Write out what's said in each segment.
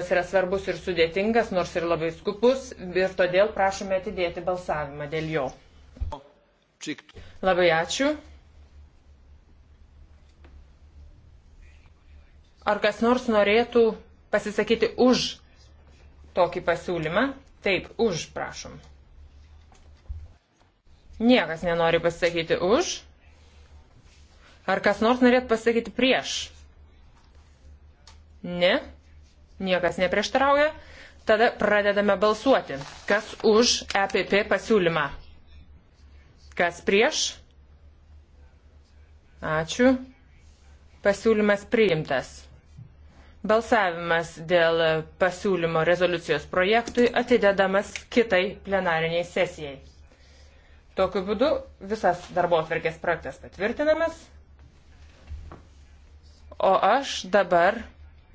Jis yra svarbus ir sudėtingas, nors ir labai skupus, ir todėl prašome atidėti balsavimą dėl jo. Labai ačiū. Ar kas nors norėtų pasisakyti už tokį pasiūlymą? Taip, už, prašom. Niekas nenori pasisakyti už. Ar kas nors norėtų pasakyti prieš? Ne. Niekas neprieštarauja. Tada pradedame balsuoti. Kas už EPP pasiūlymą? Kas prieš? Ačiū. Pasiūlymas priimtas. Balsavimas dėl pasiūlymo rezoliucijos projektui atidedamas kitai plenariniai sesijai. Tokiu būdu visas darbo atverkės projektas patvirtinamas. O aš dabar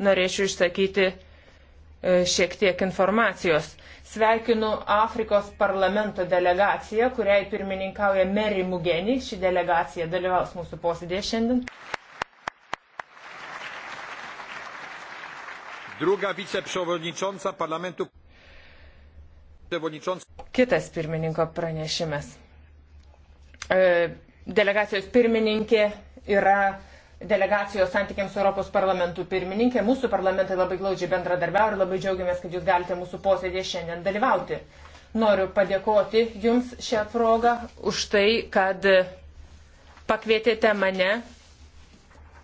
norėčiau išsakyti e, šiek tiek informacijos. Sveikinu Afrikos parlamento delegaciją, kuriai pirmininkauja Meri Mugeni. Ši delegacija dalyvaus mūsų posėdėje šiandien. Druga viceprzewodnicząca parlamentu. Kitas pirmininko pranešimas. E, delegacijos pirmininkė yra delegacijos santykiams su Europos parlamentu pirmininkė. Mūsų parlamentai labai glaudžiai bendradarbiavo ir labai džiaugiamės, kad jūs galite mūsų posėdėje šiandien dalyvauti. Noriu padėkoti jums šią progą už tai, kad pakvietėte mane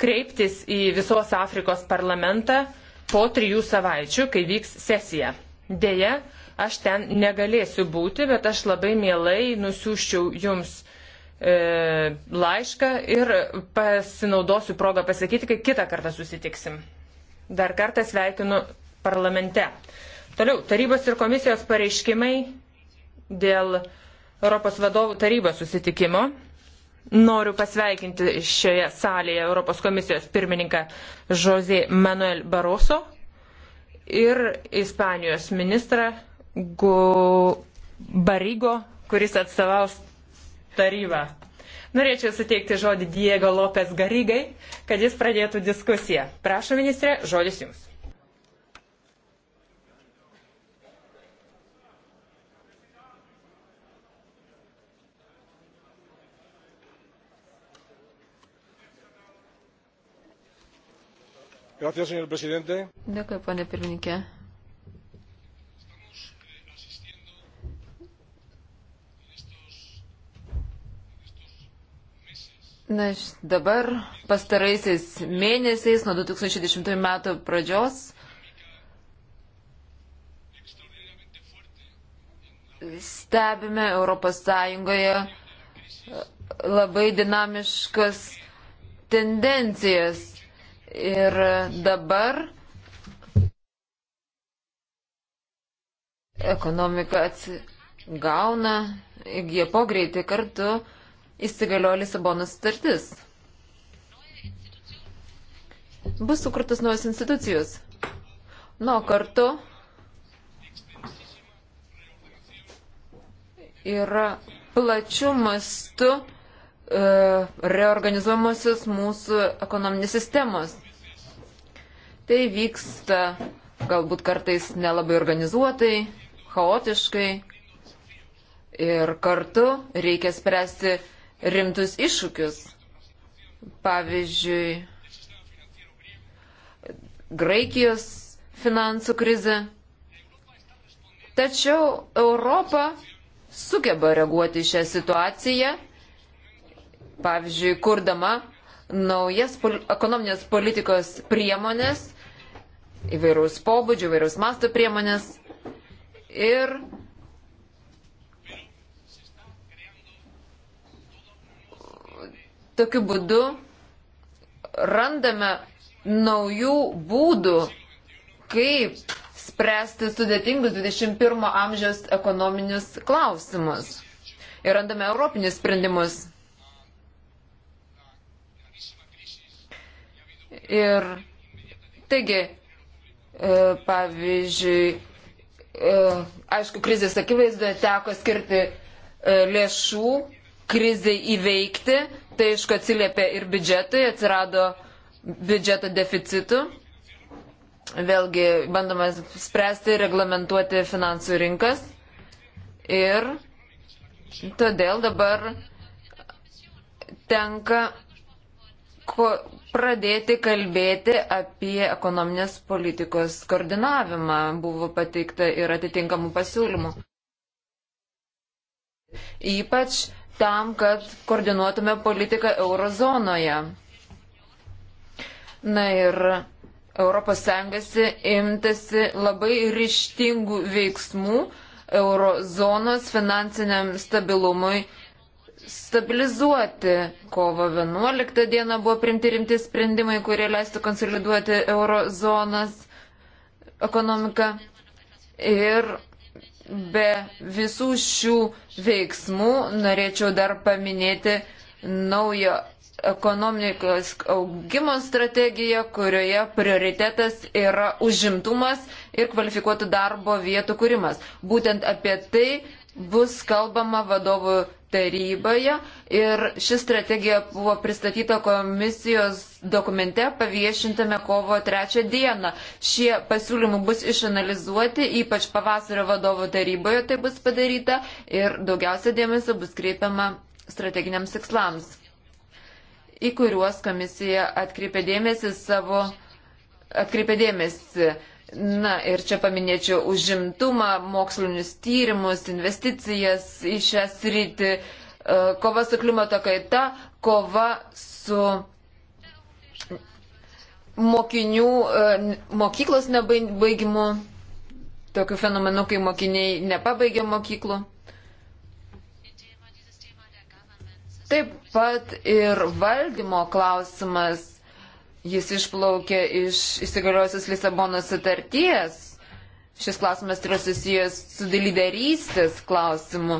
kreiptis į visos Afrikos parlamentą po trijų savaičių, kai vyks sesija. Deja, aš ten negalėsiu būti, bet aš labai mielai nusiųščiau jums E, laišką ir pasinaudosiu progą pasakyti, kai kitą kartą susitiksim. Dar kartą sveikinu parlamente. Toliau, tarybos ir komisijos pareiškimai dėl Europos vadovų tarybos susitikimo. Noriu pasveikinti šioje salėje Europos komisijos pirmininką José Manuel Barroso ir Ispanijos ministrą Gu Barigo, kuris atstovaus tarybą. Norėčiau suteikti žodį Diego Lopes Garygai, kad jis pradėtų diskusiją. Prašau, ministrė, žodis jums. Dėkui, ponė pirmininkė. Na, dabar pastaraisiais mėnesiais nuo 2010 metų pradžios stebime Europos Sąjungoje e, labai dinamiškas tendencijas. Ir dabar ekonomika atsigauna, įgyja pogreitį kartu įsigaliojo Lisabonos sutartis. Bus sukurtas naujos institucijos. Nuo kartu yra plačių mastų e, reorganizuojamosios mūsų ekonominės sistemos. Tai vyksta galbūt kartais nelabai organizuotai, chaotiškai ir kartu reikia spręsti rimtus iššūkius. Pavyzdžiui, Graikijos finansų krizė. Tačiau Europa sugeba reaguoti šią situaciją, pavyzdžiui, kurdama naujas pol ekonominės politikos priemonės, įvairiaus pobūdžio, įvairiaus masto priemonės ir Tokiu būdu randame naujų būdų, kaip spręsti sudėtingus 21 amžiaus ekonominius klausimus. Ir randame europinius sprendimus. Ir taigi, e, pavyzdžiui, e, aišku, krizės akivaizdoje teko skirti e, lėšų krizai įveikti, Tai aišku atsiliepė ir biudžetui, atsirado biudžeto deficitų. Vėlgi bandoma spręsti ir reglamentuoti finansų rinkas. Ir todėl dabar tenka pradėti kalbėti apie ekonominės politikos koordinavimą. Buvo pateikta ir atitinkamų pasiūlymų. Ypač tam, kad koordinuotume politiką eurozonoje. Na ir Europos Sąjungasi imtasi labai ryštingų veiksmų eurozonos finansiniam stabilumui stabilizuoti. Kovo 11 dieną buvo primti rimti sprendimai, kurie leistų konsoliduoti eurozonas ekonomiką. Ir Be visų šių veiksmų norėčiau dar paminėti naujo ekonomikos augimo strategiją, kurioje prioritetas yra užimtumas ir kvalifikuotų darbo vietų kūrimas. Būtent apie tai bus kalbama vadovų taryboje ir ši strategija buvo pristatyta komisijos dokumente paviešintame kovo trečią dieną. Šie pasiūlymai bus išanalizuoti, ypač pavasario vadovo taryboje tai bus padaryta ir daugiausia dėmesio bus kreipiama strateginiams tikslams, į kuriuos komisija atkreipė dėmesį savo atkreipė dėmesį. Na ir čia paminėčiau užimtumą, mokslinius tyrimus, investicijas į šią sritį, e, kova su klimato kaita, kova su mokinių e, mokyklos nebaigimu, tokiu fenomenu, kai mokiniai nepabaigia mokyklų. Taip pat ir valdymo klausimas Jis išplaukė iš įsigaliojusios Lisabono sutarties. Šis klausimas yra susijęs su lyderystės klausimu.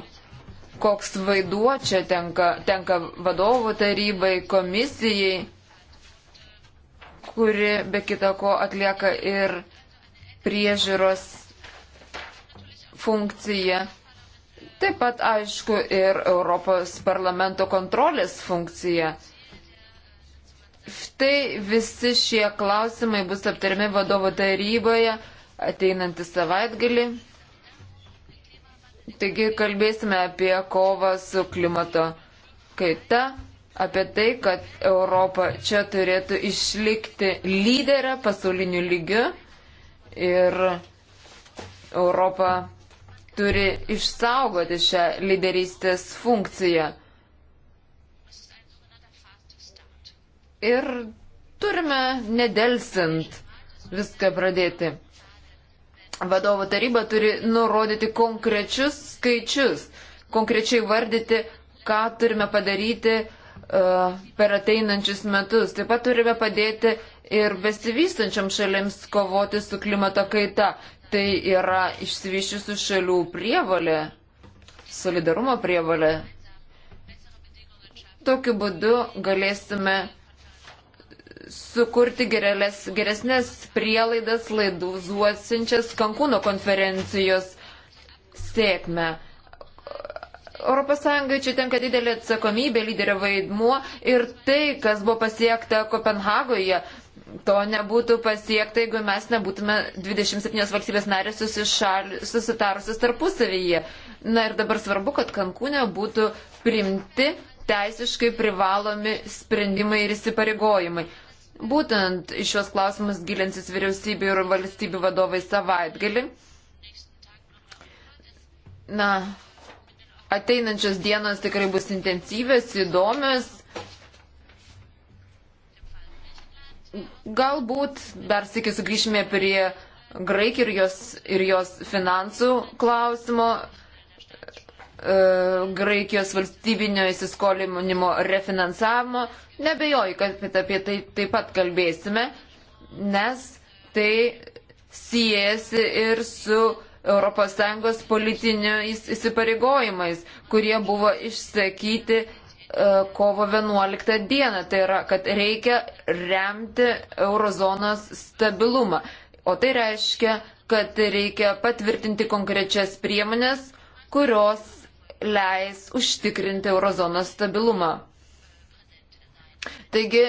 Koks vaiduo čia tenka, tenka vadovų tarybai, komisijai, kuri be kita ko atlieka ir priežiūros funkciją. Taip pat, aišku, ir Europos parlamento kontrolės funkcija. Štai visi šie klausimai bus aptarimi vadovo taryboje ateinantį savaitgalį. Taigi kalbėsime apie kovą su klimato kaita, apie tai, kad Europa čia turėtų išlikti lyderę pasauliniu lygiu ir Europa turi išsaugoti šią lyderystės funkciją. ir turime nedelsint viską pradėti. Vadovo taryba turi nurodyti konkrečius skaičius, konkrečiai vardyti, ką turime padaryti uh, per ateinančius metus. Taip pat turime padėti ir besivystančiam šalims kovoti su klimato kaita. Tai yra išsivyščiusių šalių prievalė, solidarumo prievalė. Tokiu būdu galėsime sukurti gerelės, geresnės prielaidas laiduosinčias Kankūno konferencijos sėkmę. ES čia tenka didelė atsakomybė, lyderio vaidmuo ir tai, kas buvo pasiekta Kopenhagoje, to nebūtų pasiekta, jeigu mes nebūtume 27 valstybės narės susitarusios tarpusavyje. Na ir dabar svarbu, kad Kankūne būtų primti teisiškai privalomi sprendimai ir įsipareigojimai. Būtent iš šios klausimus gilinsis vyriausybių ir valstybių vadovai savaitgali. Na, ateinančios dienos tikrai bus intensyvės, įdomios. Galbūt dar sėki sugrįžime prie Graikijos ir, ir jos finansų klausimo. E, Graikijos valstybinio įsiskolinimo refinansavimo. Nebejoju, kad apie tai taip pat kalbėsime, nes tai siejasi ir su ES politiniais įsipareigojimais, kurie buvo išsakyti e, kovo 11 dieną. Tai yra, kad reikia remti eurozonos stabilumą. O tai reiškia, kad reikia patvirtinti konkrečias priemonės, kurios leis užtikrinti eurozonos stabilumą. Taigi,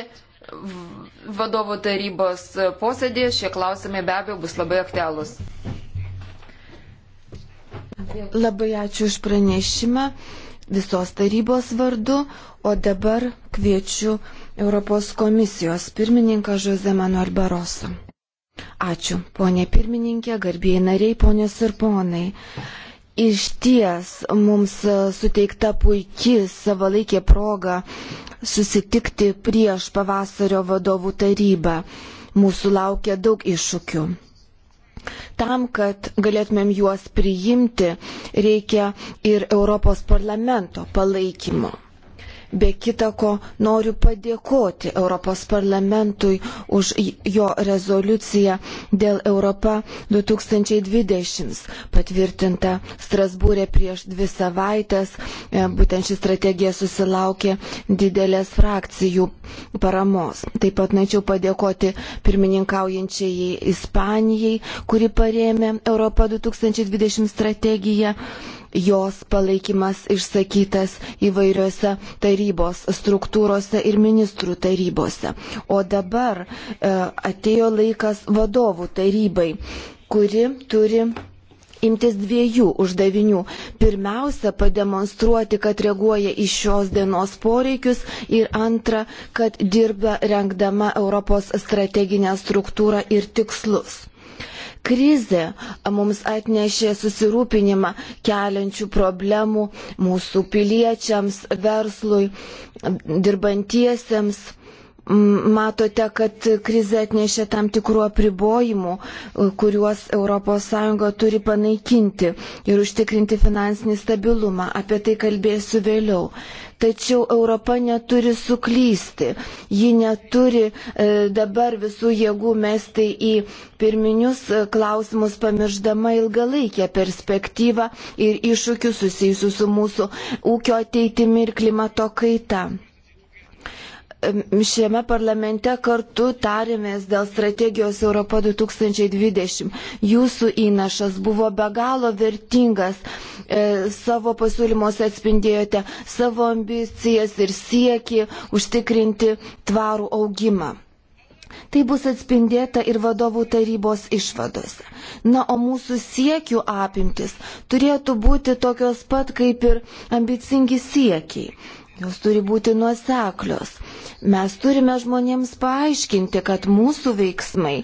vadovų tarybos posėdėje šie klausimai be abejo bus labai aktualūs. Labai ačiū už pranešimą visos tarybos vardu, o dabar kviečiu Europos komisijos pirmininką Žoze Manuel Barosą. Ačiū, ponė pirmininkė, garbėjai nariai, ponės ir ponai. Iš ties mums e, suteikta puikia savalaikė proga susitikti prieš pavasario vadovų tarybą. Mūsų laukia daug iššūkių. Tam, kad galėtumėm juos priimti, reikia ir Europos parlamento palaikymo. Be kitako noriu padėkoti Europos parlamentui už jo rezoliuciją dėl Europa 2020 patvirtinta Strasbūrė prieš dvi savaitės. E, būtent ši strategija susilaukė didelės frakcijų paramos. Taip pat norėčiau padėkoti pirmininkaujančiai Ispanijai, kuri parėmė Europą 2020 strategiją jos palaikymas išsakytas įvairiose tarybos struktūrose ir ministrų tarybose. O dabar e, atėjo laikas vadovų tarybai, kuri turi imtis dviejų uždavinių. Pirmiausia, pademonstruoti, kad reaguoja į šios dienos poreikius ir antra, kad dirba rengdama Europos strateginę struktūrą ir tikslus. Krizė mums atnešė susirūpinimą keliančių problemų mūsų piliečiams, verslui, dirbantiesiems matote, kad krize atnešė tam tikrų apribojimų, e, kuriuos ES turi panaikinti ir užtikrinti finansinį stabilumą. Apie tai kalbėsiu vėliau. Tačiau Europa neturi suklysti. Ji neturi e, dabar visų jėgų mesti į pirminius e, klausimus, pamirždama ilgalaikę perspektyvą ir iššūkius susijusius su mūsų ūkio ateitimi ir klimato kaita šiame parlamente kartu tarėmės dėl strategijos Europo 2020. Jūsų įnašas buvo be galo vertingas. E, savo pasiūlymuose atspindėjote savo ambicijas ir sieki užtikrinti tvarų augimą. Tai bus atspindėta ir vadovų tarybos išvadose. Na, o mūsų siekių apimtis turėtų būti tokios pat kaip ir ambicingi siekiai. Jos turi būti nuoseklios. Mes turime žmonėms paaiškinti, kad mūsų veiksmai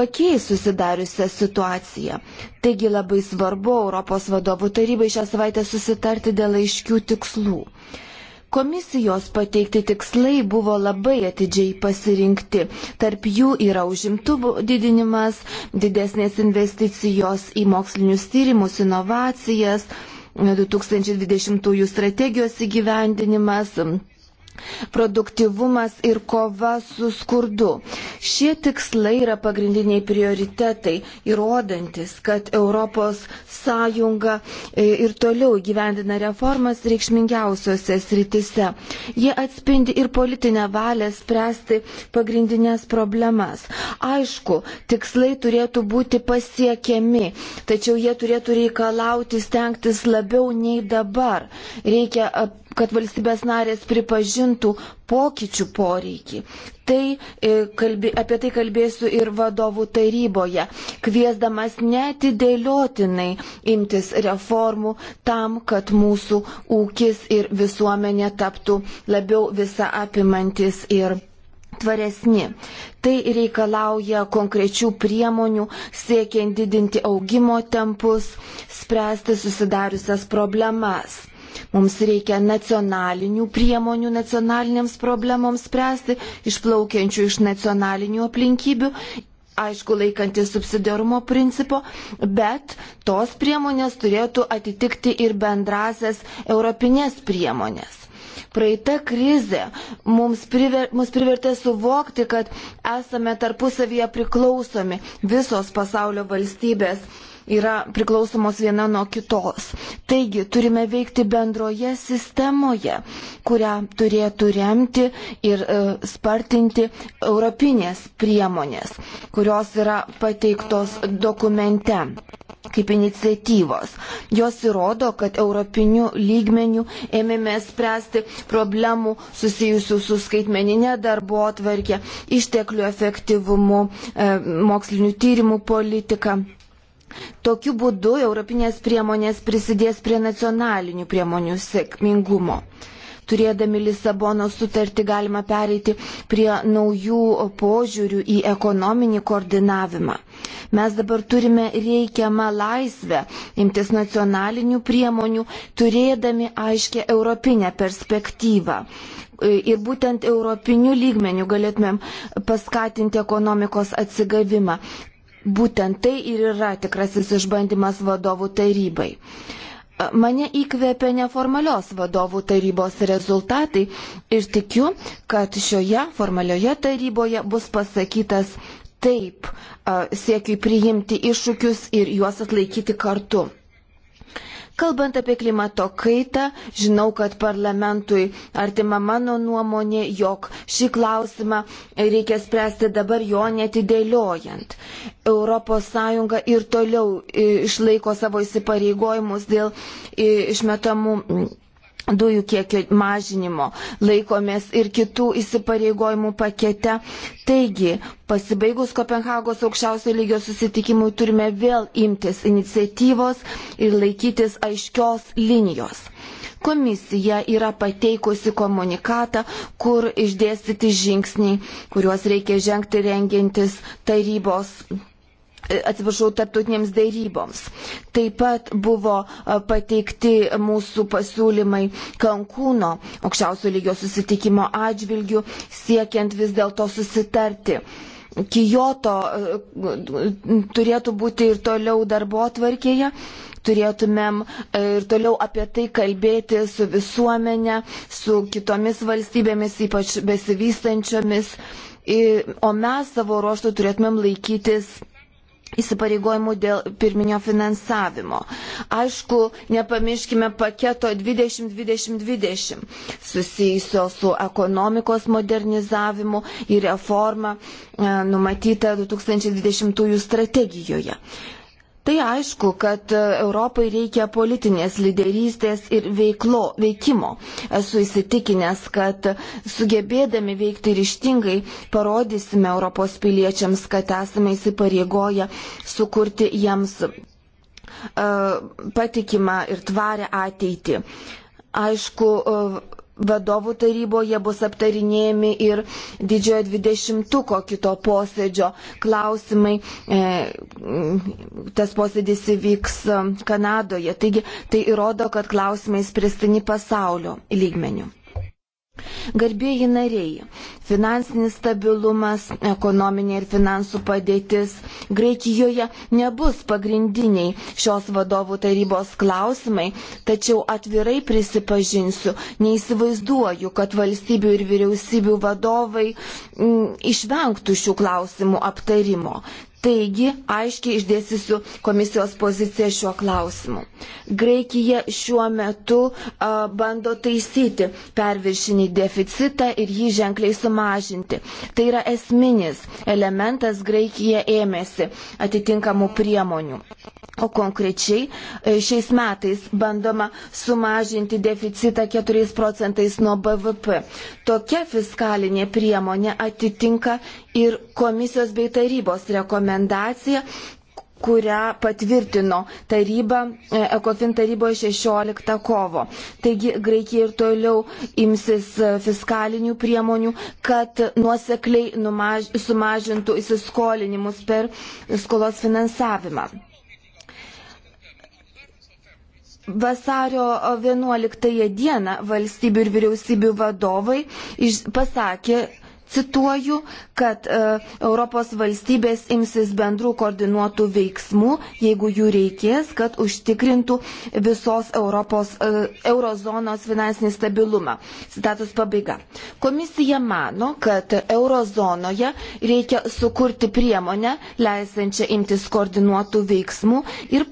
pakeis susidariusią situaciją. Taigi labai svarbu Europos vadovų tarybai šią savaitę susitarti dėl aiškių tikslų. Komisijos pateikti tikslai buvo labai atidžiai pasirinkti. Tarp jų yra užimtų didinimas, didesnės investicijos į mokslinius tyrimus, inovacijas 2020 strategijos įgyvendinimas, produktivumas ir kova su skurdu. Šie tikslai yra pagrindiniai prioritetai, įrodantis, kad ES e, ir toliau gyvendina reformas reikšmingiausiose sritise. Jie atspindi ir politinę valią spręsti pagrindinės problemas. Aišku, tikslai turėtų būti pasiekiami, tačiau jie turėtų reikalauti stengtis labiau nei dabar. Reikia kad valstybės narės pripažintų pokyčių poreikį. Tai e, kalbė, apie tai kalbėsiu ir vadovų taryboje, kviesdamas netidėliotinai imtis reformų tam, kad mūsų ūkis ir visuomenė taptų labiau visą apimantis ir tvaresni. Tai reikalauja konkrečių priemonių, siekiant didinti augimo tempus, spręsti susidariusias problemas. Mums reikia nacionalinių priemonių nacionalinėms problemoms spręsti, išplaukiančių iš nacionalinių aplinkybių, aišku, laikantis subsidiarumo principo, bet tos priemonės turėtų atitikti ir bendrasias europinės priemonės. Praeita krizė mums, priver, mums privertė suvokti, kad esame tarpusavyje priklausomi visos pasaulio valstybės yra priklausomos viena nuo kitos. Taigi turime veikti bendroje sistemoje, kurią turėtų remti ir e, spartinti europinės priemonės, kurios yra pateiktos dokumente kaip iniciatyvos. Jos įrodo, kad europinių lygmenių ėmėme spręsti problemų susijusių su skaitmeninė darbo atvarkė, išteklių efektyvumu, e, mokslinių tyrimų politika. Tokiu būdu europinės priemonės prisidės prie nacionalinių priemonių sėkmingumo. Turėdami Lisabono sutartį galima pereiti prie naujų požiūrių į ekonominį koordinavimą. Mes dabar turime reikiamą laisvę imtis nacionalinių priemonių, turėdami aiškę europinę perspektyvą ir būtent europiniu lygmeniu galėtumėm paskatinti ekonomikos atsigavimą būtent tai ir yra tikrasis išbandymas vadovų tarybai. Mane įkvėpė neformalios vadovų tarybos rezultatai ir tikiu, kad šioje formalioje taryboje bus pasakytas taip siekiui priimti iššūkius ir juos atlaikyti kartu. Kalbant apie klimato kaitą, žinau, kad parlamentui artima mano nuomonė, jog šį klausimą reikia spręsti dabar jo netidėliojant. ES ir toliau e, išlaiko savo įsipareigojimus dėl e, išmetamų dujų kiekio mažinimo, laikomės ir kitų įsipareigojimų pakete. Taigi, pasibaigus Kopenhagos aukščiausio lygio susitikimui turime vėl imtis iniciatyvos ir laikytis aiškios linijos. Komisija yra pateikusi komunikatą, kur išdėstyti žingsniai, kuriuos reikia žengti rengiantis tarybos atsiprašau, tarptautinėms dėryboms. Taip pat buvo pateikti mūsų pasiūlymai Kankūno aukščiausio lygio susitikimo atžvilgių, siekiant vis dėlto susitarti. Kijoto turėtų būti ir toliau darbo atvarkėje, turėtumėm ir toliau apie tai kalbėti su visuomenė, su kitomis valstybėmis, ypač besivystančiomis, o mes savo ruoštų turėtumėm laikytis įsipareigojimų dėl pirminio finansavimo. Aišku, nepamirškime paketo 2020-2020 susijusio su ekonomikos modernizavimu ir reforma e, numatyta 2020 strategijoje. Tai aišku, kad e, Europai reikia politinės lyderystės ir veiklo, veikimo. Esu įsitikinęs, kad sugebėdami veikti ryštingai parodysime Europos piliečiams, kad esame įsipareigoję sukurti jiems uh, patikimą ir tvarę ateitį. Aišku, uh, vadovų taryboje bus aptarinėjami ir didžiojo dvidešimtuko kito posėdžio klausimai. E, tas posėdis įvyks e, Kanadoje. Taigi tai įrodo, kad klausimai spręstini pasaulio lygmenių. Garbėjai nariai, finansinis stabilumas, ekonominė ir finansų padėtis Graikijoje nebus pagrindiniai šios vadovų tarybos klausimai, tačiau atvirai prisipažinsiu, neįsivaizduoju, kad valstybių ir vyriausybių vadovai m, mm, išvengtų šių klausimų aptarimo. Taigi, aiškiai išdėsiu komisijos poziciją šiuo klausimu. Graikija šiuo metu a, bando taisyti perviršinį deficitą ir jį ženkliai sumažinti. Tai yra esminis elementas Graikija ėmėsi atitinkamų priemonių. O konkrečiai e, šiais metais bandoma sumažinti deficitą 4 procentais nuo BVP. Tokia fiskalinė priemonė atitinka ir komisijos bei tarybos rekomendacija, kurią patvirtino taryba, ECOFIN taryboje 16 kovo. Taigi Graikija ir toliau imsis e, fiskalinių priemonių, kad nuosekliai numaž, sumažintų įsiskolinimus per skolos finansavimą. Vasario 11 dieną valstybių ir vyriausybių vadovai pasakė, cituoju, kad e, Europos valstybės imsis bendrų koordinuotų veiksmų, jeigu jų reikės, kad užtikrintų visos Europos, e, eurozonos finansinį stabilumą. Citatus pabaiga. Komisija mano, kad eurozonoje reikia sukurti priemonę, leisančią imtis koordinuotų veiksmų ir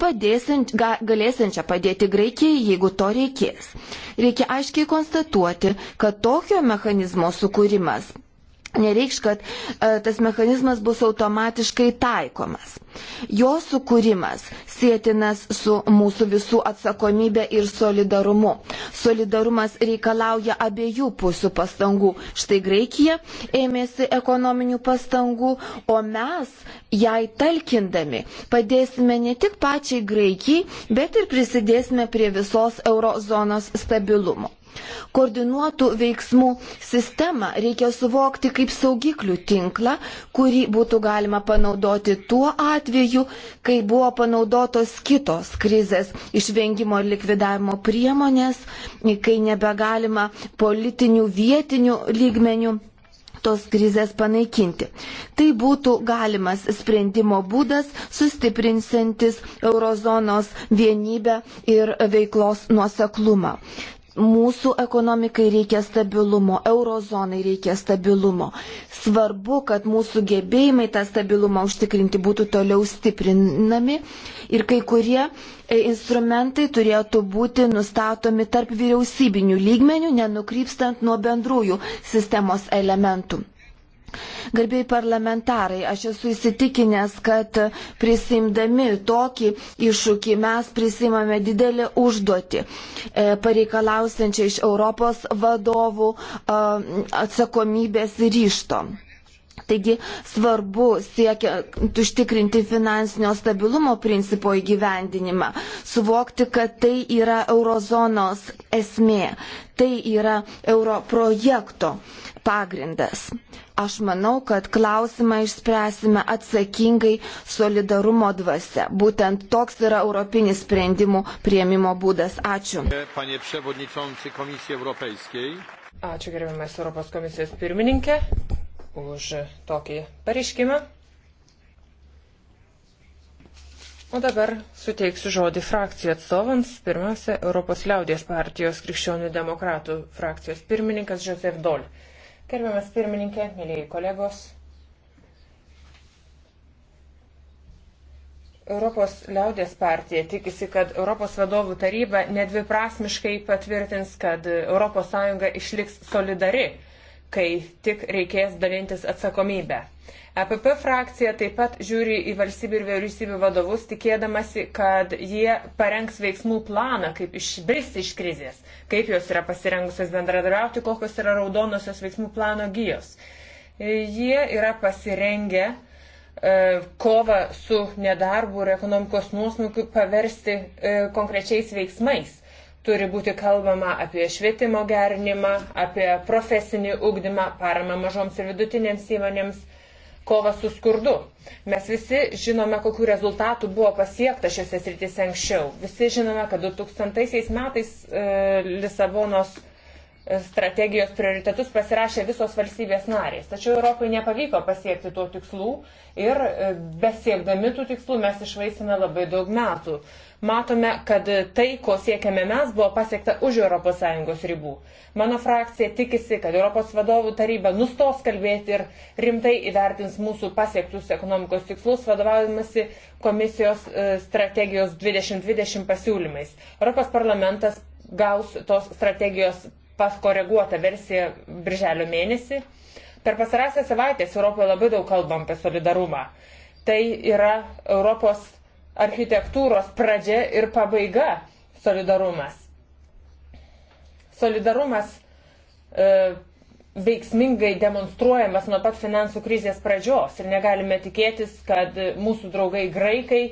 ga, galėsančią padėti Graikijai, jeigu to reikės. Reikia aiškiai konstatuoti, kad tokio mechanizmo sukūrimas nereikš, kad e, tas mechanizmas bus automatiškai taikomas. Jo sukūrimas sėtinas su mūsų visų atsakomybė ir solidarumu. Solidarumas reikalauja abiejų pusių pastangų. Štai Graikija ėmėsi ekonominių pastangų, o mes, jai talkindami, padėsime ne tik pačiai Graikijai, bet ir prisidėsime prie visos eurozonos stabilumo. Koordinuotų veiksmų sistemą reikia suvokti kaip saugiklių tinklą, kurį būtų galima panaudoti tuo atveju, kai buvo panaudotos kitos krizės išvengimo ir likvidavimo priemonės, kai nebegalima politinių vietinių lygmenių tos krizės panaikinti. Tai būtų galimas sprendimo būdas sustiprinsantis eurozonos vienybę ir veiklos nuoseklumą. Mūsų ekonomikai reikia stabilumo, eurozonai reikia stabilumo. Svarbu, kad mūsų gebėjimai tą stabilumą užtikrinti būtų toliau stiprinami ir kai kurie e, instrumentai turėtų būti nustatomi tarp vyriausybinių lygmenių, nenukrypstant nuo bendrųjų sistemos elementų. Garbiai parlamentarai, aš esu įsitikinęs, kad prisimdami tokį iššūkį mes prisimame didelį užduotį, e, pareikalausiančią iš Europos vadovų e, atsakomybės ir ryšto. Taigi svarbu siekia užtikrinti finansinio stabilumo principo įgyvendinimą, suvokti, kad tai yra eurozonos esmė, tai yra euro projekto pagrindas. Aš manau, kad klausimą išspręsime atsakingai solidarumo dvasia. Būtent toks yra europinis sprendimų prieimimo būdas. Ačiū. Ačiū gerbiamas Europos komisijos pirmininkė už tokį pareiškimą. O dabar suteiksiu žodį frakcijų atstovams. Pirmiausia, Europos liaudės partijos krikščionių demokratų frakcijos pirmininkas Josef Dol. Gerbiamas pirmininkė, mėlyjei kolegos. Europos liaudės partija tikisi, kad Europos vadovų taryba nedviprasmiškai patvirtins, kad ES išliks solidari kai tik reikės dalintis atsakomybę. EPP frakcija taip pat žiūri į valstybių ir vyriausybių vadovus, tikėdamasi, kad jie parengs veiksmų planą, kaip išbristi iš krizės, kaip jos yra pasirengusios bendradarbiauti, kokios yra raudonosios veiksmų plano gyjos. Jie yra pasirengę e, kovą su nedarbu ir ekonomikos nuosmukiu paversti e, konkrečiais veiksmais Turi būti kalbama apie švietimo gerinimą, apie profesinį ugdymą, paramą mažoms ir vidutinėms įmonėms, kovą su skurdu. Mes visi žinome, kokiu rezultatu buvo pasiekta šiose srityse anksčiau. Visi žinome, kad 2000 metais e, Lisabonos strategijos prioritetus pasirašė visos valstybės narės. Tačiau Europai nepavyko pasiekti tų tikslų ir e, besiekdami tų tikslų mes išvaisime labai daug metų. Matome, kad tai, ko siekiame mes, buvo pasiekta už ES ribų. Mano frakcija tikisi, kad Europos vadovų taryba nustos kalbėti ir rimtai įvertins mūsų pasiektus ekonomikos tikslus, vadovaujamasi komisijos e, strategijos 2020 pasiūlymais. Europos parlamentas gaus tos strategijos pakoreguota versija birželio mėnesį. Per pasarąsią savaitę Europoje labai daug kalbam apie solidarumą. Tai yra Europos architektūros pradžia ir pabaiga - solidarumas. Solidarumas e, veiksmingai demonstruojamas nuo pat finansų krizės pradžios ir negalime tikėtis, kad mūsų draugai graikai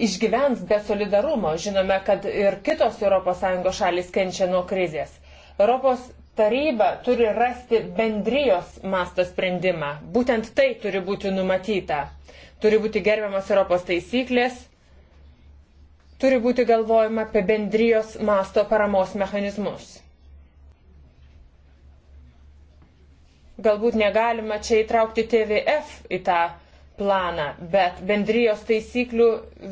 išgyvens be solidarumo. Žinome, kad ir kitos ES šalis kenčia nuo krizės. Europos taryba turi rasti bendrijos masto sprendimą. Būtent tai turi būti numatyta. Turi būti gerbiamas Europos taisyklės, turi būti galvojama apie bendrijos masto paramos mechanizmus. Galbūt negalima čia įtraukti TVF į tą planą, bet bendrijos taisyklių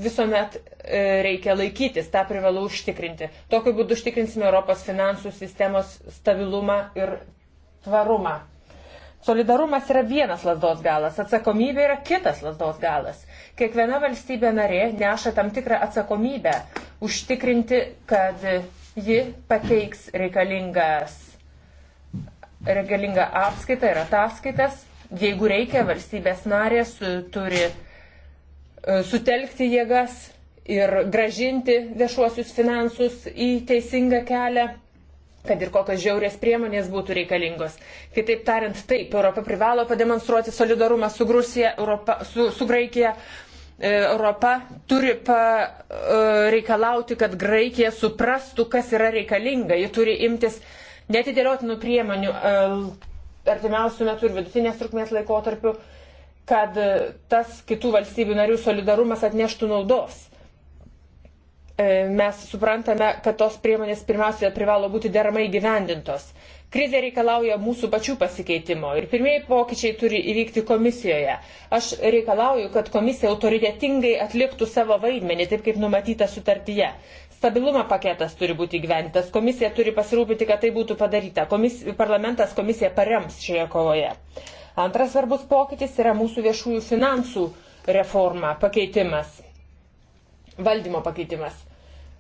visuomet e, reikia laikytis, tą privalu užtikrinti. Tokiu būdu užtikrinsime Europos finansų sistemos stabilumą ir tvarumą. Solidarumas yra vienas lasdos galas, atsakomybė yra kitas lasdos galas. Kiekviena valstybė narė neša tam tikrą atsakomybę užtikrinti, kad ji pateiks reikalingas, reikalingą apskaitą ir ataskaitas Jeigu reikia, valstybės narės turi e, sutelkti jėgas ir gražinti viešuosius finansus į teisingą kelią, kad ir kokios žiaurės priemonės būtų reikalingos. Kitaip tariant, taip, Europa privalo pademonstruoti solidarumą su, Grusija, Europa, su, su Graikija. E, Europa turi e, reikalauti, kad Graikija suprastų, kas yra reikalinga. Ji turi imtis netidėliotinų priemonių artimiausių metų ir vidutinės trukmės laikotarpių, kad e, tas kitų valstybių narių solidarumas atneštų naudos. E, mes suprantame, kad tos priemonės pirmiausia privalo būti deramai gyvendintos. Krizė reikalauja mūsų pačių pasikeitimo ir pirmieji pokyčiai turi įvykti komisijoje. Aš reikalauju, kad komisija autoritetingai atliktų savo vaidmenį, taip kaip numatyta sutartyje stabilumo paketas turi būti įgyventas. Komisija turi pasirūpinti, kad tai būtų padaryta. Komis, parlamentas komisiją parems šioje kovoje. Antras svarbus pokytis yra mūsų viešųjų finansų reforma, pakeitimas, valdymo pakeitimas.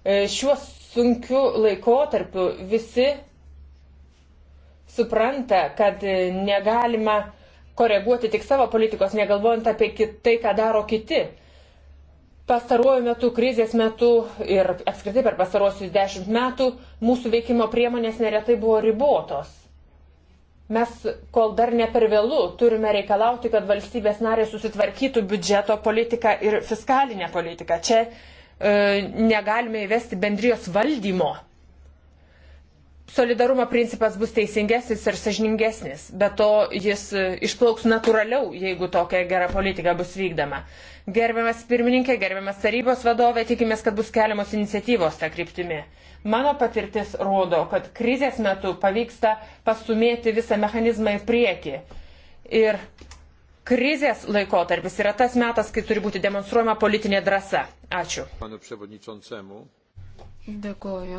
E, šiuo sunkiu laikotarpiu visi supranta, kad e, negalima koreguoti tik savo politikos, negalvojant apie tai, ką daro kiti Pastaruoju metu, krizės metu ir apskritai per pastarosius dešimt metų mūsų veikimo priemonės neretai buvo ribotos. Mes, kol dar ne per vėlų, turime reikalauti, kad valstybės narės susitvarkytų biudžeto politiką ir fiskalinę politiką. Čia e, negalime įvesti bendrijos valdymo solidarumo principas bus teisingesnis ir sažiningesnis, bet to jis e, išplauks natūraliau, jeigu tokia gera politika bus vykdama. Gerbiamas pirmininkė, gerbiamas tarybos vadovė, tikimės, kad bus keliamos iniciatyvos tą kryptimį. Mano patirtis rodo, kad krizės metu pavyksta pastumėti visą mechanizmą į priekį. Ir krizės laikotarpis yra tas metas, kai turi būti demonstruojama politinė drąsa. Ačiū. Dėkoju,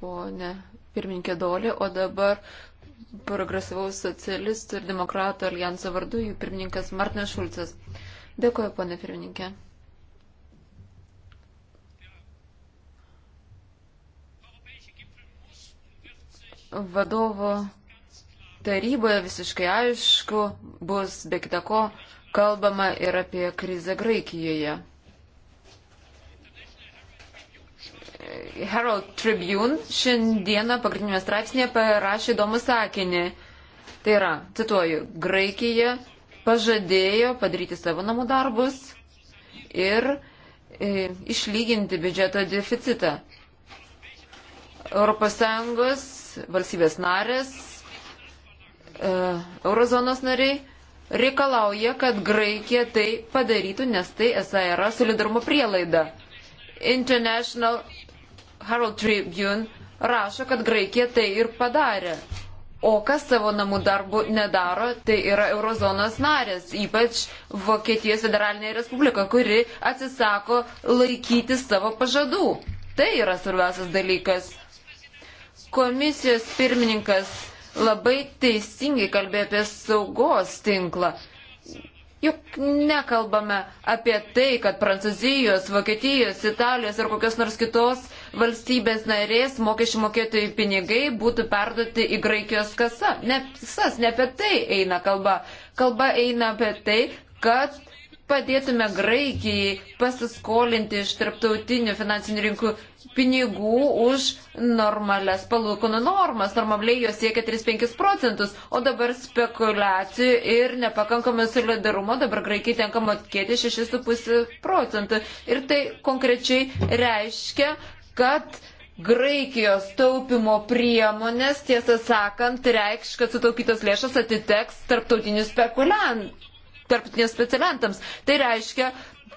ponė pirmininkė Dolė, o dabar progresyvaus socialistų ir demokratų alijanso vardu jų pirmininkas Martinas Šulcas. Dėkuoju, ponė pirmininkė. Vadovo taryboje visiškai aišku bus, be kitako, kalbama ir apie krizę Graikijoje. Herald Tribune šiandieną pagrindinėme straipsnėje parašė įdomų sakinį. Tai yra, cituoju, Graikija pažadėjo padaryti savo namų darbus ir e, išlyginti biudžeto deficitą. ES valstybės narės, e, eurozonos nariai reikalauja, kad Graikija tai padarytų, nes tai esą yra solidarumo prielaida. International Harold Tribune rašo, kad Graikija tai ir padarė. O kas savo namų darbų nedaro, tai yra eurozonos narės, ypač Vokietijos federalinė respublika, kuri atsisako laikyti savo pažadų. Tai yra svarbiausias dalykas. Komisijos pirmininkas labai teisingai kalbėjo apie saugos tinklą. Juk nekalbame apie tai, kad Prancūzijos, Vokietijos, Italijos ar kokios nors kitos valstybės narės mokesčių mokėtojų pinigai būtų perduoti į Graikijos kasą. Ne, sas, ne apie tai eina kalba. Kalba eina apie tai, kad padėtume Graikijai pasiskolinti iš tarptautinių finansinių rinkų pinigų už normales palūkanų normas. Normaliai jos siekia 3-5 procentus, o dabar spekulacijų ir nepakankamai solidarumo dabar Graikijai tenka mokėti 6,5 procentų. Ir tai konkrečiai reiškia, kad Graikijos taupimo priemonės, tiesą sakant, reikš, kad sutaupytos lėšos atiteks tarptautinių spekuliantų tarptautiniams specialiantams. Tai reiškia,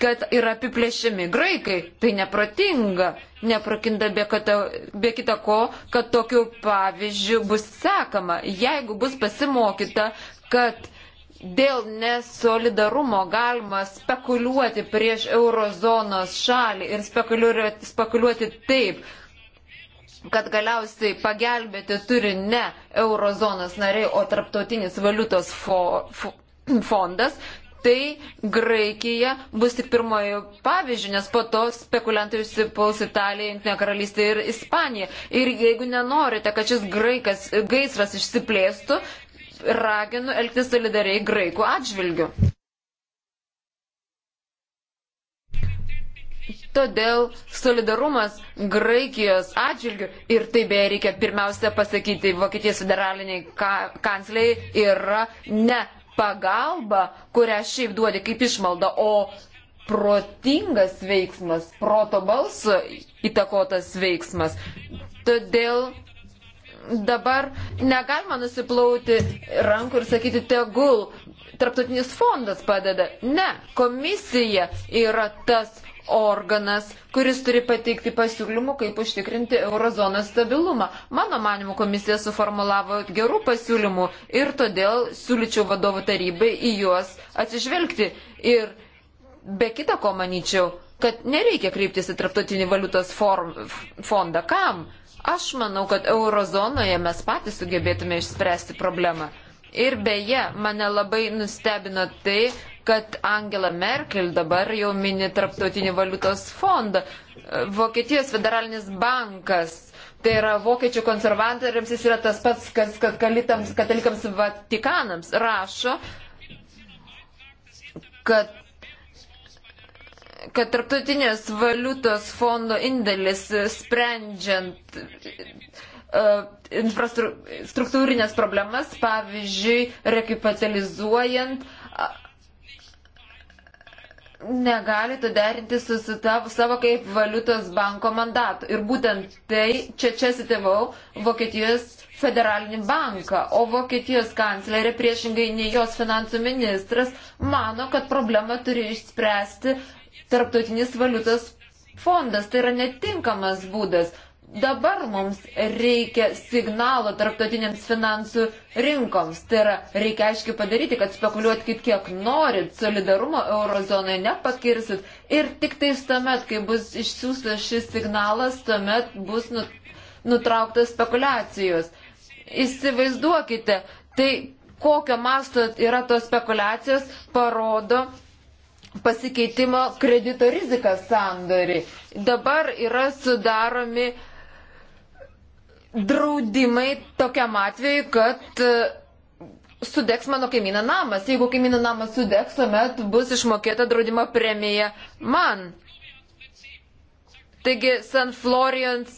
kad yra apiplėšiami graikai. Tai neprotinga, neprakinda be, kata, be kita ko, kad tokiu pavyzdžiu bus sekama, jeigu bus pasimokyta, kad dėl nesolidarumo galima spekuliuoti prieš eurozonos šalį ir spekuliuoti, spekuliuoti taip, kad galiausiai pagelbėti turi ne eurozonos nariai, o tarptautinis valiutos fo, fo, fondas, tai Graikija bus tik pirmojo pavyzdžio, nes po to spekuliantai užsipuls Italiją, Junktinė karalystė ir Ispanija. Ir jeigu nenorite, kad šis graikas, gaisras išsiplėstų, raginu elgtis solidariai graikų atžvilgiu. Todėl solidarumas Graikijos atžvilgių ir tai beje reikia pirmiausia pasakyti Vokietijos federaliniai kancleriai yra ne pagalba, kurią šiaip duodi kaip išmalda, o protingas veiksmas, proto balso įtakotas veiksmas. Todėl dabar negalima nusiplauti rankų ir sakyti, tegul tarptautinis fondas padeda. Ne, komisija yra tas organas, kuris turi pateikti pasiūlymų, kaip užtikrinti eurozonos stabilumą. Mano manimu, komisija suformulavo gerų pasiūlymų ir todėl siūlyčiau vadovų tarybai į juos atsižvelgti. Ir be kita ko manyčiau, kad nereikia kreiptis į Traptautinį valiutos form, fondą. Kam? Aš manau, kad eurozonoje mes patys sugebėtume išspręsti problemą. Ir beje, mane labai nustebino tai, kad Angela Merkel dabar jau mini Tarptautinį valiutos fondą. Vokietijos federalinis bankas. Tai yra vokiečių konservatoriams jis yra tas pats, kas katalikams, katalikams Vatikanams rašo, kad kad tarptautinės valiutos fondo indėlis sprendžiant uh, e, infrastruktūrinės problemas, pavyzdžiui, rekapitalizuojant uh, negalėtų derinti su savo kaip valiutos banko mandatu. Ir būtent tai čia čia citivau Vokietijos federalinį banką, o Vokietijos kanclerė priešingai nei jos finansų ministras mano, kad problemą turi išspręsti tarptautinis valiutos fondas. Tai yra netinkamas būdas dabar mums reikia signalo tarptautinėms finansų rinkoms. Tai yra, reikia aiškiai padaryti, kad spekuliuotkit kiek norit, solidarumo eurozonoje nepakirsit. Ir tik tais tuomet, kai bus išsiųstas šis signalas, tuomet bus nu, nutrauktas spekulacijos. Įsivaizduokite, tai kokio masto yra tos spekulacijos, parodo pasikeitimo kredito rizika sandori. Dabar yra sudaromi uh, draudimai tokiam atveju, kad e, sudegs mano kaimyną namas. Jeigu kaimyną namas sudegs, tuomet bus išmokėta draudimo premija man. Taigi San Florians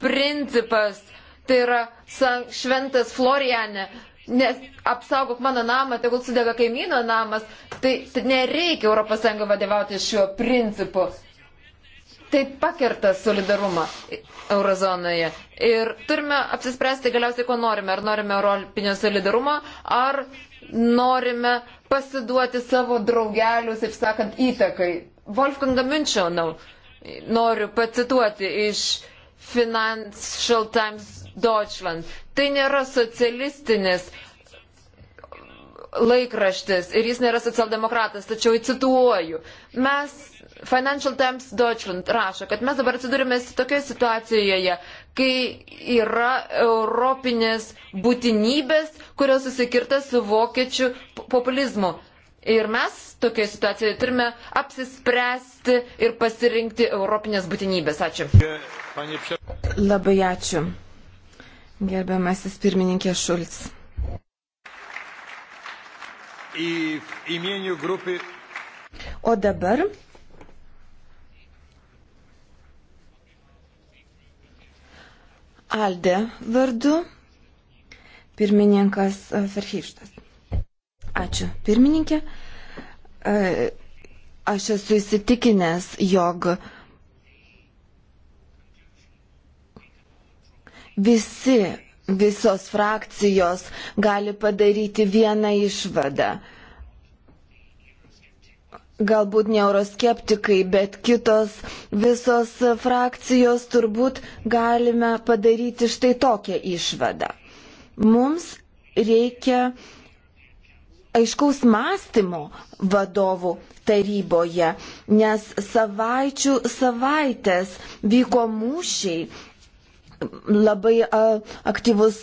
principas, tai yra San šventas Florianė, nes apsaugok mano namą, tegul sudega kaimyno namas, tai, tai nereikia ES vadovauti šiuo principu tai pakerta solidarumą eurozonoje. Ir turime apsispręsti galiausiai, ko norime. Ar norime europinio solidarumo, ar norime pasiduoti savo draugelius, taip sakant, įtakai. Wolfgangą Münchauną noriu pacituoti iš Financial Times Deutschland. Tai nėra socialistinis laikraštis ir jis nėra socialdemokratas, tačiau cituoju. Mes Financial Times Deutschland rašo, kad mes dabar atsidurime tokioje situacijoje, kai yra europinės būtinybės, kurios susikirta su vokiečių populizmu. Ir mes tokioje situacijoje turime apsispręsti ir pasirinkti europinės būtinybės. Ačiū. Labai ačiū. Gerbiamasis pirmininkė Šulc. Į, į grupį... O dabar Alde vardu pirmininkas e, Ferhyštas. Ačiū, pirmininkė. E, aš esu įsitikinęs, jog visi, visos frakcijos gali padaryti vieną išvadą galbūt ne euroskeptikai, bet kitos visos frakcijos turbūt galime padaryti štai tokią išvadą. Mums reikia aiškaus mąstymo vadovų taryboje, nes savaičių savaitės vyko mūšiai labai aktyvus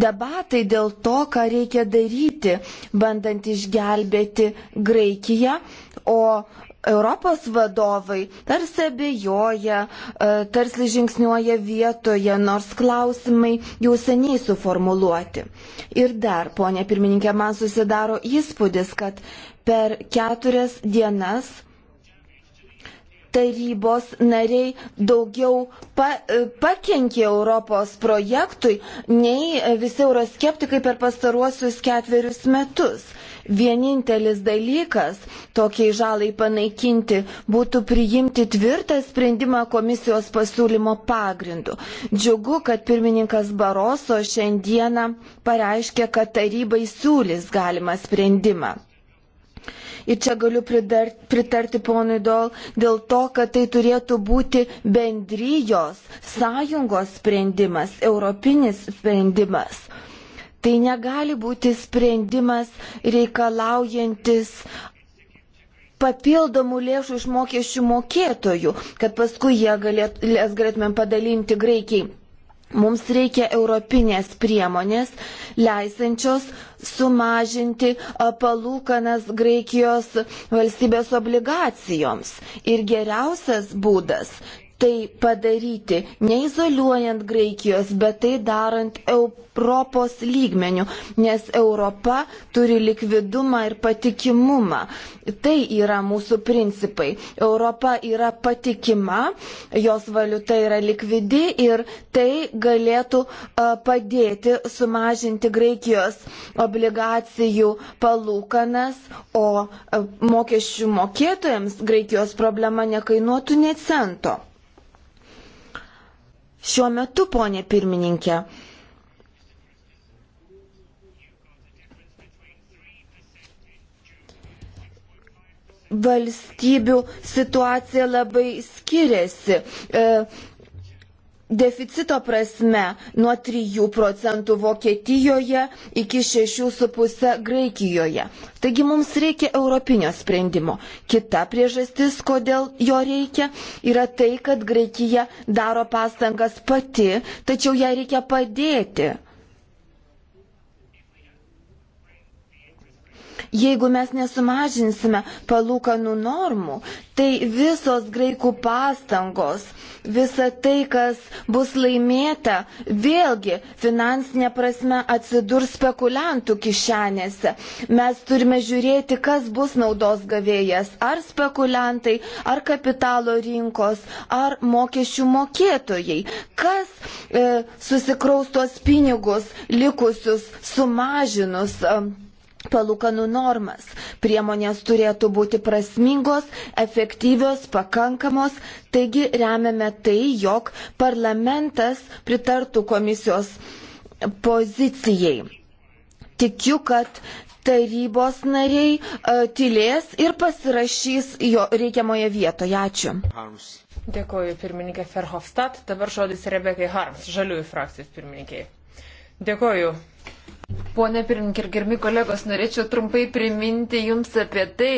debatai dėl to, ką reikia daryti, bandant išgelbėti Graikiją, o Europos vadovai tarsi abejoja, tarsi žingsniuoja vietoje, nors klausimai jau seniai suformuluoti. Ir dar, ponė pirmininkė, man susidaro įspūdis, kad per keturias dienas tarybos nariai daugiau pa, e, pakenkė Europos projektui nei visi euroskeptikai per pastaruosius ketverius metus. Vienintelis dalykas tokiai žalai panaikinti būtų priimti tvirtą sprendimą komisijos pasiūlymo pagrindu. Džiugu, kad pirmininkas Baroso šiandieną pareiškė, kad tarybai siūlys galimą sprendimą ir čia galiu pritarti ponui Dol dėl to, kad tai turėtų būti bendrijos, sąjungos sprendimas, europinis sprendimas. Tai negali būti sprendimas reikalaujantis papildomų lėšų iš mokesčių mokėtojų, kad paskui jie galėt, galėtumėm padalinti Graikijai Mums reikia europinės priemonės, leisančios sumažinti palūkanas Graikijos valstybės obligacijoms. Ir geriausias būdas tai padaryti, neizoliuojant Graikijos, bet tai darant Europos lygmenių, nes Europa turi likvidumą ir patikimumą. Tai yra mūsų principai. Europa yra patikima, jos valiuta yra likvidi ir tai galėtų padėti sumažinti Graikijos obligacijų palūkanas, o mokesčių mokėtojams Graikijos problema nekainuotų ne cento šiuo metu, ponė pirmininkė. Valstybių situacija labai skiriasi. E, Deficito prasme nuo 3 procentų Vokietijoje iki 6,5 Graikijoje. Taigi mums reikia europinio sprendimo. Kita priežastis, kodėl jo reikia, yra tai, kad Graikija daro pastangas pati, tačiau ją reikia padėti. Jeigu mes nesumažinsime palūkanų normų, tai visos graikų pastangos, visa tai, kas bus laimėta, vėlgi finansinė prasme atsidurs spekuliantų kišenėse. Mes turime žiūrėti, kas bus naudos gavėjas - ar spekuliantai, ar kapitalo rinkos, ar mokesčių mokėtojai. Kas e, susikraus tuos pinigus likusius sumažinus? E, palūkanų normas. Priemonės turėtų būti prasmingos, efektyvios, pakankamos, taigi remiame tai, jog parlamentas pritartų komisijos pozicijai. Tikiu, kad tarybos nariai uh, tylės ir pasirašys jo reikiamoje vietoje. Ačiū. Harms. Dėkuoju pirmininkė Ferhofstadt, dabar žodis Rebekai Harms, žaliųjų frakcijos pirmininkiai. Dėkuoju Pone pirmininkė ir germi kolegos, norėčiau trumpai priminti jums apie tai,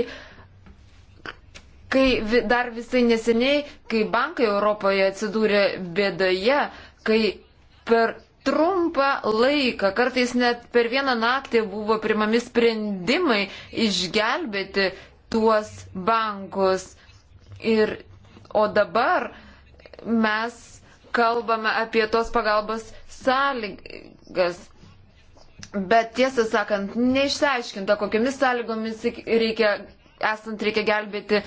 kai dar visai neseniai, kai bankai Europoje atsidūrė bėdoje, kai per trumpą laiką, kartais net per vieną naktį buvo primami sprendimai išgelbėti tuos bankus. Ir, o dabar mes kalbame apie tos pagalbos sąlygas. Bet tiesą sakant, neišsiaiškinta, kokiamis sąlygomis reikia, esant reikia gelbėti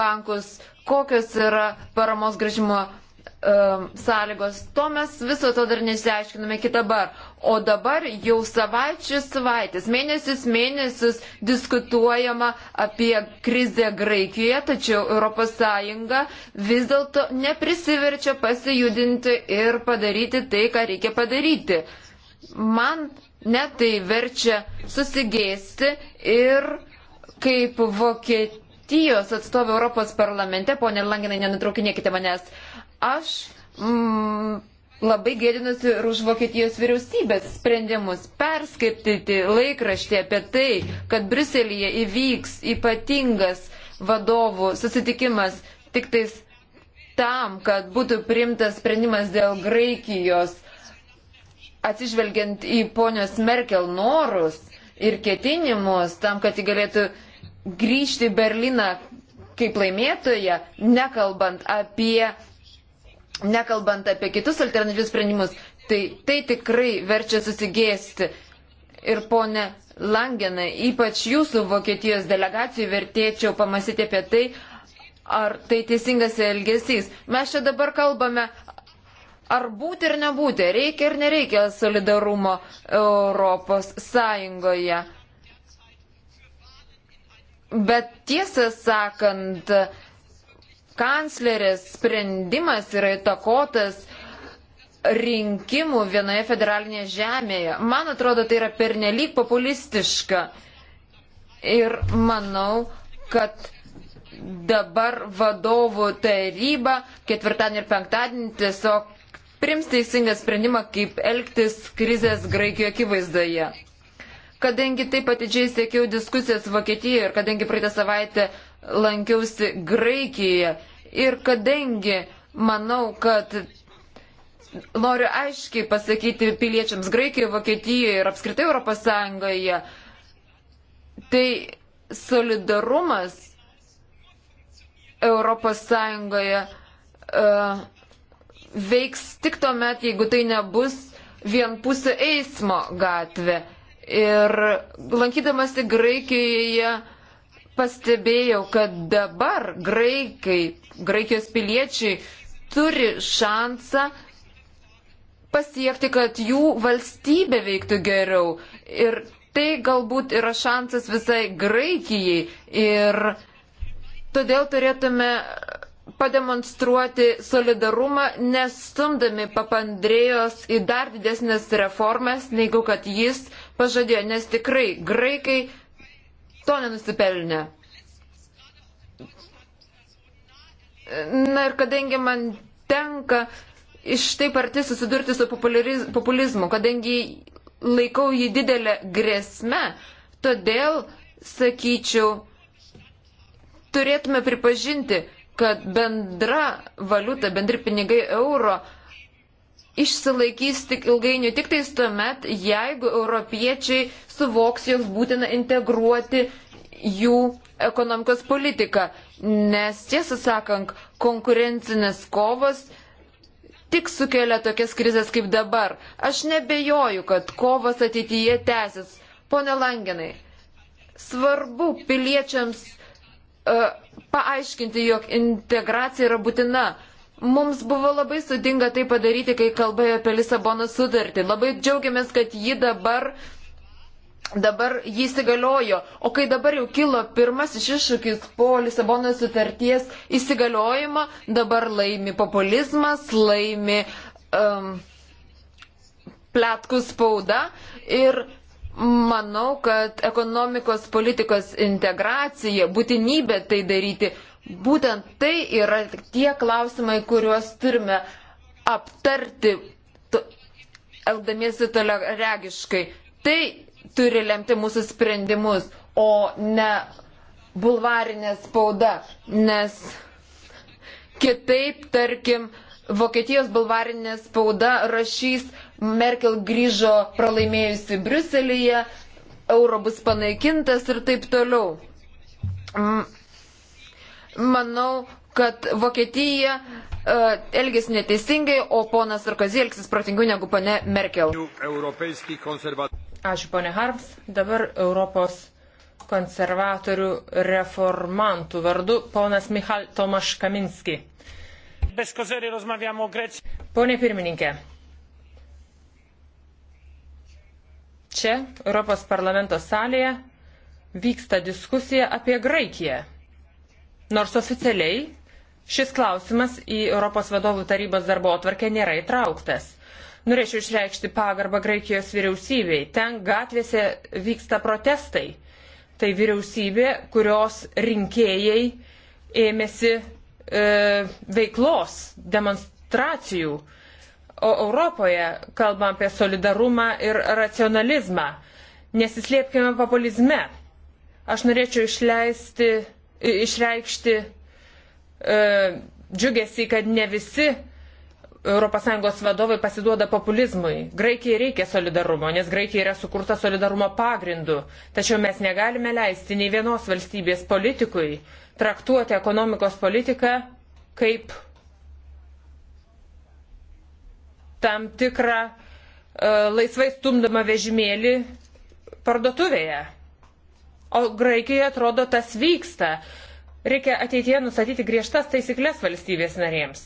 bankus, kokios yra paramos gražimo um, sąlygos. To mes viso to dar neišsiaiškiname iki dabar. O dabar jau savaičių savaitės, mėnesius mėnesius diskutuojama apie krizę Graikijoje, tačiau ES vis dėlto neprisiverčia pasijudinti ir padaryti tai, ką reikia padaryti. Man net tai verčia susigėsti ir kaip Vokietijos atstovė Europos parlamente, ponė Langinai, nenutraukinėkite manęs, aš mm, labai gėdinusi ir už Vokietijos vyriausybės sprendimus perskaityti laikraštį apie tai, kad Briuselėje įvyks ypatingas vadovų susitikimas tik tais tam, kad būtų priimtas sprendimas dėl Graikijos atsižvelgiant į ponios Merkel norus ir ketinimus tam, kad ji galėtų grįžti į Berliną kaip laimėtoja, nekalbant apie, nekalbant apie kitus alternatyvius sprendimus, tai tai tikrai verčia susigėsti. Ir ponė Langenai, ypač jūsų Vokietijos delegacijų vertėčiau pamastyti apie tai, ar tai teisingas elgesys. Mes čia dabar kalbame ar būti ir nebūti, reikia ir nereikia solidarumo Europos Sąjungoje. Bet tiesą sakant, kanclerės sprendimas yra įtakotas rinkimų vienoje federalinėje žemėje. Man atrodo, tai yra pernelyg populistiška. Ir manau, kad dabar vadovų taryba ketvirtadienį ir penktadienį tiesiog prims teisingą sprendimą, kaip elgtis krizės Graikijoje akivaizdoje. Kadangi taip atidžiai sėkiau diskusijas Vokietijoje ir kadangi praeitą savaitę lankiausi Graikijoje ir kadangi manau, kad noriu aiškiai pasakyti piliečiams Graikijoje, Vokietijoje ir apskritai Europos Sąjungoje, tai solidarumas Europos Sąjungoje uh, veiks tik tuo met, jeigu tai nebus vienpusio eismo gatvė. Ir lankydamasi Graikijoje pastebėjau, kad dabar graikai, graikijos piliečiai turi šansą pasiekti, kad jų valstybė veiktų geriau. Ir tai galbūt yra šansas visai Graikijai. Ir todėl turėtume pademonstruoti solidarumą, nestumdami papandrėjos į dar didesnės reformas, negu kad jis pažadėjo, nes tikrai graikai to nenusipelnė. Na ir kadangi man tenka iš taip arti susidurti su populizmu, kadangi laikau jį didelę grėsmę, todėl, sakyčiau, turėtume pripažinti, kad bendra valiuta, bendri pinigai euro išsilaikys tik ilgainiui, tik tais tuomet, jeigu europiečiai suvoks, jog būtina integruoti jų ekonomikos politiką. Nes tiesą sakant, konkurencinės kovos tik sukelia tokias krizės kaip dabar. Aš nebejoju, kad kovas ateityje tęsis. Pone Langenai, svarbu piliečiams uh, paaiškinti, jog integracija yra būtina. Mums buvo labai sudinga tai padaryti, kai kalbėjo apie Lisabono sutartį. Labai džiaugiamės, kad ji dabar, dabar jį įsigaliojo. O kai dabar jau kilo pirmasis iššūkis po Lisabono sutarties įsigaliojimo, dabar laimi populizmas, laimi um, plėtkų spauda ir Manau, kad ekonomikos politikos integracija, būtinybė tai daryti, būtent tai yra tie klausimai, kuriuos turime aptarti, elgdamiesi toleregiškai. Tai turi lemti mūsų sprendimus, o ne bulvarinė spauda, nes kitaip, tarkim, Vokietijos bulvarinė spauda rašys Merkel grįžo pralaimėjusi Briuselyje, euro bus panaikintas ir taip toliau. Manau, kad Vokietija uh, e, elgis neteisingai, o ponas Sarkozy elgsis protingiau negu pane Merkel. Ačiū, ponė Harms. Dabar Europos konservatorių reformantų vardu ponas Michal Tomaš Kaminski. Pone pirmininkė, Čia, Europos parlamento salėje, vyksta diskusija apie Graikiją. Nors oficialiai šis klausimas į Europos vadovų tarybos darbo atvarkę nėra įtrauktas. Norėčiau išreikšti pagarbą Graikijos vyriausybei. Ten gatvėse vyksta protestai. Tai vyriausybė, kurios rinkėjai ėmėsi e, veiklos, demonstracijų. E, o Europoje kalbam apie solidarumą ir racionalizmą. Nesislėpkime populizme. Aš norėčiau išleisti, išreikšti e, džiugesį, kad ne visi ES vadovai pasiduoda populizmui. Graikijai reikia solidarumo, nes Graikija yra sukurta solidarumo pagrindu. Tačiau mes negalime leisti nei vienos valstybės politikui traktuoti ekonomikos politiką kaip tam tikrą e, laisvai stumdomą vežimėlį parduotuvėje. O Graikijoje atrodo tas vyksta. Reikia ateityje nustatyti griežtas taisyklės valstybės narėms.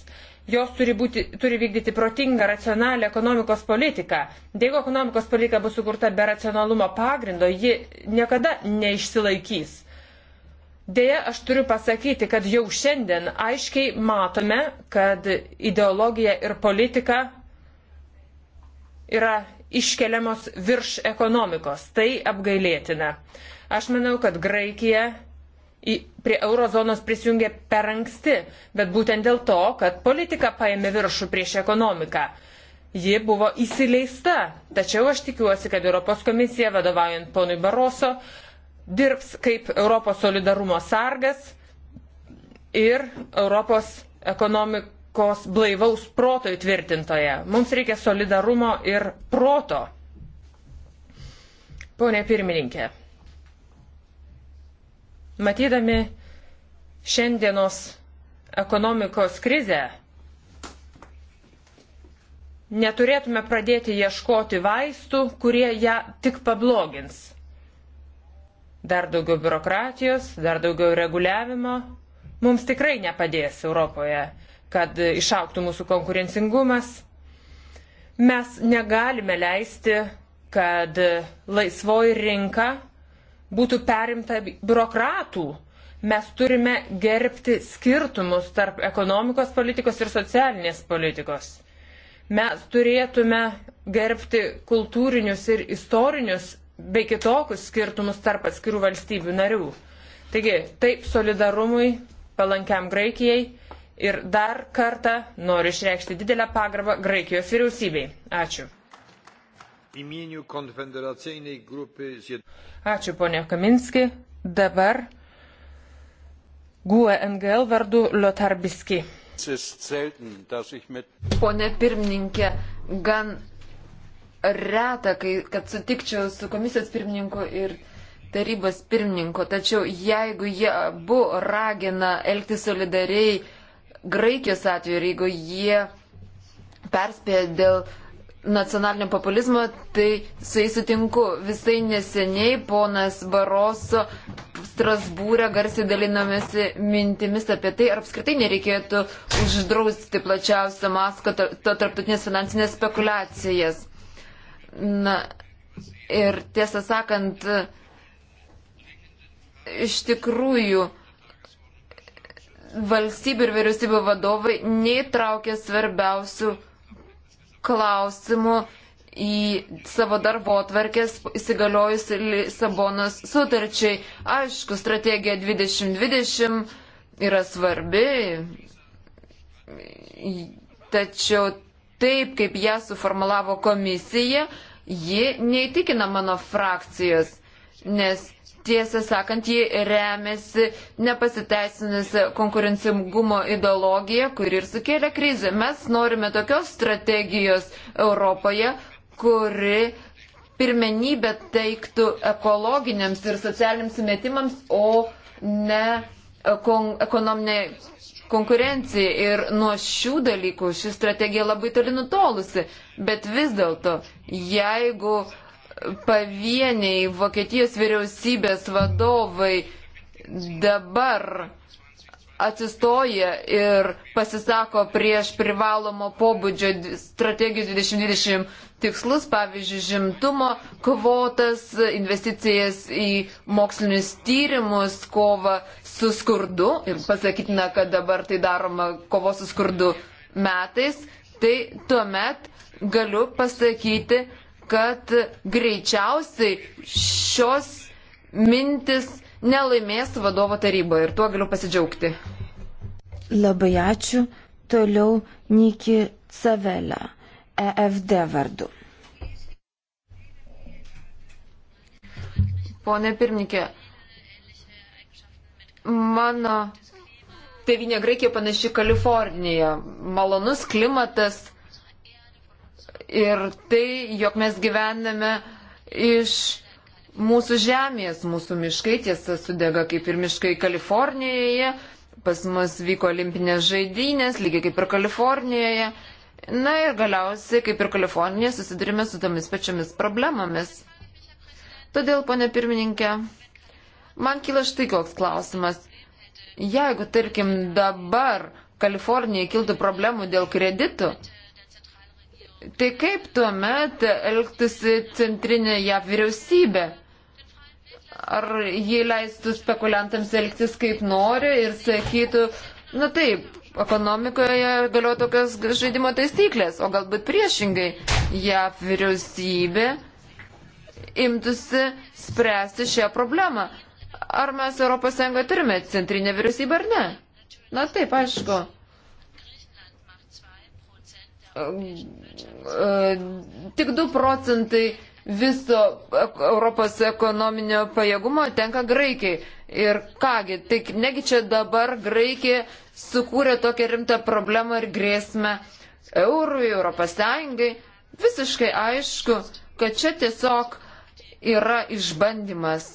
Jos turi, būti, turi vykdyti protingą, racionalią ekonomikos politiką. Jeigu ekonomikos politika bus sukurta be racionalumo pagrindo, ji niekada neišsilaikys. Deja, aš turiu pasakyti, kad jau šiandien aiškiai matome, kad ideologija ir politika yra iškeliamos virš ekonomikos. Tai apgailėtina. Aš manau, kad Graikija į, prie eurozonos prisijungė per anksti, bet būtent dėl to, kad politika paėmė viršų prieš ekonomiką. Ji buvo įsileista, tačiau aš tikiuosi, kad Europos komisija, vadovaujant ponui Baroso, dirbs kaip Europos solidarumo sargas ir Europos ekonomik, tvarkos blaivaus proto įtvirtintoje. Mums reikia solidarumo ir proto. Pone pirmininkė, matydami šiandienos ekonomikos krizę, neturėtume pradėti ieškoti vaistų, kurie ją tik pablogins. Dar daugiau biurokratijos, dar daugiau reguliavimo mums tikrai nepadės Europoje kad išauktų mūsų konkurencingumas. Mes negalime leisti, kad laisvoji rinka būtų perimta biurokratų. Mes turime gerbti skirtumus tarp ekonomikos politikos ir socialinės politikos. Mes turėtume gerbti kultūrinius ir istorinius bei kitokius skirtumus tarp atskirų valstybių narių. Taigi, taip solidarumui, palankiam Graikijai Ir dar kartą noriu išreikšti didelę pagarbą Graikijos vyriausybei. Ačiū. Ačiū, ponė Kaminski. Dabar GUE NGL vardu Lotarbiski. Pone pirmininkė, gan reta, kai, kad sutikčiau su komisijos pirmininku ir tarybos pirmininku, tačiau jeigu jie abu ragina elgti solidariai, Graikijos atveju ir jeigu jie perspėja dėl nacionalinio populizmo, tai su jais sutinku. Visai neseniai ponas Baroso Strasbūrė garsiai dalinomėsi mintimis apie tai, ar apskritai nereikėtų uždrausti plačiausią maską to tarptautinės finansinės spekulacijas. Na, ir tiesą sakant, iš tikrųjų, valstybių ir vyriausybių vadovai neįtraukė svarbiausių klausimų į savo darbo atvarkės įsigaliojus Lisabonos sutarčiai. Aišku, strategija 2020 yra svarbi, tačiau taip, kaip ją suformulavo komisija, ji neįtikina mano frakcijos, nes tiesą sakant, ji remiasi nepasiteisinusią konkurencingumo ideologiją, kuri ir sukėlė krizę. Mes norime tokios strategijos Europoje, kuri pirmenybę teiktų ekologiniams ir socialiniams metimams, o ne kon ekonominiai konkurencija ir nuo šių dalykų ši strategija labai toli nutolusi, bet vis dėlto, jeigu uh, pavieniai Vokietijos vyriausybės vadovai dabar atsistoja ir pasisako prieš privalomo pobūdžio strategijų 2020 tikslus, pavyzdžiui, žimtumo kvotas, investicijas į mokslinius tyrimus, kovą su skurdu. Ir pasakytina, kad dabar tai daroma kovo su skurdu metais. Tai tuomet galiu pasakyti, kad greičiausiai šios mintis nelaimės vadovo taryboje ir tuo galiu pasidžiaugti. Labai ačiū. Toliau Niki Cavelę, EFD vardu. Pone pirmininkė, mano tevinė Graikija panaši Kalifornija. Malonus klimatas, ir tai, jog mes gyvename iš mūsų žemės, mūsų miškai tiesa sudega kaip ir miškai Kalifornijoje, pas mus vyko olimpinės žaidynės, lygiai kaip ir Kalifornijoje. Na ir galiausiai, kaip ir Kalifornija, susidurime su tomis pačiamis problemomis. Todėl, ponė pirmininkė, man kyla štai koks klausimas. Jeigu, tarkim, dabar Kalifornijai kiltų problemų dėl kreditų, Tai kaip tuomet elgtųsi centrinė JAV vyriausybė? Ar jie leistų spekuliantams elgtis kaip nori ir sakytų, na taip, ekonomikoje galioja tokios žaidimo taisyklės, o galbūt priešingai JAV vyriausybė imtųsi spręsti šią problemą. Ar mes ES turime centrinę vyriausybę ar ne? Na taip, aišku tik 2 procentai viso Europos ekonominio pajėgumo tenka Graikijai. Ir kągi, tai negi čia dabar Graikija sukūrė tokią rimtą problemą ir grėsmę eurui, Europos Sąjungai. Visiškai aišku, kad čia tiesiog yra išbandymas.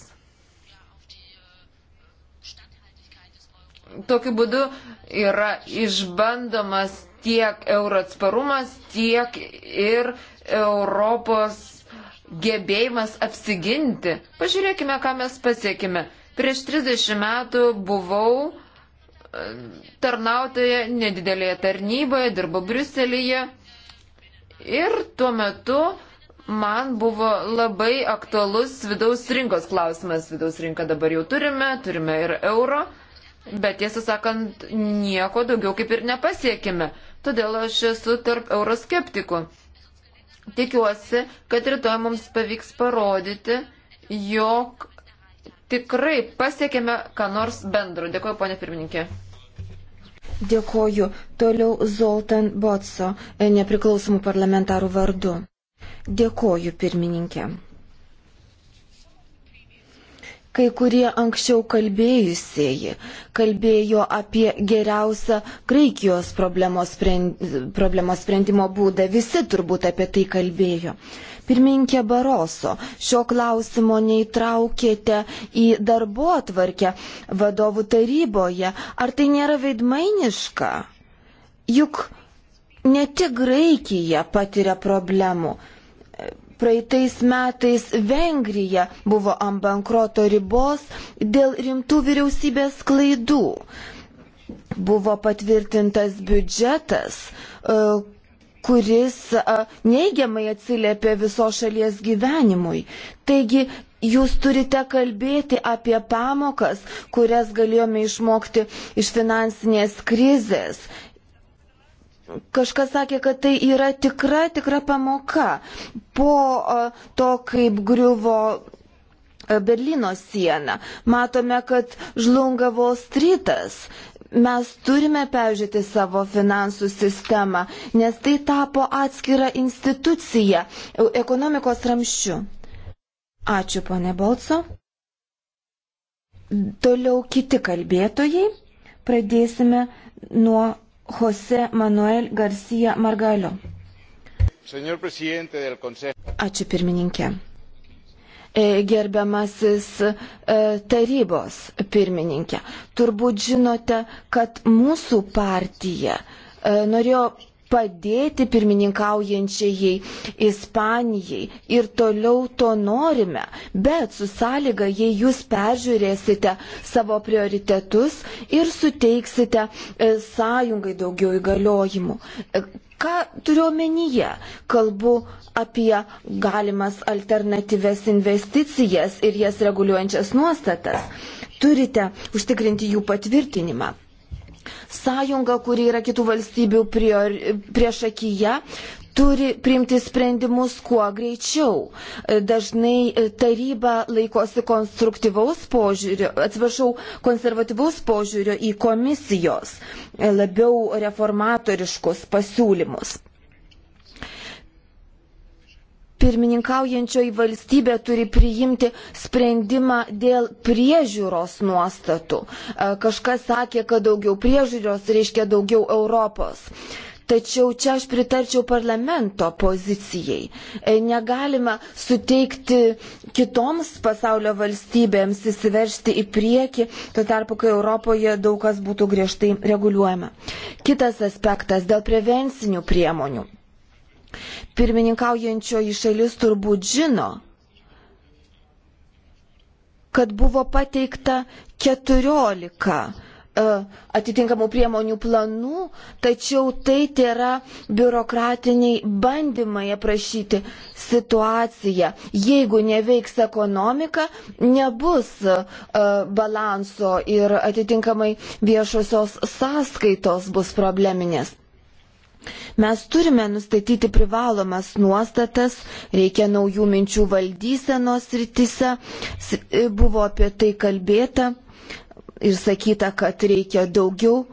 Tokiu būdu yra išbandomas tiek euroatsparumas, tiek ir Europos gebėjimas apsiginti. Pažiūrėkime, ką mes pasiekime. Prieš 30 metų buvau e, tarnautoje nedidelėje tarnyboje, dirbau Briuselėje ir tuo metu man buvo labai aktualus vidaus rinkos klausimas. Vidaus rinką dabar jau turime, turime ir euro, bet tiesą sakant, nieko daugiau kaip ir nepasiekime todėl aš esu tarp euroskeptikų. Tikiuosi, kad rytoj mums pavyks parodyti, jog tikrai pasiekėme ką nors bendro. Dėkuoju, ponė pirmininkė. Dėkuoju. Toliau Zoltan Botso, e, nepriklausomų parlamentarų vardu. Dėkuoju, pirmininkė. Kai kurie anksčiau kalbėjusieji kalbėjo apie geriausią Graikijos problemos, problemos sprendimo būdą. Visi turbūt apie tai kalbėjo. Pirminkė Baroso, šio klausimo neįtraukėte į darbo atvarkę vadovų taryboje. Ar tai nėra veidmainiška? Juk ne tik Graikija patiria problemų. Praeitais metais Vengrija buvo ant bankroto ribos dėl rimtų vyriausybės klaidų. Buvo patvirtintas biudžetas, e, kuris e, neigiamai atsiliepė viso šalies gyvenimui. Taigi Jūs turite kalbėti apie pamokas, kurias galėjome išmokti iš finansinės krizės Kažkas sakė, kad tai yra tikra, tikra pamoka. Po to, kaip griuvo Berlyno siena, matome, kad žlunga Wall Streetas. Mes turime peržiūrėti savo finansų sistemą, nes tai tapo atskira institucija e, ekonomikos ramščių. Ačiū, ponė Balco. Toliau kiti kalbėtojai. Pradėsime nuo Jose Manuel Garcia Margalio. Ačiū pirmininkė. E, gerbiamasis e, tarybos pirmininkė, turbūt žinote, kad mūsų partija e, norėjo padėti pirmininkaujančiai Ispanijai ir toliau to norime, bet su sąlyga, jei jūs peržiūrėsite savo prioritetus ir suteiksite e, sąjungai daugiau įgaliojimų. E, ką turiu omenyje? Kalbu apie galimas alternatyves investicijas ir jas reguliuojančias nuostatas. Turite užtikrinti jų patvirtinimą. Sąjunga, kuri yra kitų valstybių prior, priešakyje, turi priimti sprendimus kuo greičiau. Dažnai e, taryba laikosi konstruktyvaus požiūrio, atsiprašau, konservatyvaus požiūrio į komisijos e, labiau reformatoriškus pasiūlymus pirmininkaujančioji valstybė turi priimti sprendimą dėl priežiūros nuostatų. E, kažkas sakė, kad daugiau priežiūros reiškia daugiau Europos. Tačiau čia aš pritarčiau parlamento pozicijai. E, Negalime suteikti kitoms pasaulio valstybėms įsiveršti į priekį, tuo tarpu, kai Europoje daug kas būtų griežtai reguliuojama. Kitas aspektas - dėl prevencinių priemonių. Pirmininkaujančioji šalis turbūt žino, kad buvo pateikta 14 e, atitinkamų priemonių planų, tačiau tai yra biurokratiniai bandymai aprašyti situaciją. Jeigu neveiks ekonomika, nebus e, balanso ir atitinkamai viešosios sąskaitos bus probleminės. Mes turime nustatyti privalomas nuostatas, reikia naujų minčių valdysenos rytise, e, buvo apie tai kalbėta ir sakyta, kad reikia daugiau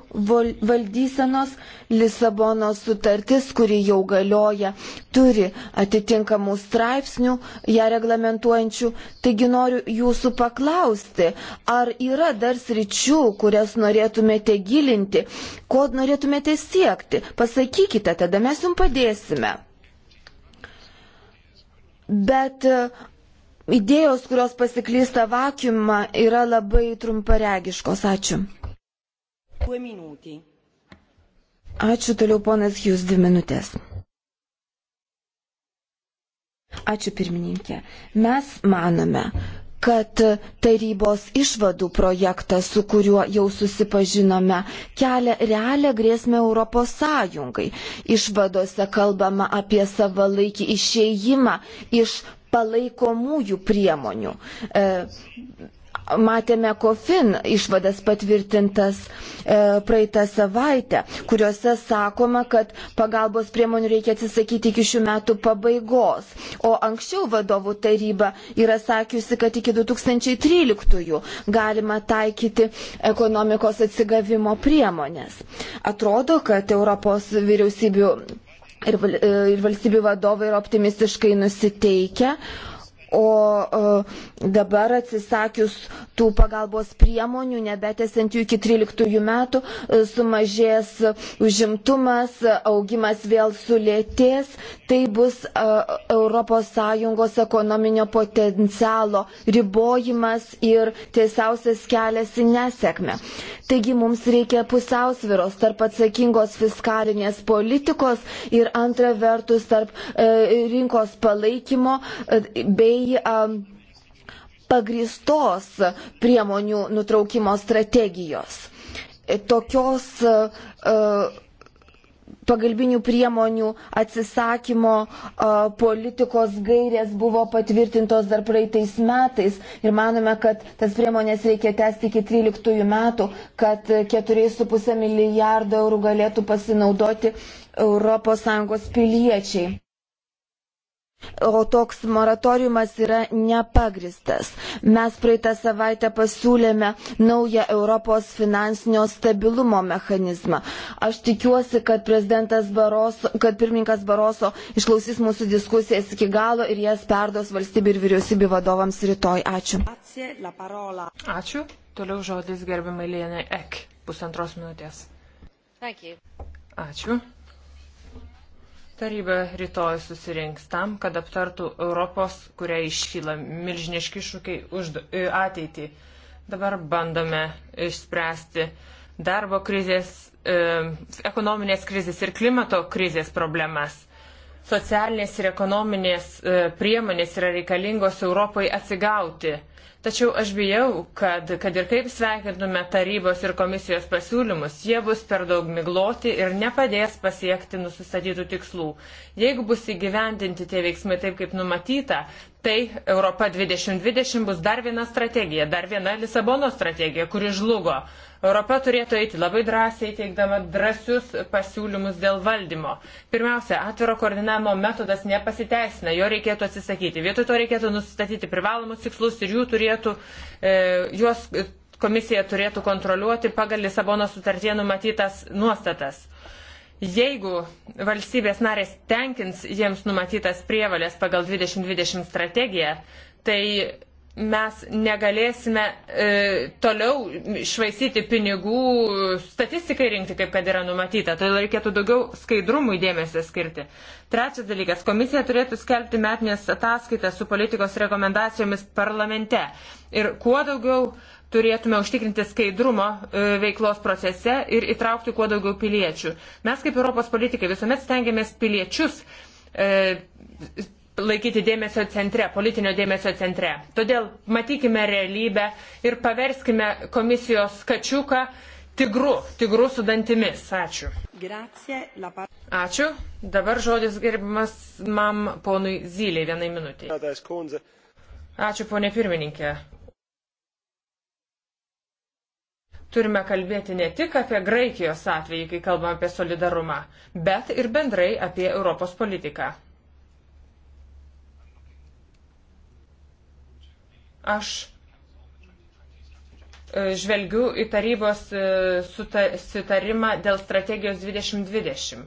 valdysenos. Lisabono sutartis, kuri jau galioja, turi atitinkamų straipsnių, ją reglamentuojančių. Taigi noriu jūsų paklausti, ar yra dar sričių, kurias norėtumėte gilinti, ko norėtumėte siekti. Pasakykite, tada mes jums padėsime. Bet idėjos, kurios pasiklysta vakiumą, yra labai trumparegiškos. Ačiū. Ačiū toliau, ponas Jūs, dvi minutės. Ačiū pirmininkė. Mes manome, kad tarybos išvadų projektas, su kuriuo jau susipažinome, kelia realią grėsmę Europos Sąjungai. Išvadose kalbama apie savalaikį išeimą iš palaikomųjų priemonių. E, matėme COFIN išvadas patvirtintas e, praeitą savaitę, kuriuose sakoma, kad pagalbos priemonių reikia atsisakyti iki šių metų pabaigos. O anksčiau vadovų taryba yra sakiusi, kad iki 2013-ųjų galima taikyti ekonomikos atsigavimo priemonės. Atrodo, kad Europos vyriausybių ir, ir valstybių vadovai yra optimistiškai nusiteikę, o e, dabar atsisakius tų pagalbos priemonių, nebetesiant jų iki 13 metų, e, sumažės užimtumas, augimas vėl sulėtės, tai bus ES ekonominio potencialo ribojimas ir tiesiausias kelias į nesėkmę. Taigi mums reikia pusiausviros tarp atsakingos fiskalinės politikos ir antra vertus tarp e, rinkos palaikymo bei bei um, pagristos priemonių nutraukimo strategijos. E, tokios uh, pagalbinių priemonių atsisakymo a, politikos gairės buvo patvirtintos dar praeitais metais ir manome, kad tas priemonės reikia tęsti iki 13 metų, kad 4,5 milijardo eurų galėtų pasinaudoti ES piliečiai. O toks moratoriumas yra nepagristas. Mes praeitą savaitę pasiūlėme naują Europos finansinio stabilumo mechanizmą. Aš tikiuosi, kad, Baroso, kad pirmininkas Baroso išklausys mūsų diskusijas iki galo ir jas perdos valstybių ir vyriausybių vadovams rytoj. Ačiū. Ačiū. Toliau žodis gerbimai Lienai Ek. Pusantros minutės. Ačiū. Taryba rytoj susirinks tam, kad aptartų Europos, kuria iškyla milžiniški iššūkiai už ateitį. Dabar bandome išspręsti darbo krizės, e, ekonominės krizės ir klimato krizės problemas. Socialinės ir ekonominės e, priemonės yra reikalingos Europai atsigauti. Tačiau aš bijau, kad, kad ir kaip sveikintume tarybos ir komisijos pasiūlymus, jie bus per daug migloti ir nepadės pasiekti nusistatytų tikslų. Jeigu bus įgyvendinti tie veiksmai taip, kaip numatyta, tai Europa 2020 bus dar viena strategija, dar viena Lisabono strategija, kuri žlugo. Europa turėtų eiti labai drąsiai, teikdama drąsius pasiūlymus dėl valdymo. Pirmiausia, atviro koordinavimo metodas nepasiteisina, jo reikėtų atsisakyti. Vietoj to reikėtų nustatyti privalomus tikslus ir jų turėtų, e, juos komisija turėtų kontroliuoti pagal Lisabono sutartie numatytas nuostatas. Jeigu valstybės narės tenkins jiems numatytas prievalės pagal 2020 strategiją, tai mes negalėsime e, toliau švaistyti pinigų statistikai rinkti, kaip kad yra numatyta. Todėl reikėtų daugiau skaidrumui dėmesio skirti. Trečias dalykas. Komisija turėtų skelbti metinės ataskaitą su politikos rekomendacijomis parlamente. Ir kuo daugiau turėtume užtikrinti skaidrumo e, veiklos procese ir įtraukti kuo daugiau piliečių. Mes kaip Europos politikai visuomet stengiamės piliečius e, laikyti dėmesio centre, politinio dėmesio centre. Todėl matykime realybę ir paverskime komisijos kačiuką tigru, tigru su dantimis. Ačiū. Ačiū. Dabar žodis gerbimas mam ponui Zyliai vienai minutiai. Ačiū, ponė pirmininkė. turime kalbėti ne tik apie Graikijos atvejį, kai kalbame apie solidarumą, bet ir bendrai apie Europos politiką. Aš e, žvelgiu į tarybos e, sutarimą dėl strategijos 2020.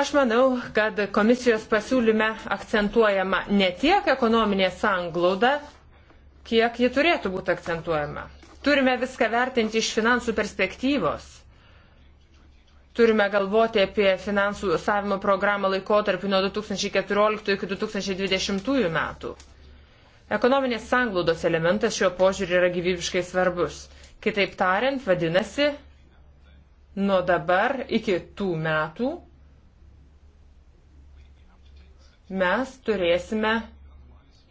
Aš manau, kad komisijos pasiūlyme akcentuojama ne tiek ekonominė sanglauda, kiek ji turėtų būti akcentuojama. Turime viską vertinti iš finansų perspektyvos. Turime galvoti apie finansų savimo programą laikotarpį nuo 2014 iki 2020 metų. Ekonominės sanglaudos elementas šio požiūrį yra gyvybiškai svarbus. Kitaip tariant, vadinasi, nuo dabar iki tų metų mes turėsime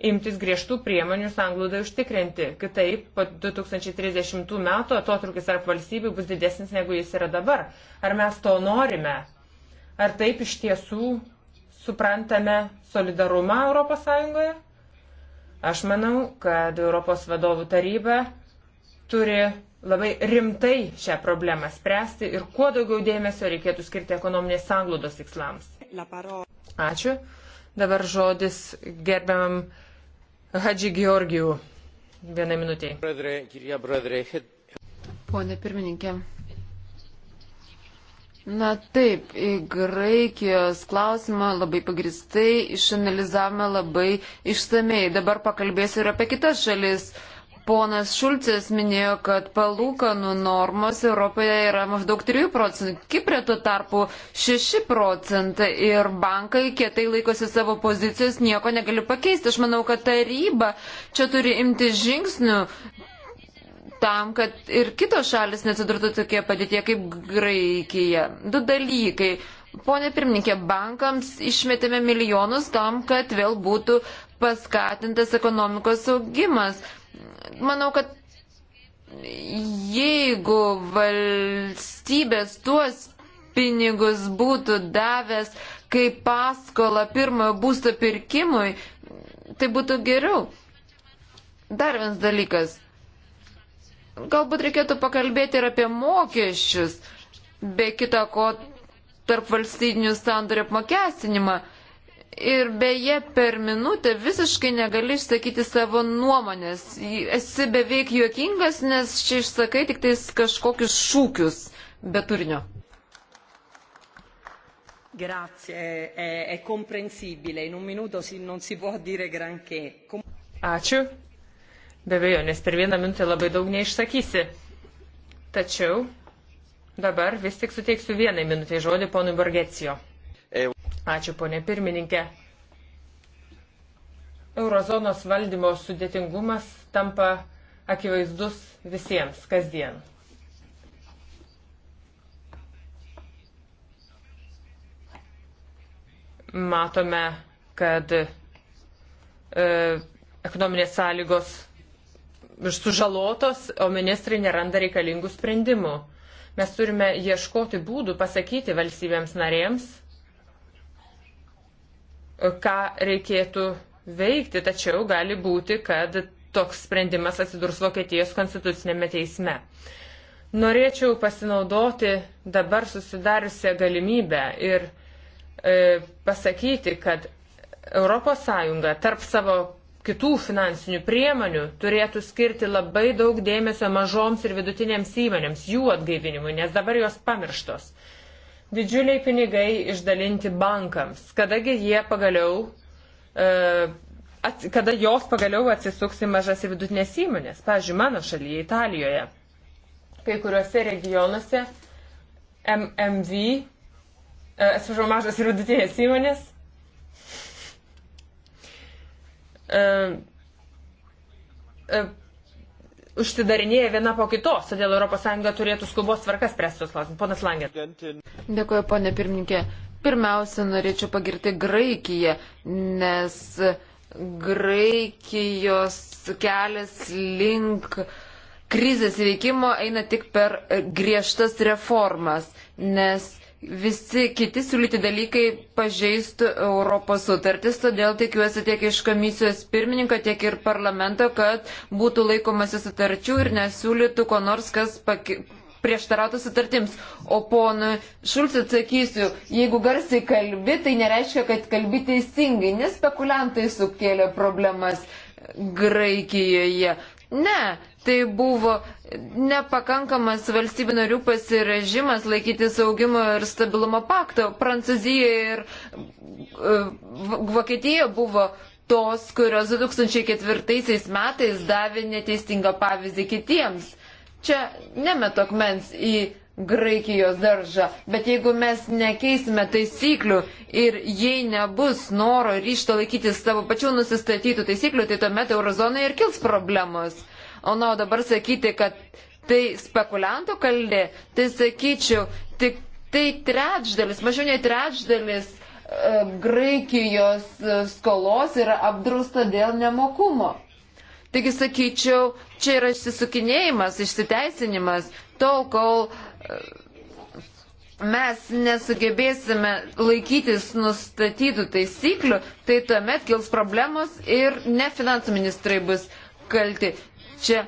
imtis griežtų priemonių sąnglaudai užtikrinti. Kitaip, po 2030 metų atotrukis tarp valstybių bus didesnis negu jis yra dabar. Ar mes to norime? Ar taip iš tiesų suprantame solidarumą ES? Aš manau, kad Europos vadovų taryba turi labai rimtai šią problemą spręsti ir kuo daugiau dėmesio reikėtų skirti ekonominės sanglaudos tikslams. Ačiū. Dabar žodis gerbiamam Hadži Georgijų. Vienai minutiai. Pone pirmininkė. Na taip, į Graikijos klausimą labai pagristai išanalizavome labai išsamei. Dabar pakalbėsiu ir apie kitas šalis. Uh, Ponas Šulcis minėjo, kad palūkanų normos Europoje yra maždaug 3 procentai, Kiprė tuo tarpu 6 procentai ir bankai kietai laikosi savo pozicijos, nieko negali pakeisti. Aš manau, kad taryba čia turi imti žingsnių tam, kad ir kitos šalis nesidurtų tokie padėtie kaip Graikija. Du dalykai. Pone pirmininkė, bankams išmetėme milijonus tam, kad vėl būtų paskatintas ekonomikos augimas. Manau, kad jeigu valstybės tuos pinigus būtų davęs kaip paskola pirmojo būsto pirkimui, tai būtų geriau. Dar vienas dalykas. Galbūt reikėtų pakalbėti ir apie mokesčius, be kita ko tarp valstybinių sandorių apmokestinimą ir beje per minutę visiškai negali išsakyti savo nuomonės. Esi beveik juokingas, nes čia išsakai tik tais kažkokius šūkius be turinio. Grazie, è, è comprensibile, in un minuto si, non si può dire granché. Com... Ačiū. Be abejo, nes per vieną minutę labai daug neišsakysi. Tačiau dabar vis tik suteiksiu vienai minutai žodį ponui Borgecijo. E... Ačiū, ponė pirmininkė. Eurozonos valdymo sudėtingumas tampa akivaizdus visiems kasdien. Matome, kad e, ekonominės sąlygos sužalotos, o ministrai neranda reikalingų sprendimų. Mes turime ieškoti būdų pasakyti valstybėms narėms, ką reikėtų veikti, tačiau gali būti, kad toks sprendimas atsidurs Vokietijos konstitucinėme teisme. Norėčiau pasinaudoti dabar susidariusią galimybę ir e, pasakyti, kad ES tarp savo kitų finansinių priemonių turėtų skirti labai daug dėmesio mažoms ir vidutinėms įmonėms, jų atgaivinimui, nes dabar jos pamirštos. E, didžiuliai pinigai išdalinti bankams, kadangi jie pagaliau, e, kada jos pagaliau atsisuks į mažas ir vidutinės įmonės, pavyzdžiui, mano šalyje, Italijoje. Kai kuriuose regionuose MMV, e, atsiprašau, mažas ir vidutinės įmonės, e, užsidarinėja viena po kitos, todėl ES turėtų skubos tvarkas prestos klausimus. Ponas Langė. Dėkuoju, ponė pirmininkė. Pirmiausia, norėčiau pagirti Graikiją, nes Graikijos kelias link krizės veikimo eina tik per griežtas reformas, nes visi kiti siūlyti dalykai pažeistų Europos sutartis, todėl tikiuosi tiek iš komisijos pirmininko, tiek ir parlamento, kad būtų laikomasi sutarčių ir nesiūlytų ko nors, kas paki... prieštarautų sutartims. O ponui Šulcui atsakysiu, jeigu garsiai kalbi, tai nereiškia, kad kalbi teisingai, nes spekuliantai sukėlė problemas Graikijoje. Ne, tai buvo nepakankamas valstybių narių pasiražymas laikytis augimo ir stabilumo pakto. Prancūzija ir e, Vokietija buvo tos, kurios 2004 metais davė neteisingą pavyzdį kitiems. Čia nemetokmens į Graikijos daržą, bet jeigu mes nekeisime taisyklių ir jei nebus noro ryšto laikytis savo pačių nusistatytų taisyklių, tai tuomet eurozonai ir kils problemos. O na, o dabar sakyti, kad tai spekuliantų kaldė, tai sakyčiau, tik tai trečdalis, mažiau nei trečdalis e, Graikijos e, skolos yra apdrausta dėl nemokumo. Taigi sakyčiau, čia yra išsisukinėjimas, išsiteisinimas, tol kol e, mes nesugebėsime laikytis nustatytų taisyklių, tai tuomet kils problemos ir ne finansų ministrai bus kalti čia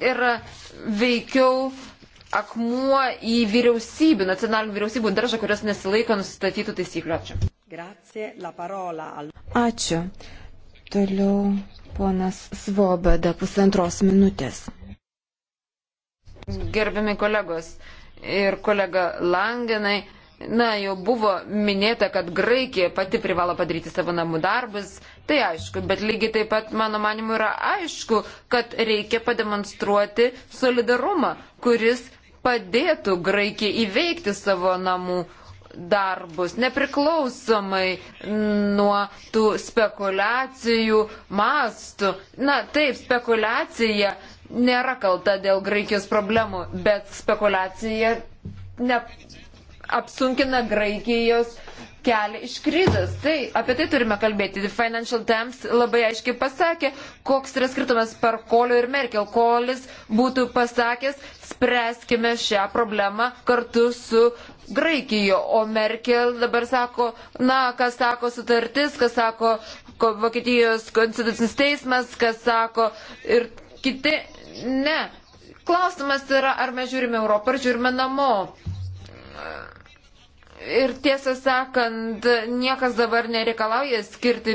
yra veikiau akmuo į vyriausybių, nacionalinių vyriausybių daržą, kurios nesilaiko nustatytų taisyklių. Ačiū. Grazie, al... Ačiū. Toliau ponas Svobada pusantros minutės. Gerbiami kolegos ir kolega Langenai, Na, jau buvo minėta, kad Graikija pati privalo padaryti savo namų darbus, tai aišku, bet lygiai taip pat, mano manimu, yra aišku, kad reikia pademonstruoti solidarumą, kuris padėtų Graikijai įveikti savo namų darbus, nepriklausomai nuo tų spekulacijų mastų. Na taip, spekulacija nėra kalta dėl Graikijos problemų, bet spekulacija ne, apsunkina Graikijos kelią iš krizės. Tai apie tai turime kalbėti. The Financial Times labai aiškiai pasakė, koks yra skirtumas per Kolio ir Merkel. Kolis būtų pasakęs, spręskime šią problemą kartu su Graikijo, o Merkel dabar sako, na, kas sako sutartis, kas sako Vokietijos konstitucinis teismas, kas sako ir kiti. Ne. Klausimas yra, ar mes žiūrime Europą, ar žiūrime namo. Uh Ir tiesą sakant, niekas dabar nereikalauja skirti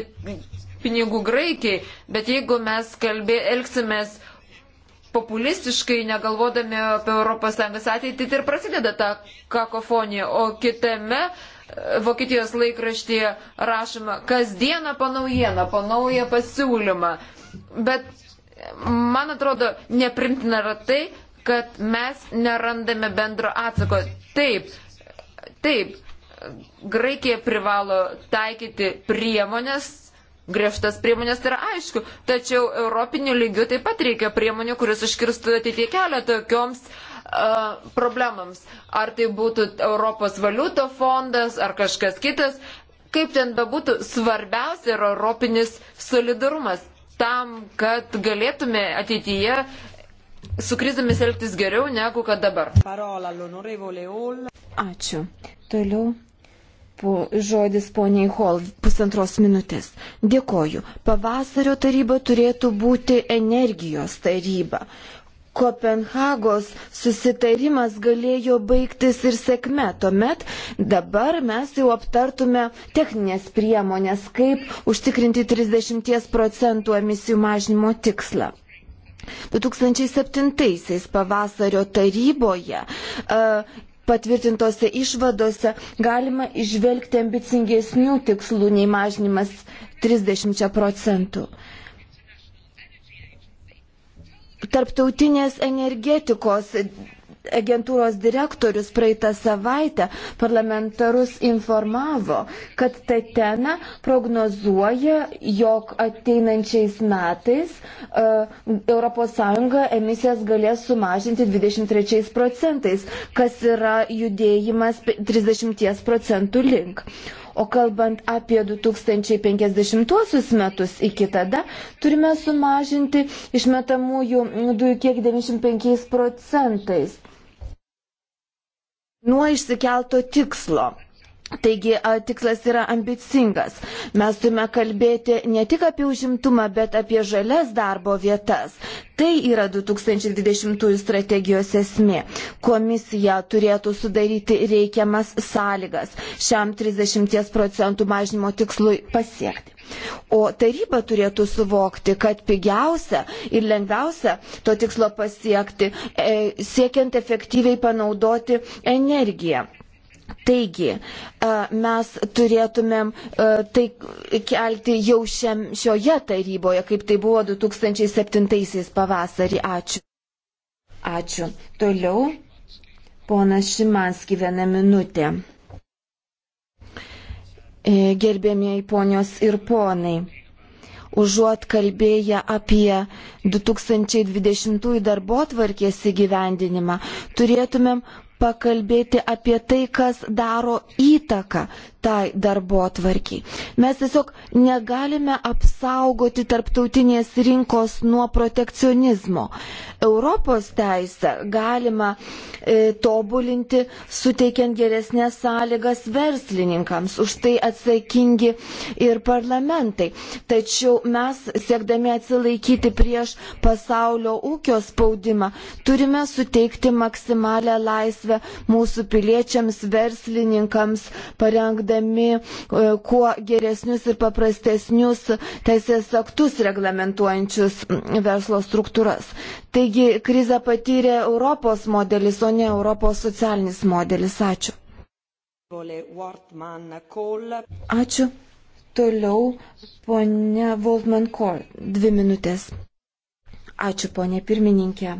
pinigų Graikijai, bet jeigu mes kalbė, elgsimės populistiškai, negalvodami apie ES ateitį, tai ir prasideda ta kakofonija. O kitame e, Vokietijos laikraštyje rašoma kasdieną panaujiena, panauja pasiūlymą. Bet e, man atrodo, neprimtina yra tai, kad mes nerandame bendro atsako. Taip, Taip, Graikija privalo taikyti priemonės. Griežtas priemonės tai yra aišku, tačiau europinių lygių taip pat reikia priemonių, kuris užkirstų ateitie kelią tokioms uh, problemams. Ar tai būtų Europos valiuto fondas ar kažkas kitas, kaip ten bebūtų, svarbiausia yra europinis solidarumas tam, kad galėtume ateityje su krizėmis elgtis geriau negu kad dabar. Ačiū. Toliau po, žodis poniai Hol pusantros minutės. Dėkoju. Pavasario taryba turėtų būti energijos taryba. Kopenhagos susitarimas galėjo baigtis ir sėkme. Tuomet dabar mes jau aptartume techninės priemonės, kaip užtikrinti 30 procentų emisijų mažinimo tikslą. 2007 pavasario taryboje e, patvirtintose išvadose galima išvelgti ambicingesnių tikslų nei mažinimas 30 procentų. Tarptautinės energetikos agentūros direktorius praeitą savaitę parlamentarus informavo, kad Tatena prognozuoja, jog ateinančiais metais ES emisijas galės sumažinti 23 procentais, kas yra judėjimas 30 procentų link. O kalbant apie 2050 metus iki tada, turime sumažinti išmetamųjų dujų kiek 95 procentais nuo išsikelto tikslo. Taigi tikslas yra ambicingas. Mes turime kalbėti ne tik apie užimtumą, bet apie žalias darbo vietas. Tai yra 2020 strategijos esmė. Komisija turėtų sudaryti reikiamas sąlygas šiam 30 procentų mažinimo tikslui pasiekti. O taryba turėtų suvokti, kad pigiausia ir lengviausia to tikslo pasiekti, e, siekiant efektyviai panaudoti energiją. Taigi, e, mes turėtumėm e, tai kelti jau šiam, šioje taryboje, kaip tai buvo 2007 pavasarį. Ačiū. Ačiū. Toliau, ponas Šimanski, vieną minutę. E, gerbėmieji ponios ir ponai užuot kalbėję apie 2020 darbo tvarkės įgyvendinimą, turėtumėm pakalbėti apie tai, kas daro įtaką tai darbo atvarkiai. Mes tiesiog negalime apsaugoti tarptautinės rinkos nuo protekcionizmo. Europos teisę galima e, tobulinti, suteikiant geresnės sąlygas verslininkams, už tai atsakingi ir parlamentai. Tačiau mes, siekdami atsilaikyti prieš pasaulio ūkio spaudimą, turime suteikti maksimalę laisvę mūsų piliečiams, verslininkams, parengdami priimdami e, kuo geresnius ir paprastesnius teisės aktus reglamentuojančius mm, verslo struktūras. Taigi krizę patyrė Europos modelis, o ne Europos socialinis modelis. Ačiū. Ačiū. Toliau ponia Voltman Kor. Dvi minutės. Ačiū, ponė pirmininkė.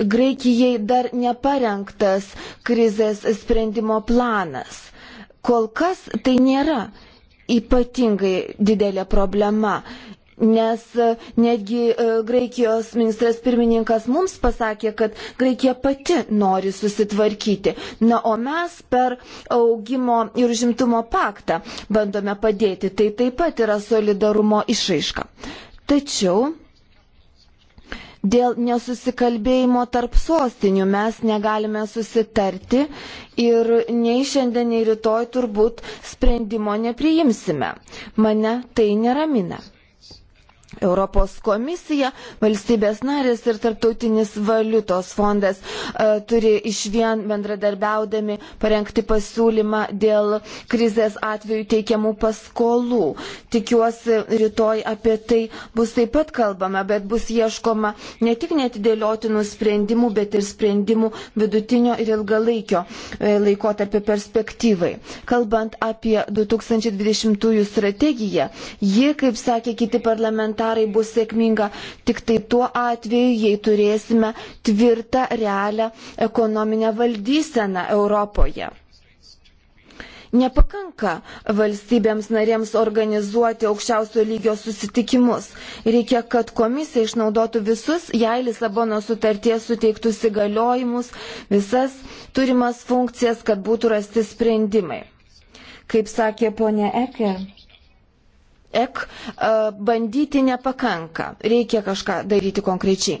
Graikijai dar neparengtas krizės sprendimo planas. Kol kas tai nėra ypatingai didelė problema, nes e, netgi e, Graikijos ministras pirmininkas mums pasakė, kad Graikija pati nori susitvarkyti. Na, o mes per augimo ir žimtumo paktą bandome padėti. Tai taip pat yra solidarumo išaiška. Tačiau Dėl nesusikalbėjimo tarp sostinių mes negalime susitarti ir nei šiandien, nei rytoj turbūt sprendimo nepriimsime. Mane tai neramina. Europos komisija, valstybės narės ir tarptautinis valiutos fondas e, turi iš vien bendradarbiaudami parengti pasiūlymą dėl krizės atveju teikiamų paskolų. Tikiuosi, rytoj apie tai bus taip pat kalbama, bet bus ieškoma ne tik netidėliotinų sprendimų, bet ir sprendimų vidutinio ir ilgalaikio e, laikotarpio perspektyvai. Kalbant apie 2020 strategiją, ji, kaip sakė kiti parlamentarai, parai bus sėkminga tik tai tuo atveju, jei turėsime tvirtą, realią ekonominę valdyseną Europoje. Nepakanka valstybėms narėms organizuoti aukščiausio lygio susitikimus. Reikia, kad komisija išnaudotų visus jai Lisabono sutarties suteiktus įgaliojimus, visas turimas funkcijas, kad būtų rasti sprendimai. Kaip sakė ponė Eke, ek e, bandyti nepakanka. Reikia kažką daryti konkrečiai.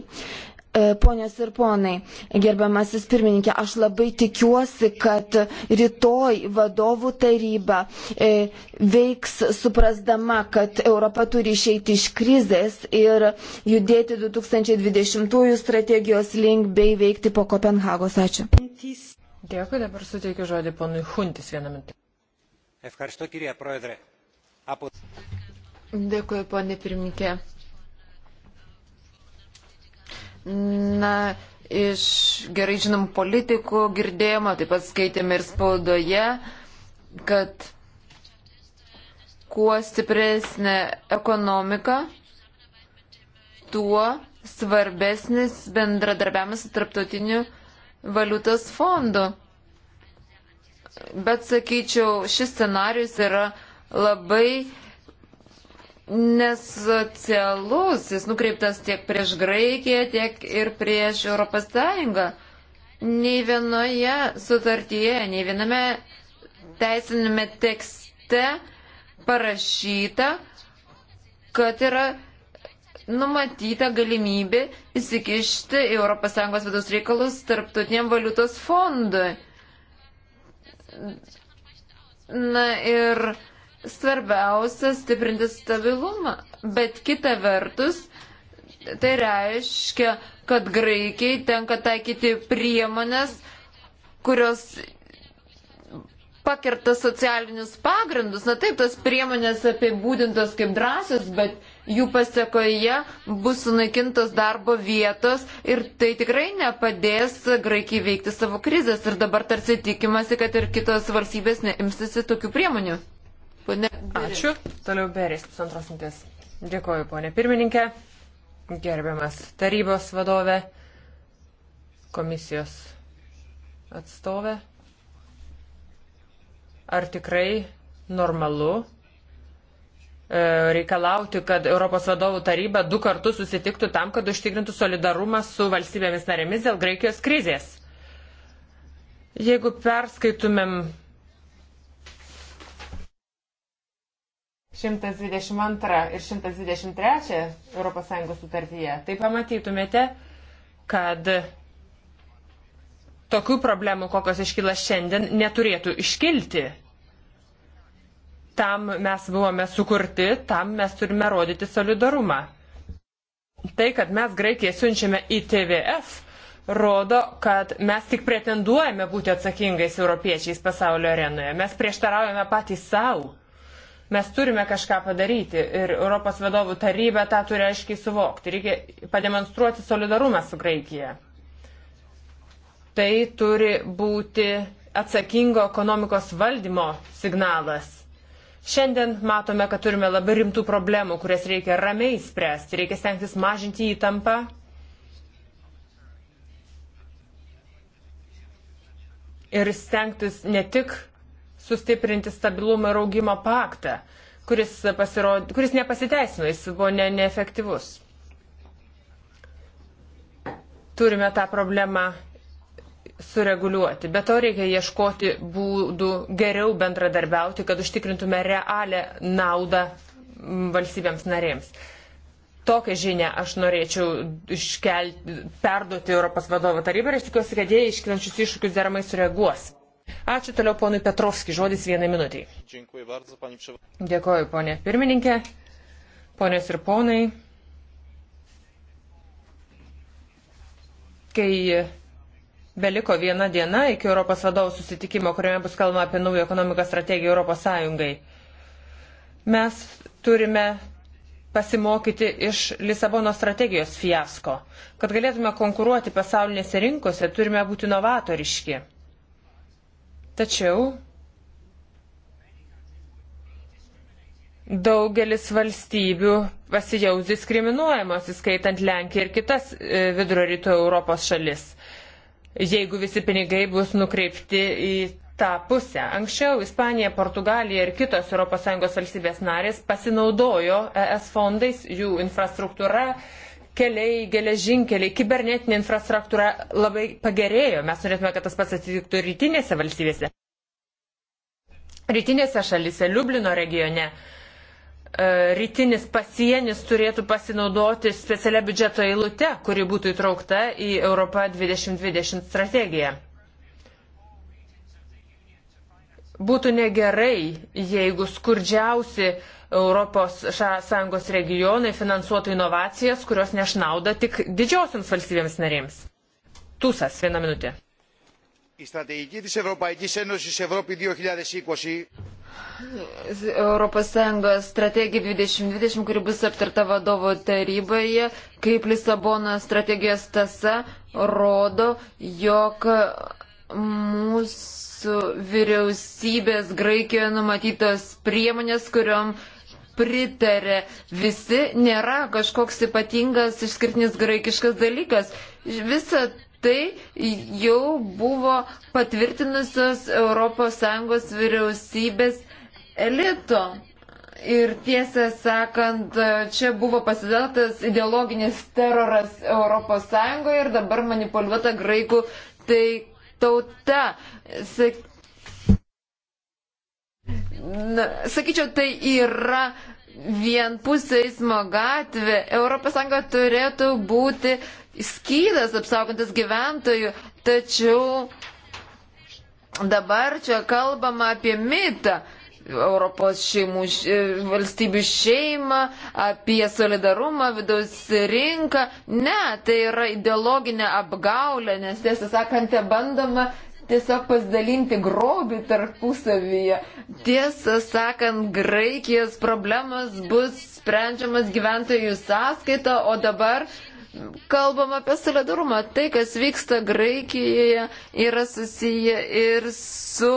E, ponios ir ponai, gerbiamasis pirmininkė, aš labai tikiuosi, kad rytoj vadovų taryba e, veiks suprasdama, kad Europa turi išeiti iš krizės ir judėti 2020 strategijos link bei veikti po Kopenhagos. Ačiū. Dėkui, dabar suteikiu žodį ponui Huntis vieną minutę. Ευχαριστώ κύριε Πρόεδρε. Από... Dėkuoju, ponė pirmininkė. Na, iš gerai žinomų politikų girdėjimo, taip pat skaitėme ir spaudoje, kad kuo stipresnė ekonomika, tuo svarbesnis bendradarbiavimas su tarptautiniu valiutos fondu. Bet sakyčiau, šis scenarius yra labai nesocialus, jis nukreiptas tiek prieš Graikiją, tiek ir prieš Europos Sąjungą. Nei vienoje sutartyje, nei viename teisinėme tekste parašyta, kad yra numatyta galimybė įsikišti į ES vidaus reikalus tarptautiniam valiutos fondui. Na ir svarbiausia stiprinti stabilumą, bet kita vertus, tai reiškia, kad Graikijai tenka taikyti priemonės, kurios pakerta socialinius pagrindus. Na taip, tas priemonės apibūdintos kaip drąsios, bet jų pasiekoje bus sunaikintos darbo vietos ir tai tikrai nepadės Graikijai veikti savo krizės. Ir dabar tarsi tikimasi, kad ir kitos valstybės neimsisi tokių priemonių. Pone. Ačiū. Toliau berės pusantros mintis. Dėkoju, ponė pirmininkė, gerbiamas tarybos vadovė, komisijos atstovė. Ar tikrai normalu e, reikalauti, kad Europos vadovų taryba du kartus susitiktų tam, kad užtikrintų solidarumą su valstybėmis narėmis dėl Graikijos krizės. Jeigu perskaitumėm 122 ir 123 ES sutartyje, tai pamatytumėte, kad tokių problemų, kokios iškyla šiandien, neturėtų iškilti. Tam mes buvome sukurti, tam mes turime rodyti solidarumą. Tai, kad mes Graikiją siunčiame į TVF, rodo, kad mes tik pretenduojame būti atsakingais europiečiais pasaulio arenoje. Mes prieštaraujame patys savo. Mes turime kažką padaryti ir Europos vadovų taryba tą turi aiškiai suvokti. Reikia pademonstruoti solidarumą su Graikija. Tai turi būti atsakingo ekonomikos valdymo signalas. Šiandien matome, kad turime labai rimtų problemų, kurias reikia ramiai spręsti, reikia stengtis mažinti įtampą. Ir stengtis ne tik sustiprinti stabilumą ir augimo paktą, kuris, pasirod... kuris nepasiteisino, jis buvo ne, neefektyvus. Turime tą problemą sureguliuoti. Be to reikia ieškoti būdų geriau bendradarbiauti, kad užtikrintume realią naudą valstybėms narėms. Tokią žinę aš norėčiau iškelti, perduoti Europos vadovo tarybą ir aš tikiuosi, kad jie iškilančius iššūkius deramai sureaguos. Ačiū toliau ponui Petrovski, žodis vienai minutiai. Dėkuoju, ponė pirmininkė, ponės ir ponai. Kai beliko viena diena iki Europos vadovų susitikimo, kuriame bus kalbama apie naują ekonomikos strategiją Europos Sąjungai, mes turime pasimokyti iš Lisabono strategijos fiasko. Kad galėtume konkuruoti pasaulinėse rinkose, turime būti novatoriški Tačiau daugelis valstybių pasijaus diskriminuojamos, įskaitant Lenkiją ir kitas e, vidurio rytų Europos šalis, jeigu visi pinigai bus nukreipti į tą pusę. Anksčiau Ispanija, Portugalija ir kitos ES valstybės narės pasinaudojo ES fondais, jų infrastruktūra, uh, keliai, geležinkeliai, kibernetinė infrastruktūra labai pagerėjo. Mes norėtume, kad tas pats atsitiktų rytinėse valstybėse. Rytinėse šalise, Liublino regione, e, rytinis pasienis turėtų pasinaudoti specialia biudžeto eilute, kuri būtų įtraukta į Europą 2020 strategiją. Būtų negerai, jeigu skurdžiausi uh, ES regionai finansuotų inovacijas, kurios nešnauda tik didžiosioms valstybėms narėms. Tūsas, viena minutė. Europos Sąjungos strategija 2020, kuri bus aptarta vadovo taryboje, kaip Lisabono strategijos tasa, rodo, jog mūsų vyriausybės Graikijoje numatytos priemonės, kuriuom uh, pritarė visi, nėra kažkoks ypatingas išskirtinis graikiškas dalykas. Visa tai jau buvo patvirtinusios ES vyriausybės elito. Ir tiesą sakant, čia buvo pasidatas ideologinis teroras ES ir dabar manipuliuota graikų tai tauta. Sak na, sakyčiau, tai yra vienpusė eismo gatvė. ES turėtų būti skydas apsaugantis gyventojų, tačiau dabar čia kalbama apie mitą. Europos šeimų, e, valstybių šeimą, apie solidarumą, vidaus rinką. Ne, tai yra ideologinė apgaulė, nes tiesą sakant, bandoma tiesiog pasidalinti grobį tarpusavyje. Tiesą sakant, Graikijos problemas bus sprendžiamas gyventojų sąskaita, o dabar kalbam apie solidarumą. Tai, kas vyksta Graikijoje, yra susiję ir su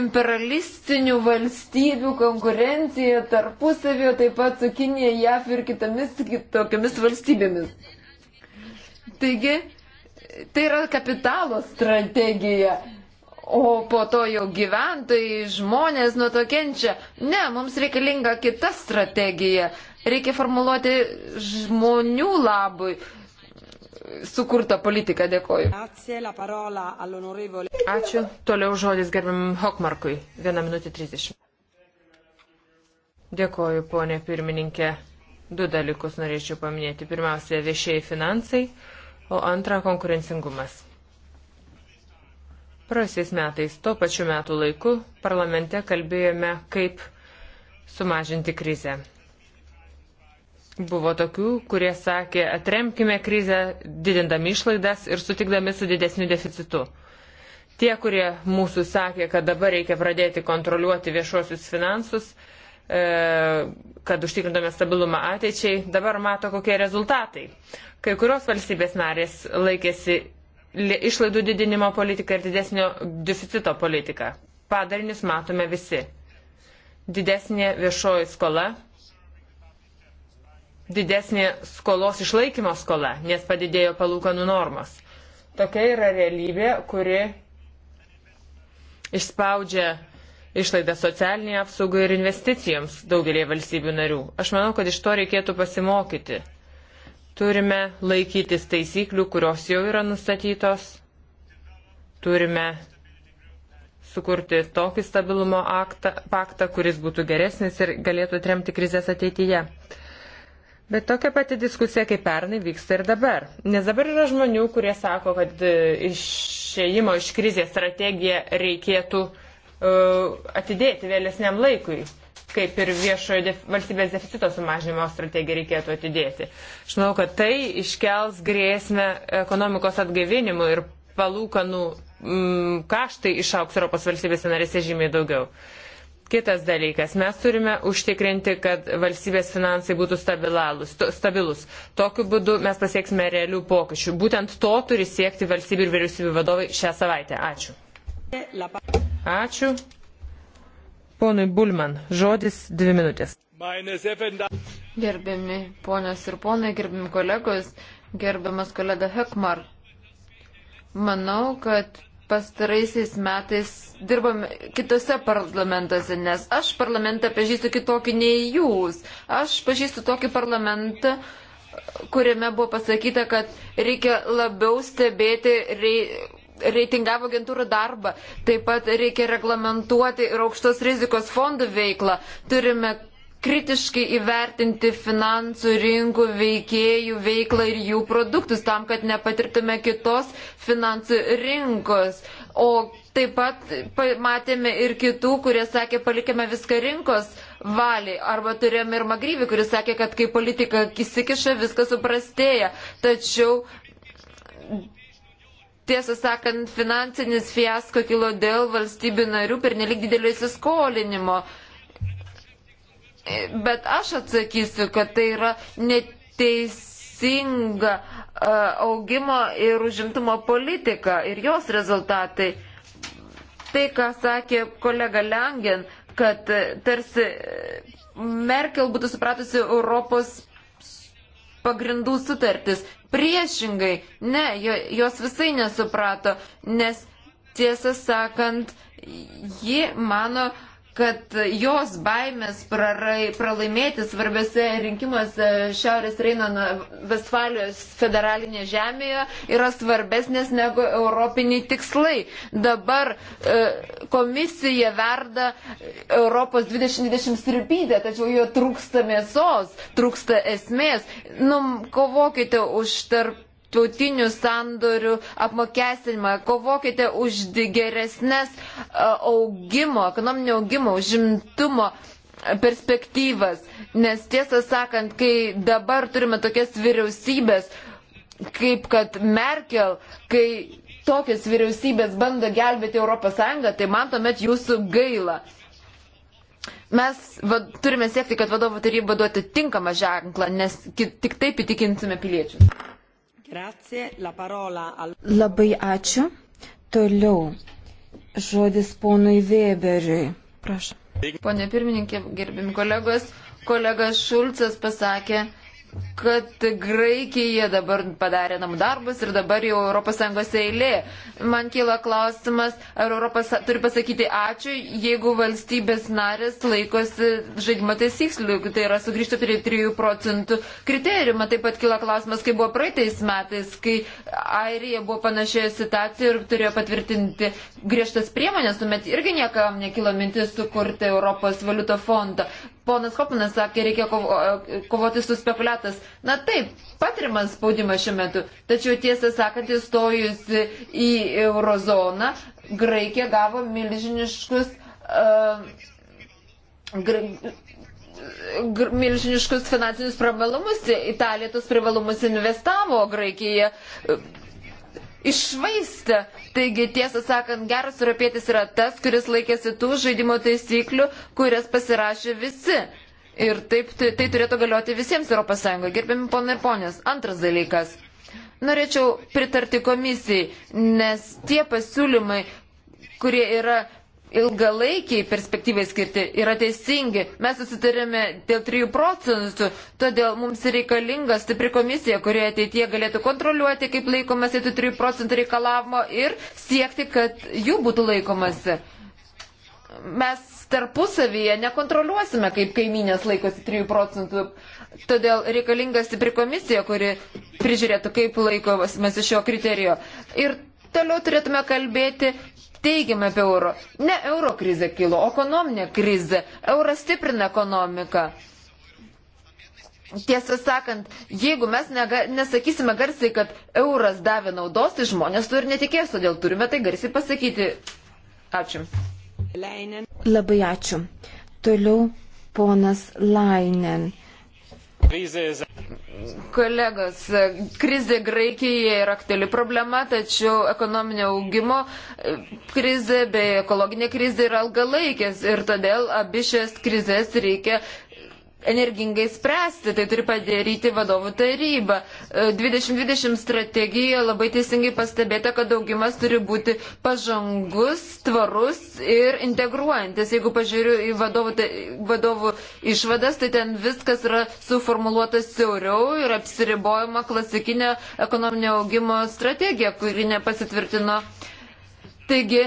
imperialistinių valstybių konkurencija tarpusavyje, taip pat su Kinėje, JAF ir kitomis tokiamis valstybėmis. Taigi, tai yra kapitalo strategija. O po to jau gyventojai, žmonės nuo to kenčia. Ne, mums reikalinga kita strategija. Reikia formuluoti žmonių labui sukurtą politiką. Dėkoju. Ačiū. Toliau žodis gerbiam Hokmarkui. 1 minutė 30. Dėkoju, ponė pirmininkė. Du dalykus norėčiau paminėti. Pirmiausia, viešieji finansai, o antra, konkurencingumas. Praėjusiais metais, tuo pačiu metu laiku, parlamente kalbėjome, kaip sumažinti krizę. Buvo tokių, kurie sakė, atremkime krizę, didindami išlaidas ir sutikdami su didesniu deficitu. Tie, kurie mūsų sakė, kad dabar reikia pradėti kontroliuoti viešuosius finansus, e, kad užtikrintume stabilumą ateičiai, dabar mato, kokie rezultatai. Kai kurios valstybės narės laikėsi išlaidų didinimo politiką ir didesnio deficito politiką. Padarinius matome visi. Didesnė viešoji skola, didesnė skolos išlaikymo skola, nes padidėjo palūkanų normos. Tokia yra realybė, kuri išspaudžia išlaidą socialiniai apsaugai ir investicijoms daugelį valstybių narių. Aš manau, kad iš to reikėtų pasimokyti. Turime laikytis taisyklių, kurios jau yra nustatytos. Turime sukurti tokį stabilumo aktą, paktą, kuris būtų geresnis ir galėtų atremti krizės ateityje. Bet tokia pati diskusija kaip pernai vyksta ir dabar. Nes dabar yra žmonių, kurie sako, kad e, išėjimo iš krizės strategiją reikėtų uh, atidėti vėlesniam laikui. Uh, kaip ir viešojo def, valstybės deficito sumažinimo strategiją reikėtų atidėti. Aš manau, kad tai iškels grėsmę ekonomikos atgaivinimui ir palūkanų mm, kaštai išauks Europos valstybės narėse žymiai daugiau. Kitas dalykas, mes turime užtikrinti, kad valstybės finansai būtų to, stabilus. Tokiu būdu mes pasieksime realių pokyčių. Būtent to turi siekti valstybių ir vyriausybių vadovai šią savaitę. Ačiū. Ačiū. Ponui Bulman, žodis dvi minutės. Gerbiami ponios ir ponai, gerbiami kolegos, gerbiamas kolega Hekmar. Manau, kad pastaraisiais metais dirbam kitose parlamentuose, nes aš parlamentą pažįstu kitokį nei jūs. Aš pažįstu tokį parlamentą, kuriame buvo pasakyta, kad reikia labiau stebėti rei, reitingavo agentūrų darbą. Taip pat reikia reglamentuoti ir aukštos rizikos fondų veiklą. Turime kritiškai įvertinti finansų rinkų veikėjų veiklą ir jų produktus tam, kad nepatirtume kitos finansų rinkos. O taip pat matėme ir kitų, kurie sakė, palikime viską rinkos valiai. Arba turėjome ir Magryvį, kuris sakė, kad kai politika įsikiša, viskas suprastėja. Tačiau tiesą sakant, finansinis fiasko kilo dėl valstybių narių per nelik didelio įsiskolinimo. Bet aš atsakysiu, kad tai yra neteisinga e, augimo ir užimtumo politika ir jos rezultatai. Tai, ką sakė kolega Lengen, kad e, tarsi e, Merkel būtų supratusi Europos pagrindų sutartis. Priešingai, ne, jos visai nesuprato, nes tiesą sakant, ji mano, kad jos baimės prarai, pralaimėti svarbiose rinkimuose Šiaurės Reino Vestfalijos federalinė žemėje yra svarbesnės negu europiniai tikslai. Dabar e, komisija verda Europos 2020 sribydę, tačiau jo trūksta mėsos, trūksta esmės. Nu, kovokite už tarp tarptautinių sandorių apmokestinimą, kovokite už geresnės e, augimo, ekonominio augimo, žimtumo perspektyvas. Nes tiesą sakant, kai dabar turime tokias vyriausybės, kaip kad Merkel, kai tokias vyriausybės bando gelbėti ES, tai man tuomet jūsų gaila. Mes va, turime siekti, kad vadovų taryba duotų tinkamą ženklą, nes tik taip įtikinsime piliečius. Al... Labai ačiū. Toliau žodis ponui Weberiui. Prašau. Pone pirmininkė, gerbim kolegos, kolega Šulcas pasakė, kad Graikija dabar padarė namų darbus ir dabar jau ES eilė. Man kyla klausimas, ar Europas turi pasakyti ačiū, jeigu valstybės narės laikosi žaidimo taisyklių, tai yra sugrįžti prie 3 procentų kriterijumą. Taip pat kyla klausimas, kai buvo praeitais metais, kai Airija buvo panašioje situacijoje ir turėjo patvirtinti griežtas priemonės, tuomet irgi niekam nekilo mintis sukurti Europos valiuto fondą ponas Kopinas sakė, reikia kovo, e, kovoti su spekuliatas. Na taip, patirimas spaudimas šiuo metu. Tačiau tiesą sakant, įstojus į eurozoną, Graikija gavo milžiniškus. Uh, gr, gr, milžiniškus finansinius privalumus, Italija tos privalumus investavo, Graikija uh, išvaistė. Taigi, tiesą sakant, geras europietis yra tas, kuris laikėsi tų žaidimo taisyklių, kurias pasirašė visi. Ir taip tai turėtų galioti visiems ES. Gerbiami ponai ir ponės. Antras dalykas. Norėčiau pritarti komisijai, nes tie pasiūlymai, kurie yra ilgalaikiai perspektyvai skirti yra teisingi. Mes susitarėme dėl 3 procentų, todėl mums reikalinga stipri komisija, kurie ateitie galėtų kontroliuoti, kaip laikomasi tų 3 procentų reikalavimo ir siekti, kad jų būtų laikomasi. Mes tarpusavyje nekontroliuosime, kaip kaiminės laikosi 3 procentų. Todėl reikalinga stipri komisija, kuri prižiūrėtų, kaip laikomasi šio kriterijo. Ir toliau turėtume kalbėti, teigiamai apie euro. Ne euro krizė kilo, o ekonominė krizė. Euras stiprina ekonomiką. Tiesą sakant, jeigu mes nega, nesakysime garsiai, kad euras davė naudos, tai žmonės turi netikės, todėl turime tai garsiai pasakyti. Ačiū. Labai ačiū. Toliau ponas Lainen kolegos, krizė Graikijoje yra aktuali problema, tačiau ekonominio augimo e, krizė bei ekologinė krizė yra ilgalaikės ir todėl abi šias krizės reikia energingai spręsti, tai turi padaryti vadovų taryba. 2020 e, strategija labai teisingai pastebėta, kad augimas turi būti pažangus, tvarus ir integruojantis. Jeigu pažiūriu į vadovų, tai, vadovų išvadas, tai ten viskas yra suformuoluota siauriau ir apsiribojama klasikinė ekonominio augimo strategija, kuri nepasitvirtino Taigi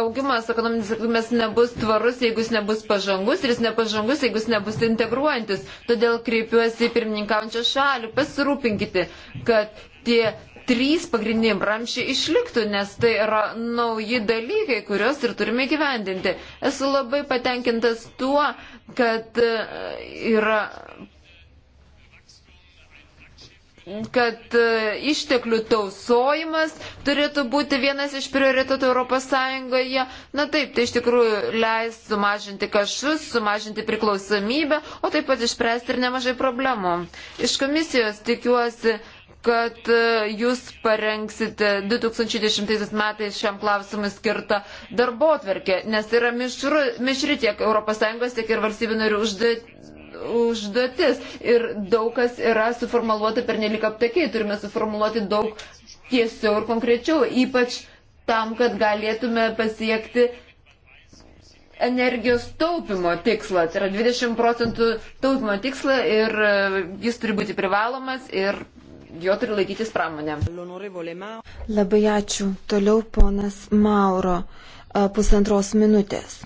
augimas, ekonominis augimas nebus tvarus, jeigu jis nebus pažangus ir jis nepažangus, jeigu jis nebus integruojantis. Todėl kreipiuosi į pirmininkaujančią šalį, pasirūpinkite, kad tie trys pagrindiniai ramšiai išliktų, nes tai yra nauji dalykai, kuriuos ir turime gyvendinti. Esu labai patenkintas tuo, kad e, yra kad e, išteklių tausojimas turėtų būti vienas iš prioritetų ES. Na taip, tai iš tikrųjų leis sumažinti kašus, sumažinti priklausomybę, o taip pat išspręsti ir nemažai problemų. Iš komisijos tikiuosi, kad e, jūs parengsite 2010 metais šiam klausimui skirtą darbo atverkę, nes tai yra mišri tiek ES, tiek ir valstybių narių užduotis užduotis. Ir daug kas yra suformuoluota per nelik aptakiai, turime suformuoluoti daug tiesiau ir konkrečiau, ypač tam, kad galėtume pasiekti energijos taupimo tikslą. Tai yra 20 procentų taupimo tikslą ir e, jis turi būti privalomas ir jo turi laikytis pramonė. Labai ačiū. Toliau ponas Mauro, e, pusantros minutės.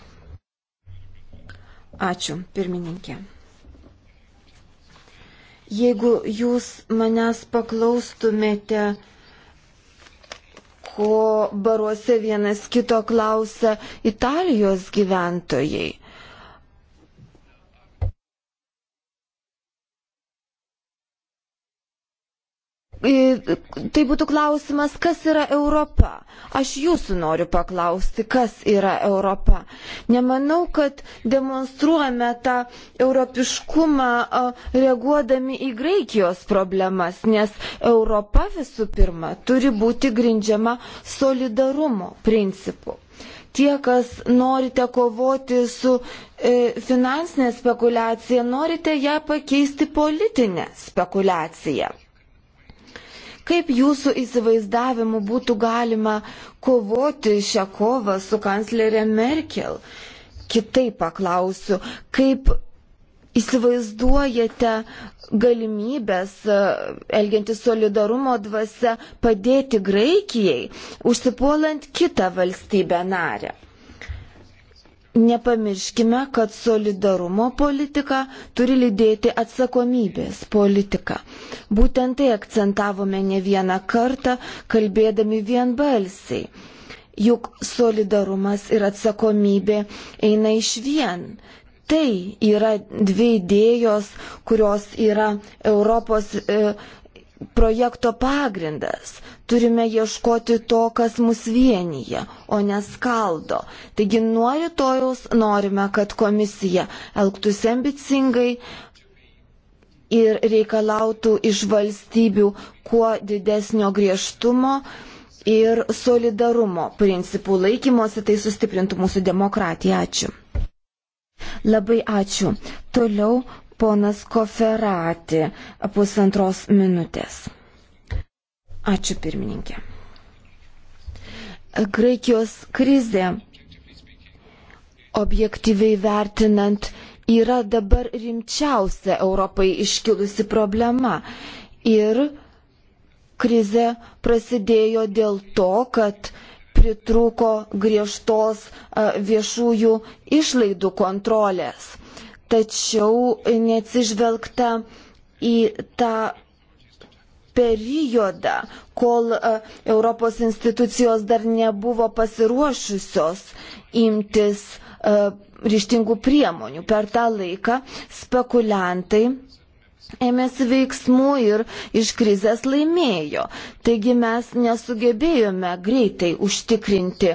Ačiū, pirmininkė. Jeigu jūs manęs paklaustumėte, ko baruose vienas kito klausia Italijos gyventojai, E, tai būtų klausimas, kas yra Europa. Aš jūsų noriu paklausti, kas yra Europa. Nemanau, kad demonstruojame tą europiškumą reaguodami į Graikijos problemas, nes Europa visų pirma turi būti grindžiama solidarumo principu. Tie, kas norite kovoti su e, finansinė spekulacija, norite ją pakeisti politinę spekulaciją. Kaip jūsų įsivaizdavimu būtų galima kovoti šią kovą su kanclerė Merkel? Kitaip paklausiu, kaip įsivaizduojate galimybės, e, elgiantis solidarumo dvasia, padėti Graikijai, užsipuolant kitą valstybę narę? Nepamirškime, kad solidarumo politika turi lydėti atsakomybės politiką. Būtent tai akcentavome ne vieną kartą, kalbėdami vienbalsiai. Juk solidarumas ir atsakomybė eina iš vien. Tai yra dvi idėjos, kurios yra Europos e, projekto pagrindas. Turime ieškoti to, kas mus vienyje, o neskaldo. Taigi nuo rytojaus norime, kad komisija elgtųsi ambicingai ir reikalautų iš valstybių kuo didesnio griežtumo ir solidarumo principų laikymosi, tai sustiprintų mūsų demokratiją. Ačiū. Labai ačiū. Toliau Ponas Koferati, pusantros minutės. Ačiū pirmininkė. Graikijos krizė, objektyviai vertinant, yra dabar rimčiausia Europai iškilusi problema. Ir krizė prasidėjo dėl to, kad pritruko griežtos viešųjų išlaidų kontrolės tačiau neatsižvelgta į tą periodą, kol e, Europos institucijos dar nebuvo pasiruošusios imtis e, ryštingų priemonių. Per tą laiką spekuliantai ėmėsi veiksmų ir iš krizės laimėjo. Taigi mes nesugebėjome greitai užtikrinti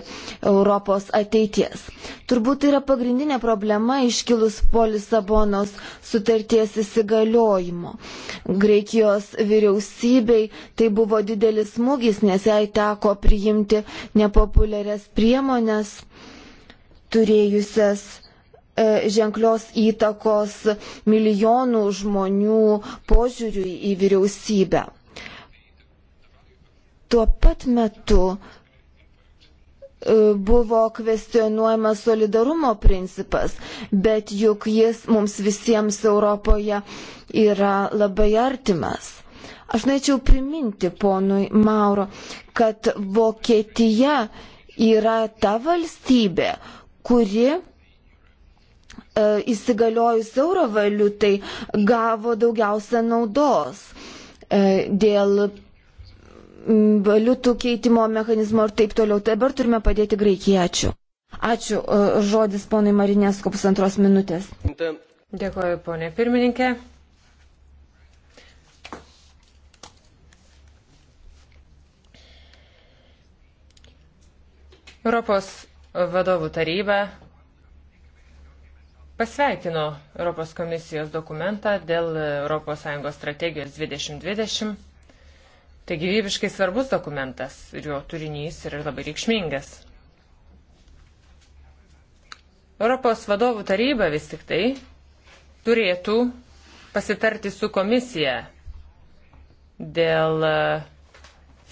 Europos ateities. Turbūt yra pagrindinė problema iškilus po Lisabonos sutarties įsigaliojimo. Graikijos vyriausybei tai buvo didelis smūgis, nes jai teko priimti nepopuliarias priemonės turėjusias E, ženklios įtakos milijonų žmonių požiūriui į vyriausybę. Tuo pat metu e, buvo kvestionuojamas solidarumo principas, bet juk jis mums visiems Europoje yra labai artimas. Aš norėčiau priminti ponui Mauro, kad Vokietija yra ta valstybė, kuri E, įsigaliojus euro valiutai gavo daugiausia naudos e, dėl valiutų keitimo mechanizmo ir taip toliau. Tai dabar turime padėti graikiečių. Ačiū. E, žodis ponai Marinesko pusantros minutės. Dėkuoju, ponė pirmininkė. Europos vadovų taryba pasveikino Europos komisijos dokumentą dėl ES strategijos 2020. Tai gyvybiškai svarbus dokumentas ir jo turinys yra labai reikšmingas. Europos vadovų taryba vis tik tai turėtų pasitarti su komisija dėl e,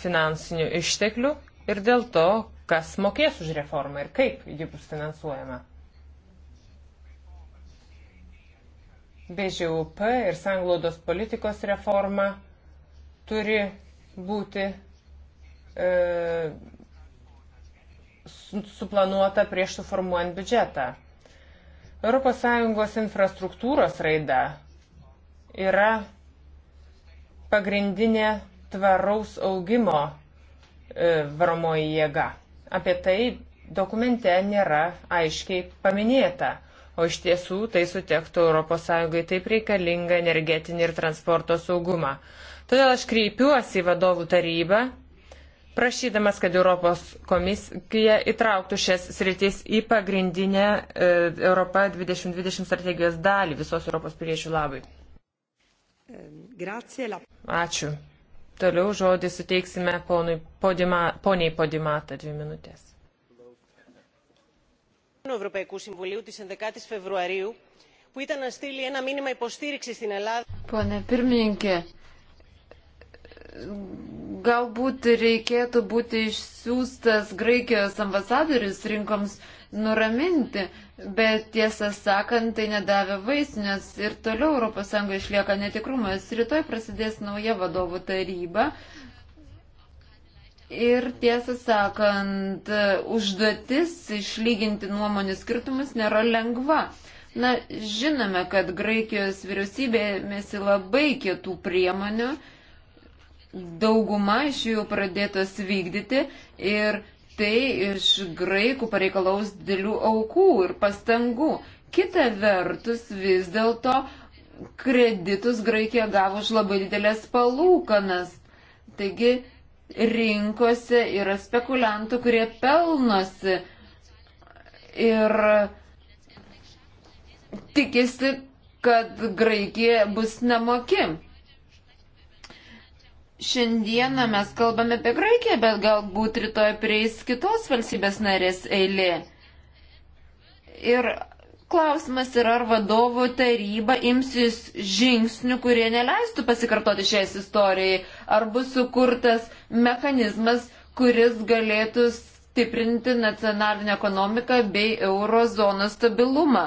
finansinių išteklių ir dėl to, kas mokės už reformą ir kaip ji bus finansuojama. BŽUP ir sanglaudos politikos reforma turi būti e, suplanuota prieš suformuojant biudžetą. ES infrastruktūros raida yra pagrindinė tvaraus augimo e, varomoji jėga. Apie tai dokumente nėra aiškiai paminėta o iš tiesų tai sutektų ES taip reikalingą energetinį ir transporto saugumą. Todėl aš kreipiuosi į vadovų tarybą, prašydamas, kad Europos komisija įtrauktų šias sritis į pagrindinę e, Europą 2020 strategijos dalį visos Europos piliečių labai. Ačiū. Toliau žodį suteiksime ponui podima, poniai Podimata dvi minutės. Ευρωπαϊκού Συμβουλίου της 11ης Φεβρουαρίου που ήταν να στείλει ένα μήνυμα υποστήριξης στην Ελλάδα. Pone pirmininkė, galbūt reikėtų būti išsiųstas Graikijos ambasadoris rinkoms nuraminti, bet tiesą sakant, tai nedavė vaisnės ir toliau ES išlieka netikrumas. Rytoj prasidės nauja vadovų taryba, Ir tiesą sakant, užduotis išlyginti nuomonių skirtumus nėra lengva. Na, žinome, kad Graikijos vyriausybė mėsi labai kietų priemonių, dauguma iš jų pradėtos vykdyti ir tai iš graikų pareikalaus didelių aukų ir pastangų. Kita vertus, vis dėlto kreditus Graikija gavo už labai didelės palūkanas. Taigi rinkose yra spekuliantų, kurie pelnosi ir tikisi, kad Graikija bus nemoki. Šiandieną mes kalbame apie Graikiją, bet galbūt rytoj prieis kitos valstybės narės eilė. Ir Klausimas yra, ar vadovų taryba imsis žingsnių, kurie neleistų pasikartoti šiais istorijai, ar bus sukurtas mechanizmas, kuris galėtų stiprinti nacionalinę ekonomiką bei eurozono stabilumą.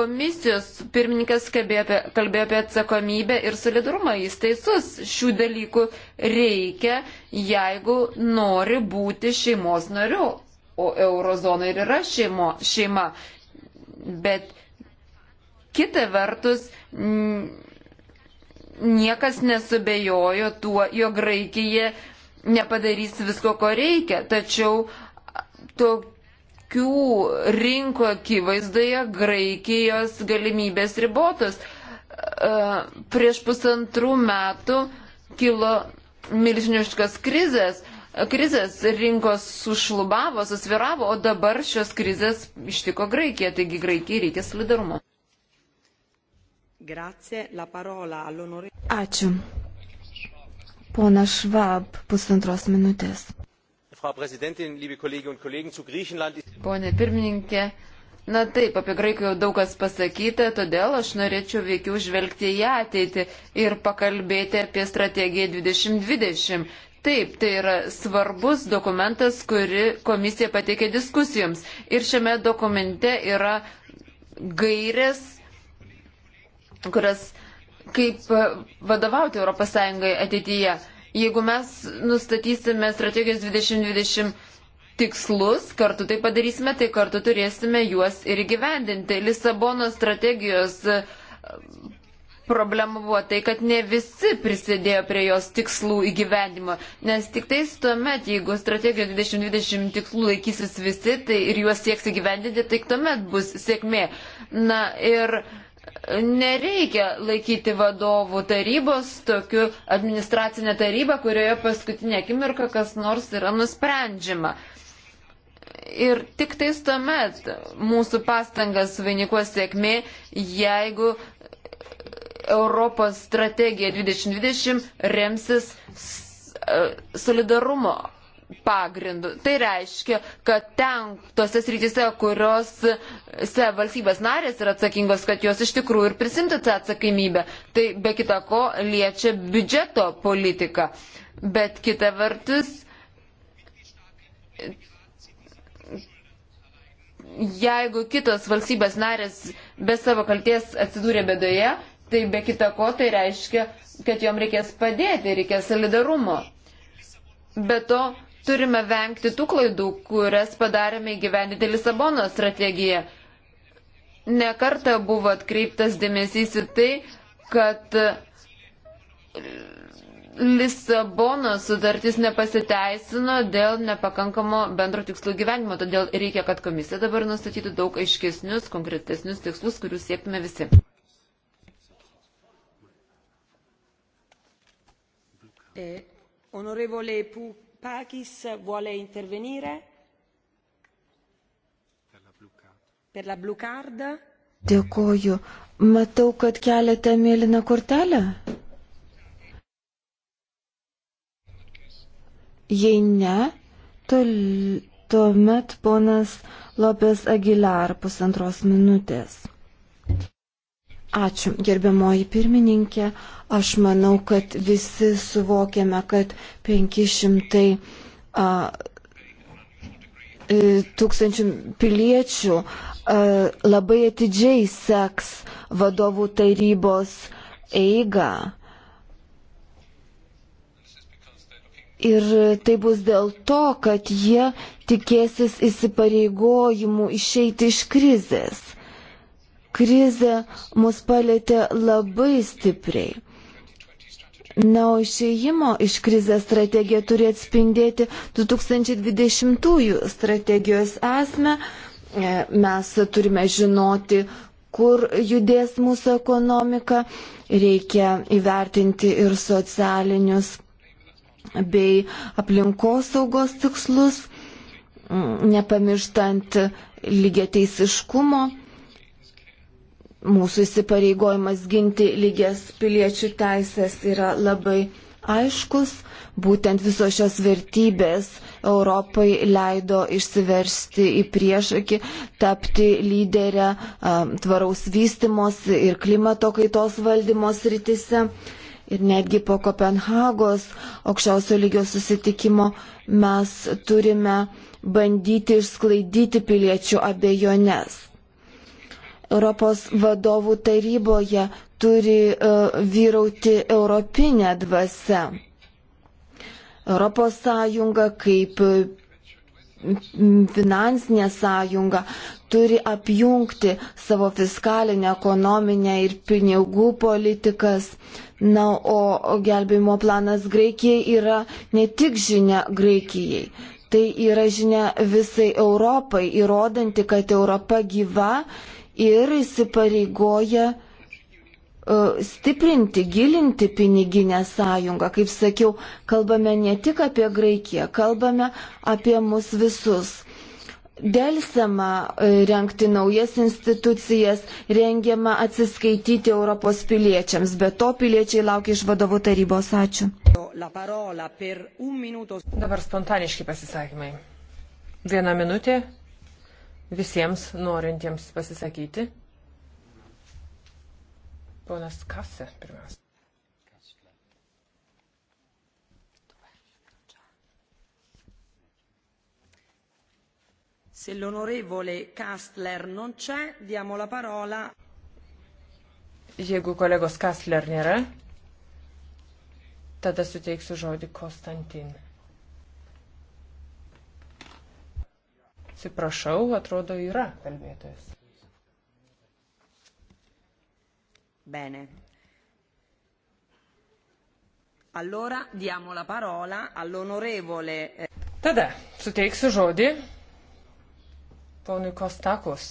Komisijos pirmininkas kalbėjo apie, kalbėjo apie atsakomybę ir solidarumą. Jis teisus, šių dalykų reikia, jeigu nori būti šeimos nariu. O eurozona ir yra šeimo, šeima bet kita vertus niekas nesubejojo tuo, jog Graikija nepadarys visko, ko reikia. Tačiau tokių rinkų akivaizdoje Graikijos galimybės ribotos. E, prieš pusantrų metų kilo milžiniškas krizės, krizės rinkos sušlubavo, susviravo, o dabar šios krizės ištiko Graikiją, taigi Graikijai reikia solidarumo. Ačiū. Pona Švab, pusantros minutės. Pone pirmininkė, Na taip, apie Graikiją jau daug kas pasakyta, todėl aš norėčiau veikiau žvelgti į ateitį ir pakalbėti apie strategiją 2020. Taip, tai yra svarbus dokumentas, kurį komisija pateikė diskusijoms. Ir šiame dokumente yra gairės, kurias kaip vadovauti ES ateityje. Jeigu mes nustatysime strategijos 2020 tikslus, kartu tai padarysime, tai kartu turėsime juos ir gyvendinti. Lisabono strategijos problema buvo tai, kad ne visi prisidėjo prie jos tikslų įgyvendimo, nes tik tais tuomet, jeigu strategijos 2020 tikslų laikysis visi tai ir juos sieks įgyvendinti, tai tuomet bus sėkmė. Na ir nereikia laikyti vadovų tarybos tokiu administracinė taryba, kurioje paskutinė akimirka kas nors yra nusprendžiama. Ir tik tais tuomet mūsų pastangas vainikuos sėkmė, jeigu Europos strategija 2020 remsis e, solidarumo pagrindu. Tai reiškia, kad ten, tose srityse, kurios e, se, valstybės narės yra atsakingos, kad jos iš tikrųjų ir prisimtų tą atsakomybę. Tai be kita ko liečia biudžeto politiką. Bet kita vertus, jeigu kitos valstybės narės be savo kalties atsidūrė bedoje, tai be kita ko tai reiškia, kad jom reikės padėti, reikės solidarumo. Be to, turime vengti tų klaidų, kurias padarėme įgyvendinti Lisabono strategiją. Nekarta buvo atkreiptas dėmesys į tai, kad Lisabono sudartis nepasiteisino dėl nepakankamo bendro tikslų gyvenimo, todėl reikia, kad komisija dabar nustatytų daug aiškesnius, konkretesnius tikslus, kurių siektume visi. Eh, onorevole Pupakis vuole intervenire? Per la blue card? Dėkoju. Matau, kad keliate mėlyną kortelę. Jei ne, tuomet ponas Lopės Aguilar pusantros minutės. Ačiū, gerbiamoji pirmininkė. Aš manau, kad visi suvokiame, kad 500 a, e, tūkstančių piliečių a, labai atidžiai seks vadovų tarybos eigą. Ir tai bus dėl to, kad jie tikėsis įsipareigojimų išeiti iš krizės krizė mus palėtė labai stipriai. Na, o išėjimo iš krizės strategija turi atspindėti 2020 strategijos esmę. E, mes turime žinoti, kur judės mūsų ekonomika, reikia įvertinti ir socialinius bei aplinkosaugos tikslus, mm, nepamirštant lygiateisiškumo mūsų įsipareigojimas ginti lygias piliečių teisės yra labai aiškus. Būtent visos šios vertybės Europai leido išsiversti į priešakį, tapti lyderę tvaraus vystimos ir klimato kaitos valdymos rytise. Ir netgi po Kopenhagos aukščiausio lygio susitikimo mes turime bandyti išsklaidyti piliečių abejonės. Europos vadovų taryboje turi e, vyrauti europinė dvasia. Europos sąjunga kaip e, finansinė sąjunga turi apjungti savo fiskalinę, ekonominę ir pinigų politikas. Na, o gelbėjimo planas Graikijai yra ne tik žinia Graikijai, tai yra žinia visai Europai, įrodanti, kad Europa gyva ir įsipareigoja e, stiprinti, gilinti piniginę sąjungą. Kaip sakiau, kalbame ne tik apie Graikiją, kalbame apie mus visus. Dėlsiama e, renkti naujas institucijas, rengiama atsiskaityti Europos piliečiams, bet to piliečiai laukia iš vadovų tarybos. Ačiū. Dabar spontaniški pasisakymai. Vieną minutę visiems norintiems pasisakyti. Ponas Kase pirmiausia. Se l'onorevole Kastler non c'è, diamo la parola. Jeigu kolegos Kastler nėra, tada suteiksiu žodį Konstantin. Atsiprašau, atrodo, yra kalbėtojas. Bene. Allora diamo la parola all'onorevole. Eh, Tada suteiksiu žodį ponui Kostakus,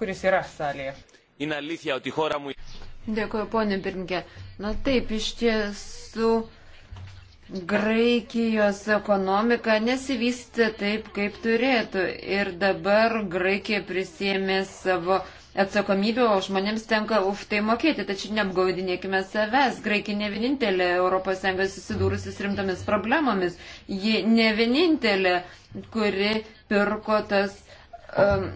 kuris yra salėje. Dėkuoju, ponė pirmininkė. Na taip, iš tiesų. Graikijos ekonomika nesivystė taip, kaip turėtų. Ir dabar Graikija prisėmė savo atsakomybę, o žmonėms tenka už tai mokėti. Tačiau neapgaudinėkime savęs. Graikija ne vienintelė ES susidūrusi su rimtomis problemomis. Ji ne vienintelė, kuri pirko tas um,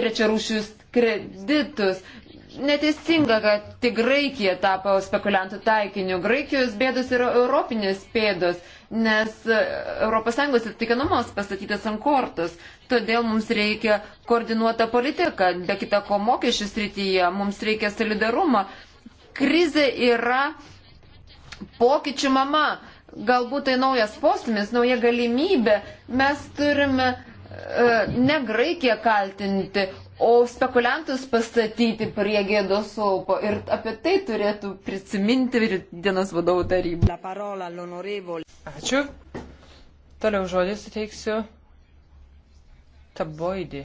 trečiarūšius kreditus neteisinga, kad tik Graikija tapo spekuliantų taikiniu. Graikijos bėdos yra europinės bėdos, nes ES įtikinamas pastatytas ant kortos. Todėl mums reikia koordinuotą politiką, be kita ko mokesčių srityje, mums reikia solidarumą. Krize yra pokyčių mama. Galbūt tai naujas posmis, nauja galimybė. Mes turime uh, E, ne Graikiją kaltinti, o spekuliantus pastatyti prie gėdos opo. Ir apie tai turėtų prisiminti ir dienos vadovų taryba. Ačiū. Toliau žodį suteiksiu. Taboidį.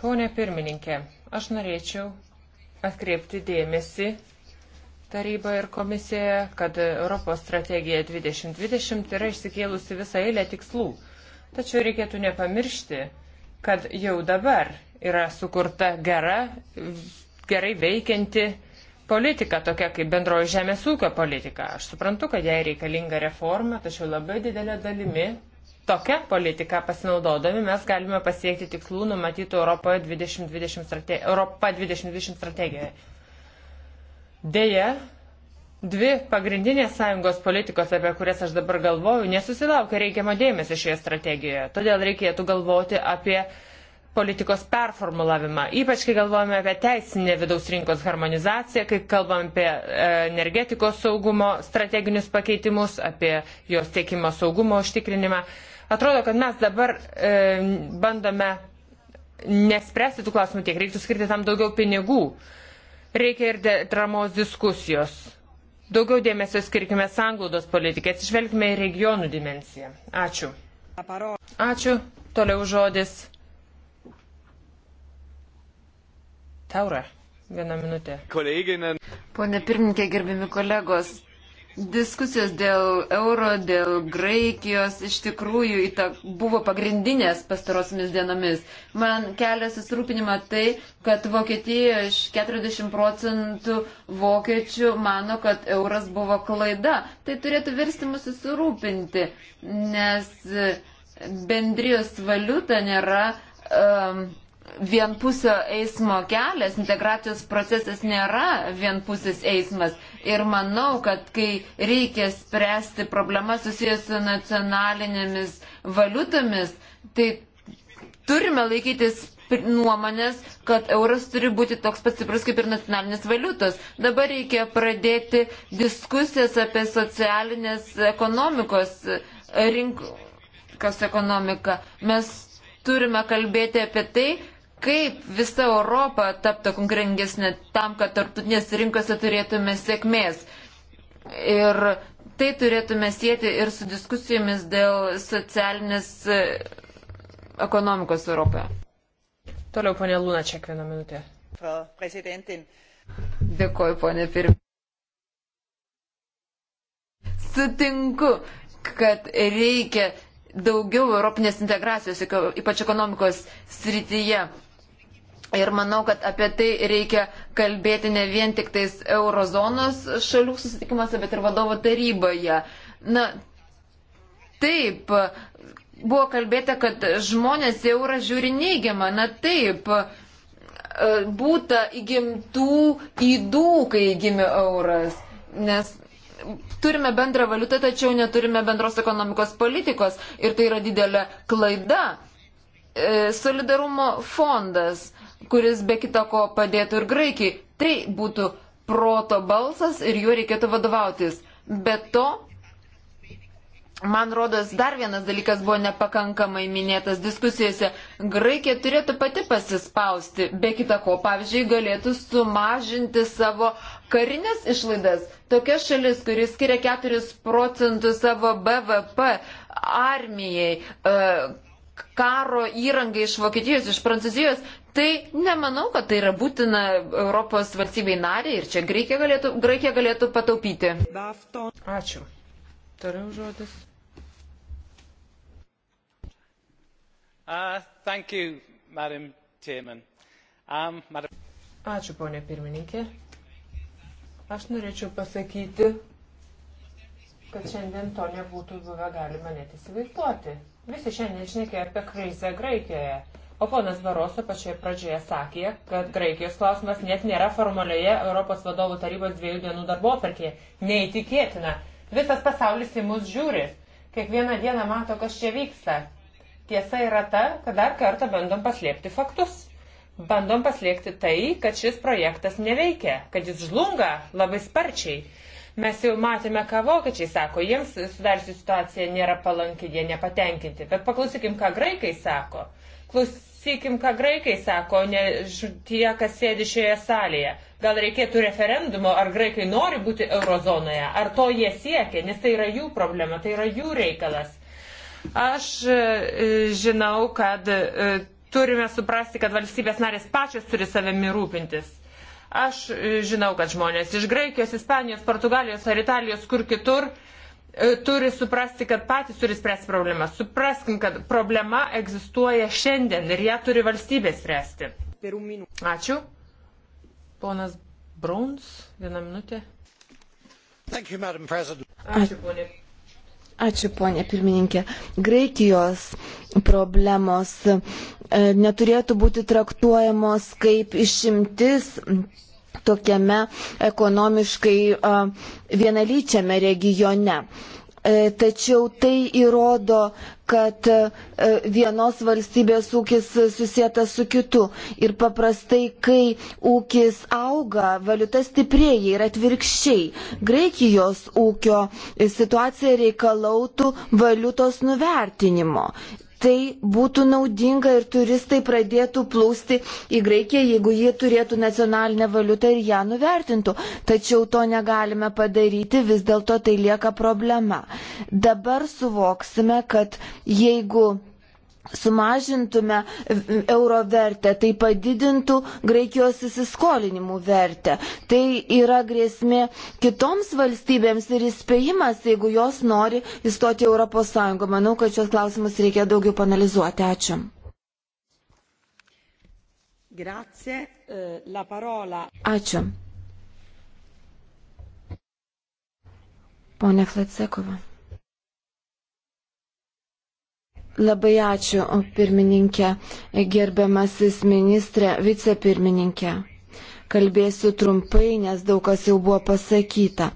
Pone pirmininkė, aš norėčiau atkreipti dėmesį taryba ir komisija, kad Europos strategija 2020 yra išsikėlusi visą eilę tikslų Tačiau reikėtų nepamiršti, kad jau dabar yra sukurta gera, gerai veikianti politika, tokia kaip bendroji žemės ūkio politika. Aš suprantu, kad jai reikalinga reforma, tačiau labai didelė dalimi tokia politika pasinaudodami mes galime pasiekti tikslų numatytų Europoje 2020 strategijoje. Europa 2020 strategijoje. Deja, Dvi pagrindinės sąjungos politikos, apie kurias aš dabar galvoju, nesusilaukia reikiamo dėmesio šioje strategijoje. Todėl reikėtų galvoti apie politikos performulavimą, ypač kai galvojame apie teisinę vidaus rinkos harmonizaciją, kai kalbam apie e, energetikos saugumo strateginius pakeitimus, apie jos tiekimo saugumo užtikrinimą. Atrodo, kad mes dabar e, bandome nespręsti tų klausimų tiek, reiktų skirti tam daugiau pinigų. Reikia ir dramos diskusijos Daugiau dėmesio skirkime sanglaudos politikai, atsižvelgime į regionų dimenciją. Ačiū. Ačiū. Toliau žodis. Taura. Vieną minutę. Koleginin. Pone pirmininkė, gerbiami kolegos, diskusijos dėl euro, dėl Graikijos iš tikrųjų ta, buvo pagrindinės pastarosiamis dienomis. Man kelia susirūpinimą tai, kad Vokietijoje iš 40 procentų vokiečių mano, kad euras buvo klaida. Tai turėtų virsti mus susirūpinti, nes e, bendrijos valiuta nėra. Um, vienpusio eismo kelias, integracijos procesas nėra vienpusis eismas. Ir manau, kad kai reikia spręsti problemas susijęs su nacionalinėmis valiutomis, tai turime laikytis nuomonės, kad euras turi būti toks pats stiprus kaip ir nacionalinės valiutos. Dabar reikia pradėti diskusijas apie socialinės ekonomikos rinkos ekonomiką. Mes turime kalbėti apie tai, kaip visa Europa taptų konkurengesnė tam, kad tarptautinės rinkose turėtume sėkmės. Ir tai turėtume sėti ir su diskusijomis dėl socialinės e, ekonomikos Europoje. Toliau, ponė Lūna, čia vieną minutę. Dėkuoju, ponė pirmininkė. Sutinku, kad reikia daugiau europinės integracijos, ypač ekonomikos srityje. Ir manau, kad apie tai reikia kalbėti ne vien tik tais eurozonos šalių susitikimuose, bet ir vadovo taryboje. Na, taip, buvo kalbėta, kad žmonės jau yra žiūri neigiamą. Na, taip, būta įgimtų įdų, kai gimė euras. Nes turime bendrą valiutą, tačiau neturime bendros ekonomikos politikos. Ir tai yra didelė klaida. E, solidarumo fondas kuris be kita ko padėtų ir Graikijai. Tai būtų proto balsas ir juo reikėtų vadovautis. Be to, man rodos, dar vienas dalykas buvo nepakankamai minėtas diskusijose. Graikija turėtų pati pasispausti, be kita ko, pavyzdžiui, galėtų sumažinti savo karinės išlaidas. Tokia šalis, kuris skiria 4 procentus savo BVP armijai, e, karo įrangą iš Vokietijos, iš Prancūzijos, tai nemanau, kad tai yra būtina Europos valstybei nariai ir čia Graikija galėtų, Graikija galėtų pataupyti. Ačiū. Toliau žodis. Uh, thank you, Madam Chairman. Um, madam... Ačiū, ponė pirmininkė. Aš norėčiau pasakyti, kad šiandien to nebūtų buvę galima net įsivaizduoti. Visi šiandien šnekėjo apie krizę Graikijoje. O ponas Baroso pačioje pradžioje sakė, kad Graikijos klausimas net nėra formalioje Europos vadovų tarybos dviejų dienų darbo atvarkėje. Neįtikėtina. Visas pasaulis į mus žiūri. Kiekvieną dieną mato, kas čia vyksta. Tiesa yra ta, kad dar kartą bandom paslėpti faktus. Bandom paslėpti tai, kad šis projektas neveikia, kad jis žlunga labai sparčiai Mes jau matėme, ką vokiečiai sako, jiems sudariusi situacija nėra palanki, jie nepatenkinti. Bet paklausykim, ką graikai sako. Klausykim, ką graikai sako, ne tie, kas sėdi šioje salėje. Gal reikėtų referendumo, ar graikai nori būti eurozonoje, ar to jie siekia, nes tai yra jų problema, tai yra jų reikalas. Aš e, e, žinau, kad e, turime suprasti, kad valstybės narės pačios turi savimi rūpintis. Aš e, žinau, kad žmonės iš Graikijos, Ispanijos, Portugalijos ar Italijos, kur kitur, e, turi suprasti, kad patys turi spręsti problemą. Supraskim, kad problema egzistuoja šiandien ir ją turi valstybė spręsti. Ačiū. Ponas Bruns, vieną minutę. You, Ačiū, ponė Ačiū, ponė pirmininkė. Graikijos problemos e, neturėtų būti traktuojamos kaip išimtis tokiame ekonomiškai e, vienalyčiame regione. E, tačiau tai įrodo, kad e, vienos valstybės ūkis susijęs su kitu. Ir paprastai, kai ūkis auga, valiuta stiprėja ir atvirkščiai. Graikijos ūkio situacija reikalautų valiutos nuvertinimo tai būtų naudinga ir turistai pradėtų plūsti į Graikiją, jeigu jie turėtų nacionalinę valiutą ir ją nuvertintų. Tačiau to negalime padaryti, vis dėlto tai lieka problema. Dabar suvoksime, kad jeigu sumažintume euro vertę, tai padidintų Graikijos įsiskolinimų vertę. Tai yra grėsmė kitoms valstybėms ir įspėjimas, jeigu jos nori įstoti Europos Sąjungą. Manau, kad šios klausimus reikia daugiau panalizuoti. Ačiū. Grazie, eh, la parola. Ačiū. Pone Flatsekova. Labai ačiū, pirmininkė, gerbiamasis ministrė, vicepirmininkė. Kalbėsiu trumpai, nes daug kas jau buvo pasakyta.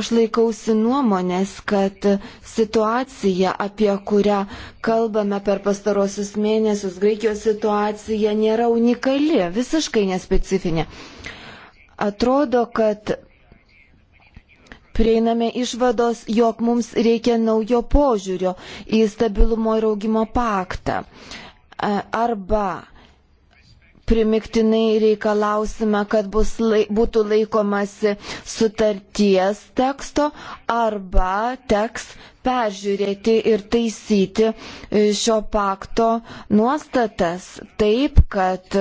Aš laikausi nuomonės, kad situacija, apie kurią kalbame per pastarosius mėnesius, Graikijos situacija nėra unikali, visiškai nespecifinė. Atrodo, kad prieiname išvados, jog mums reikia naujo požiūrio į stabilumo ir augimo paktą. Arba primiktinai reikalausime, kad lai, būtų laikomasi sutarties teksto arba teks peržiūrėti ir taisyti e, šio pakto nuostatas taip, kad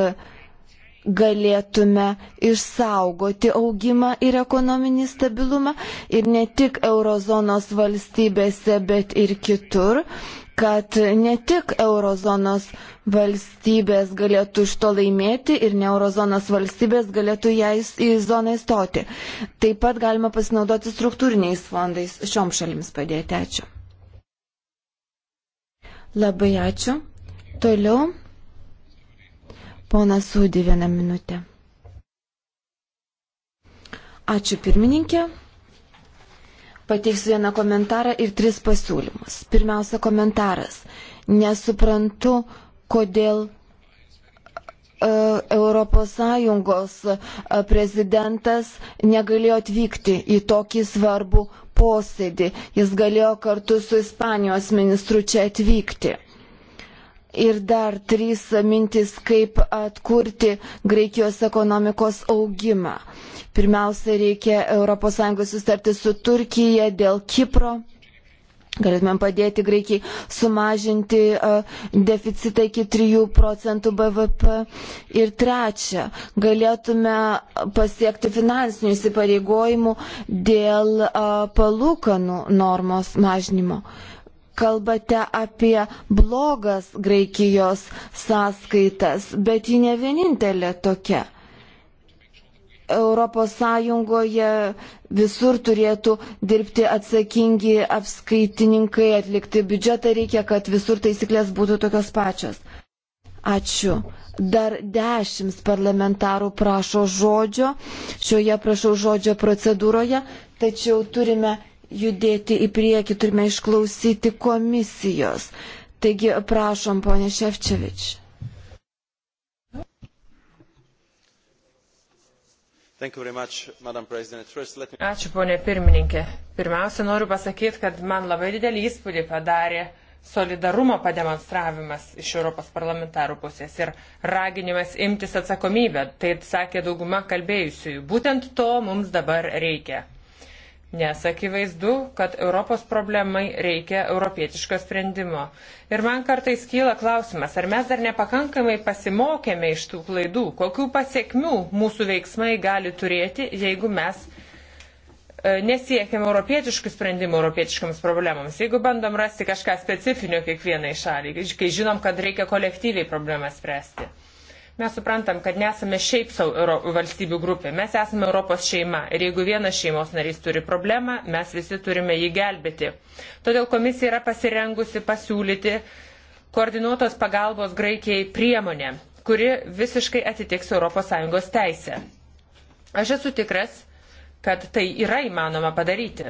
galėtume išsaugoti augimą ir ekonominį stabilumą ir ne tik eurozonos valstybėse, bet ir kitur, kad ne tik eurozonos valstybės galėtų iš to laimėti ir ne eurozonos valstybės galėtų ją į zoną įstoti. Taip pat galima pasinaudoti struktūriniais fondais šiom šalims padėti. Ačiū. Labai ačiū. Toliau Ponas Sūdi vieną minutę. Ačiū pirmininkė. Pateiksiu vieną komentarą ir tris pasiūlymus. Pirmiausia, komentaras. Nesuprantu, kodėl ES e, prezidentas negalėjo atvykti į tokį svarbų posėdį. Jis galėjo kartu su Ispanijos ministru čia atvykti. Ir dar trys mintis, kaip atkurti Graikijos ekonomikos augimą. Pirmiausia, reikia ES sustarti su Turkija dėl Kipro. Galėtumėm padėti Graikijai sumažinti deficitą iki 3 procentų BVP. Ir trečia, galėtume pasiekti finansinių įsipareigojimų dėl palūkanų normos mažnymo kalbate apie blogas Graikijos sąskaitas, bet ji ne vienintelė tokia. Europos Sąjungoje visur turėtų dirbti atsakingi apskaitininkai, atlikti biudžetą reikia, kad visur taisyklės būtų tokios pačios. Ačiū. Dar dešimt parlamentarų prašo žodžio šioje prašau žodžio procedūroje, tačiau turime judėti į priekį, turime išklausyti komisijos. Taigi, prašom, ponė Ševčevič. Ačiū, ponė pirmininkė. Pirmiausia, noriu pasakyti, kad man labai didelį įspūdį padarė solidarumo pademonstravimas iš Europos parlamentarų pusės ir raginimas imtis atsakomybę. Tai sakė dauguma kalbėjusiųjų. Būtent to mums dabar reikia nes akivaizdu, kad Europos problemai reikia europietiško sprendimo. Ir man kartais kyla klausimas, ar mes dar nepakankamai pasimokėme iš tų klaidų, kokių pasiekmių mūsų veiksmai gali turėti, jeigu mes e, nesiekime europietiškų sprendimų europietiškams problemams. Jeigu bandom rasti kažką specifinio kiekvienai šaliai, kai žinom, kad reikia kolektyviai problemą spręsti. Mes suprantam, kad nesame šiaip savo valstybių grupė, mes esame Europos šeima ir jeigu vienas šeimos narys turi problemą, mes visi turime jį gelbėti. Todėl komisija yra pasirengusi pasiūlyti koordinuotos pagalbos Graikijai priemonę, kuri visiškai atitiks ES teisę. Aš esu tikras, kad tai yra įmanoma padaryti.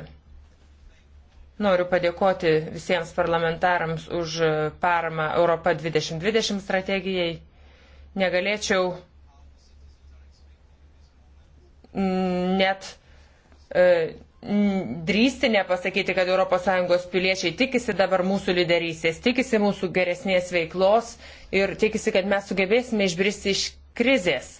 Noriu padėkoti visiems parlamentarams už paramą Europą 2020 strategijai negalėčiau net e, drįsti nepasakyti, kad ES piliečiai tikisi dabar mūsų lyderystės, tikisi mūsų geresnės veiklos ir tikisi, kad mes sugebėsime išbristi iš krizės.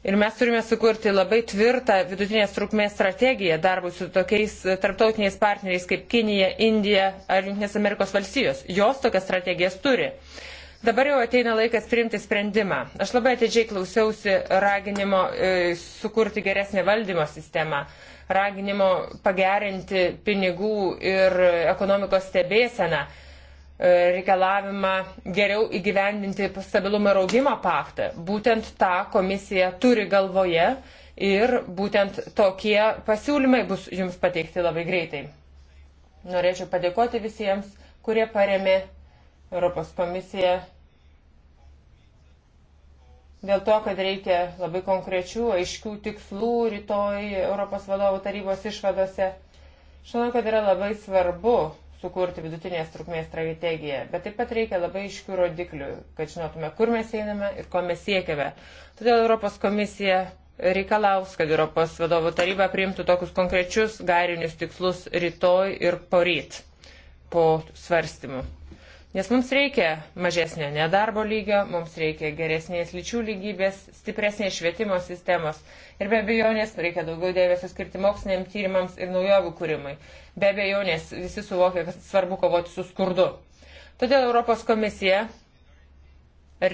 Ir mes turime sukurti labai tvirtą vidutinės trukmės strategiją darbui su tokiais tarptautiniais partneriais kaip Kinija, Indija ar Junktinės Amerikos valstijos. Jos tokias strategijas turi. Uh, Dabar jau ateina laikas priimti sprendimą. Aš labai atidžiai klausiausi raginimo e, sukurti geresnį valdymo sistemą, raginimo pagerinti pinigų ir ekonomikos stebėseną, e, reikalavimą geriau įgyvendinti stabilumo ir augimo paktą. Būtent tą komisija turi galvoje ir būtent tokie pasiūlymai bus jums pateikti labai greitai. Norėčiau padėkoti visiems, kurie paremė Europos komisija dėl to, kad reikia labai konkrečių, aiškių tikslų rytoj Europos vadovų tarybos išvadose. Žinau, kad yra labai svarbu sukurti vidutinės trukmės strategiją, bet taip pat reikia labai iškių rodiklių, kad žinotume, kur mes einame ir ko mes siekiame. Todėl Europos komisija reikalaus, kad Europos vadovų taryba priimtų tokius konkrečius gairinius tikslus rytoj ir poryt po svarstymų. Nes mums reikia mažesnio nedarbo lygio, mums reikia geresnės lyčių lygybės, stipresnės švietimo sistemos ir be abejonės reikia daugiau dėmesio skirti moksliniam tyrimams ir naujovių kūrimui. Be abejonės visi suvokia, kad svarbu kovoti su skurdu. Todėl Europos komisija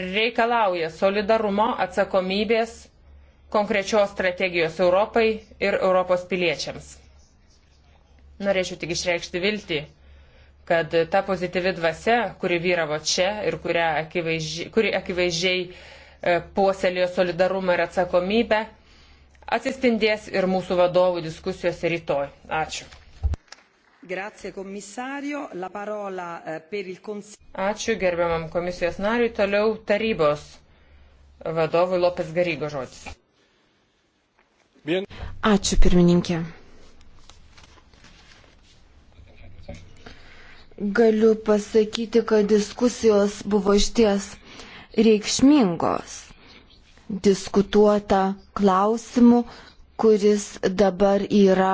reikalauja solidarumo, atsakomybės, konkrečios strategijos Europai ir Europos piliečiams. Norėčiau tik išreikšti viltį kad ta pozityvi dvasia, kuri vyravo čia ir akivaizdžiai, kuri akivaizdžiai e, puoselėjo solidarumą ir atsakomybę, atsispindės ir mūsų vadovų diskusijose rytoj. Ačiū. Grazie, parola, e, Ačiū gerbiamam komisijos nariui. Toliau tarybos vadovui Lopes Garygo žodis. Ačiū pirmininkė. Galiu pasakyti, kad diskusijos buvo išties reikšmingos. Diskutuota klausimų, kuris dabar yra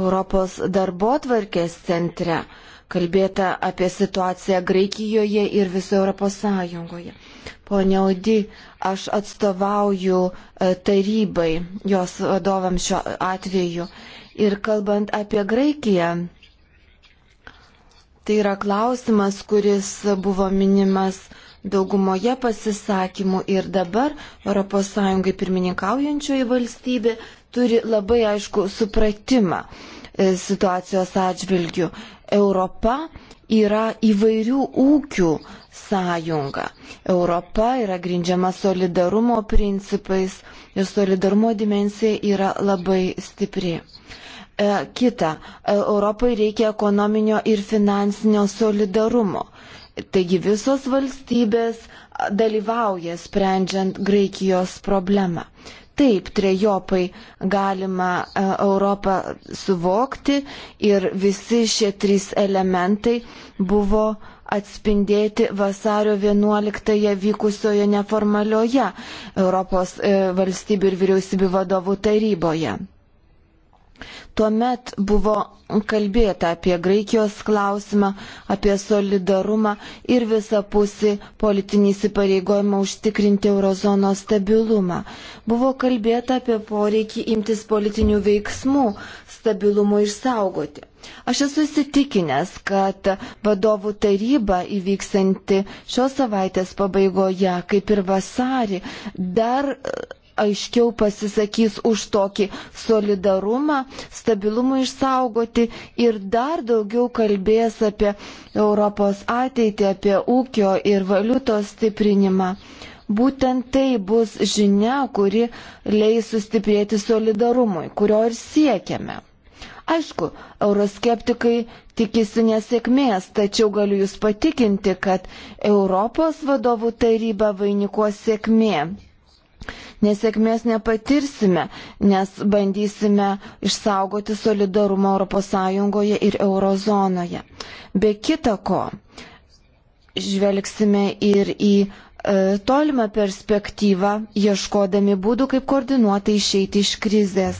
Europos darbo tvarkės centre. Kalbėta apie situaciją Graikijoje ir viso Europos Sąjungoje. Pone Audi, aš atstovauju e, tarybai, jos vadovams šiuo atveju. Ir kalbant apie Graikiją, Tai yra klausimas, kuris buvo minimas daugumoje pasisakymų ir dabar ES pirmininkaujančioji valstybė turi labai aišku supratimą e, situacijos atžvilgių. Europa yra įvairių ūkių sąjunga. Europa yra grindžiama solidarumo principais ir solidarumo dimensija yra labai stipri. E, Kita, e, Europai reikia ekonominio ir finansinio solidarumo. Taigi visos valstybės dalyvauja sprendžiant Graikijos problemą. Taip, trejopai galima e, Europą suvokti ir visi šie trys elementai buvo atspindėti vasario 11-ąją vykusioje neformalioje Europos valstybių ir vyriausybių vadovų taryboje. Tuomet buvo kalbėta apie Graikijos klausimą, apie solidarumą ir visapusį politinį įsipareigojimą užtikrinti eurozono stabilumą. Buvo kalbėta apie poreikį imtis politinių veiksmų stabilumų išsaugoti. Aš esu įsitikinęs, kad vadovų taryba įvyksanti šios savaitės pabaigoje, kaip ir vasarį, dar aiškiau pasisakys už tokį solidarumą, stabilumą išsaugoti ir dar daugiau kalbės apie Europos ateitį, apie ūkio ir valiutos stiprinimą. Būtent tai bus žinia, kuri leis sustiprėti solidarumui, kurio ir siekiame. Aišku, euroskeptikai tikisi nesėkmės, tačiau galiu Jūs patikinti, kad Europos vadovų taryba vainikuos sėkmė nesėkmės nepatirsime, nes bandysime išsaugoti solidarumą ES ir eurozonoje. Be kita ko, žvelgsime ir į e, tolimą perspektyvą, ieškodami būdų, kaip koordinuotai išeiti iš krizės.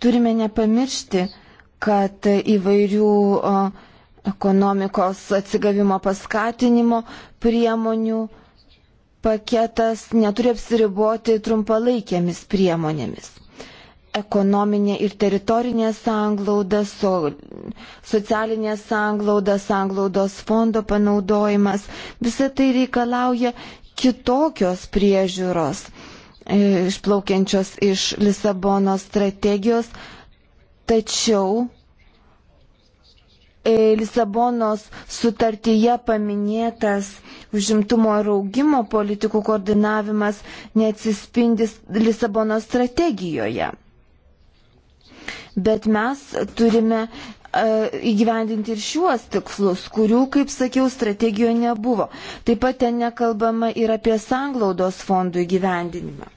Turime nepamiršti, kad įvairių e, ekonomikos atsigavimo paskatinimo priemonių paketas neturi apsiriboti trumpalaikėmis priemonėmis. Ekonominė ir teritorinė sanglauda, so, socialinė sanglauda, sanglaudos fondo panaudojimas, visa tai reikalauja kitokios priežiūros e, išplaukiančios iš Lisabono strategijos, tačiau e, Lisabonos sutartyje paminėtas užimtumo ir augimo politikų koordinavimas neatsispindis Lisabono strategijoje. Bet mes turime e, įgyvendinti ir šiuos tikslus, kurių, kaip sakiau, strategijoje nebuvo. Taip pat ten nekalbama ir apie sanglaudos fondų įgyvendinimą.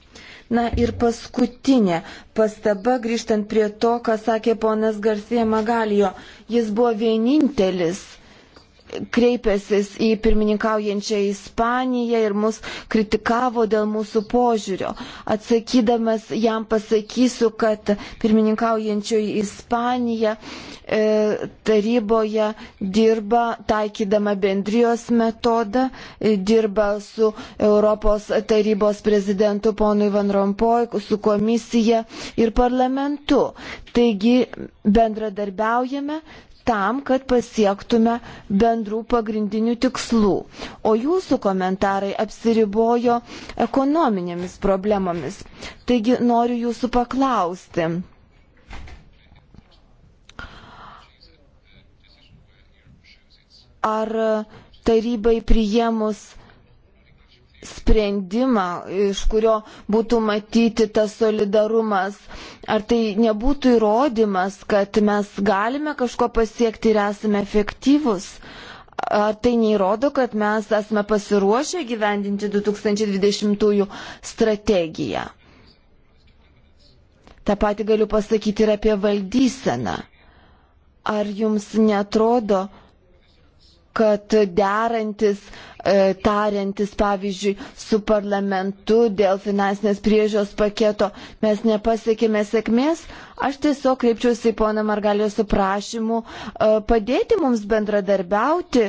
Na ir paskutinė pastaba, grįžtant prie to, ką sakė ponas Garcija Magalijo. Jis buvo vienintelis kreipęsis į pirmininkaujančią Ispaniją ir mus kritikavo dėl mūsų požiūrio. Atsakydamas jam pasakysiu, kad pirmininkaujančioji Ispanija e, taryboje dirba taikydama bendrijos metodą, e, dirba su Europos tarybos prezidentu ponui Van Rompoj, su komisija ir parlamentu. Taigi bendradarbiaujame, tam, kad pasiektume bendrų pagrindinių tikslų. O jūsų komentarai apsiribojo ekonominėmis problemomis. Taigi noriu jūsų paklausti. Ar tarybai priėmus sprendimą, iš kurio būtų matyti tas solidarumas. Ar tai nebūtų įrodymas, kad mes galime kažko pasiekti ir esame efektyvus? Ar tai neįrodo, kad mes esame pasiruošę gyvendinti 2020 strategiją? Ta pati galiu pasakyti ir apie valdyseną. Ar jums netrodo, kad derantis uh, E, tariantis, pavyzdžiui, su parlamentu dėl finansinės priežios paketo, mes nepasiekėme sėkmės. Aš tiesiog kreipčiausi į poną Margalio su prašymu e, padėti mums bendradarbiauti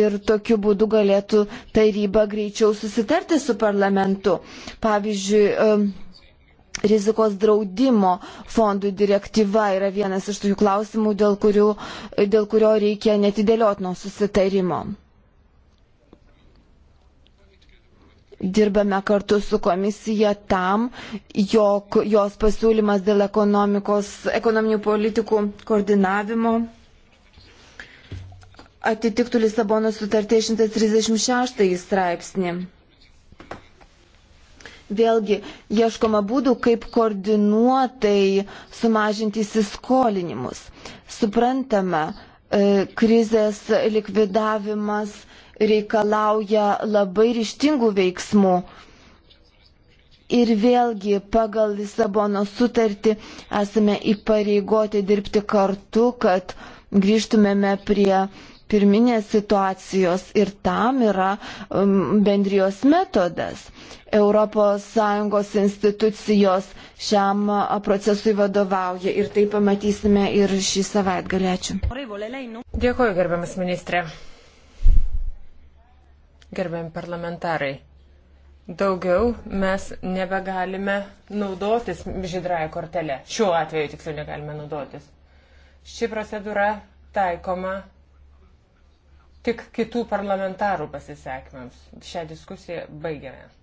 ir tokiu būdu galėtų taryba greičiau susitarti su parlamentu. Pavyzdžiui, e, Rizikos draudimo fondų direktyva yra vienas iš tokių klausimų, dėl, kurių, dėl kurio reikia netidėliotino susitarimo. dirbame kartu su komisija tam, jog jos pasiūlymas dėl ekonominių politikų koordinavimo atitiktų Lisabono sutartė 136 straipsnį. Vėlgi, ieškoma būdų, kaip koordinuotai sumažinti įsiskolinimus. Suprantama, e, krizės likvidavimas reikalauja labai ryštingų veiksmų. Ir vėlgi pagal Lisabono sutartį esame įpareigoti dirbti kartu, kad grįžtumėme prie pirminės situacijos ir tam yra um, bendrijos metodas. ES institucijos šiam procesui vadovauja ir tai pamatysime ir šį savaitgalį. Ačiū. Dėkuoju, gerbiamas ministrė gerbiami parlamentarai. Daugiau mes nebegalime naudotis žydraja kortelė. Šiuo atveju tiksliau negalime naudotis. Ši procedūra taikoma tik kitų parlamentarų pasisekmėms. Šią diskusiją baigiame.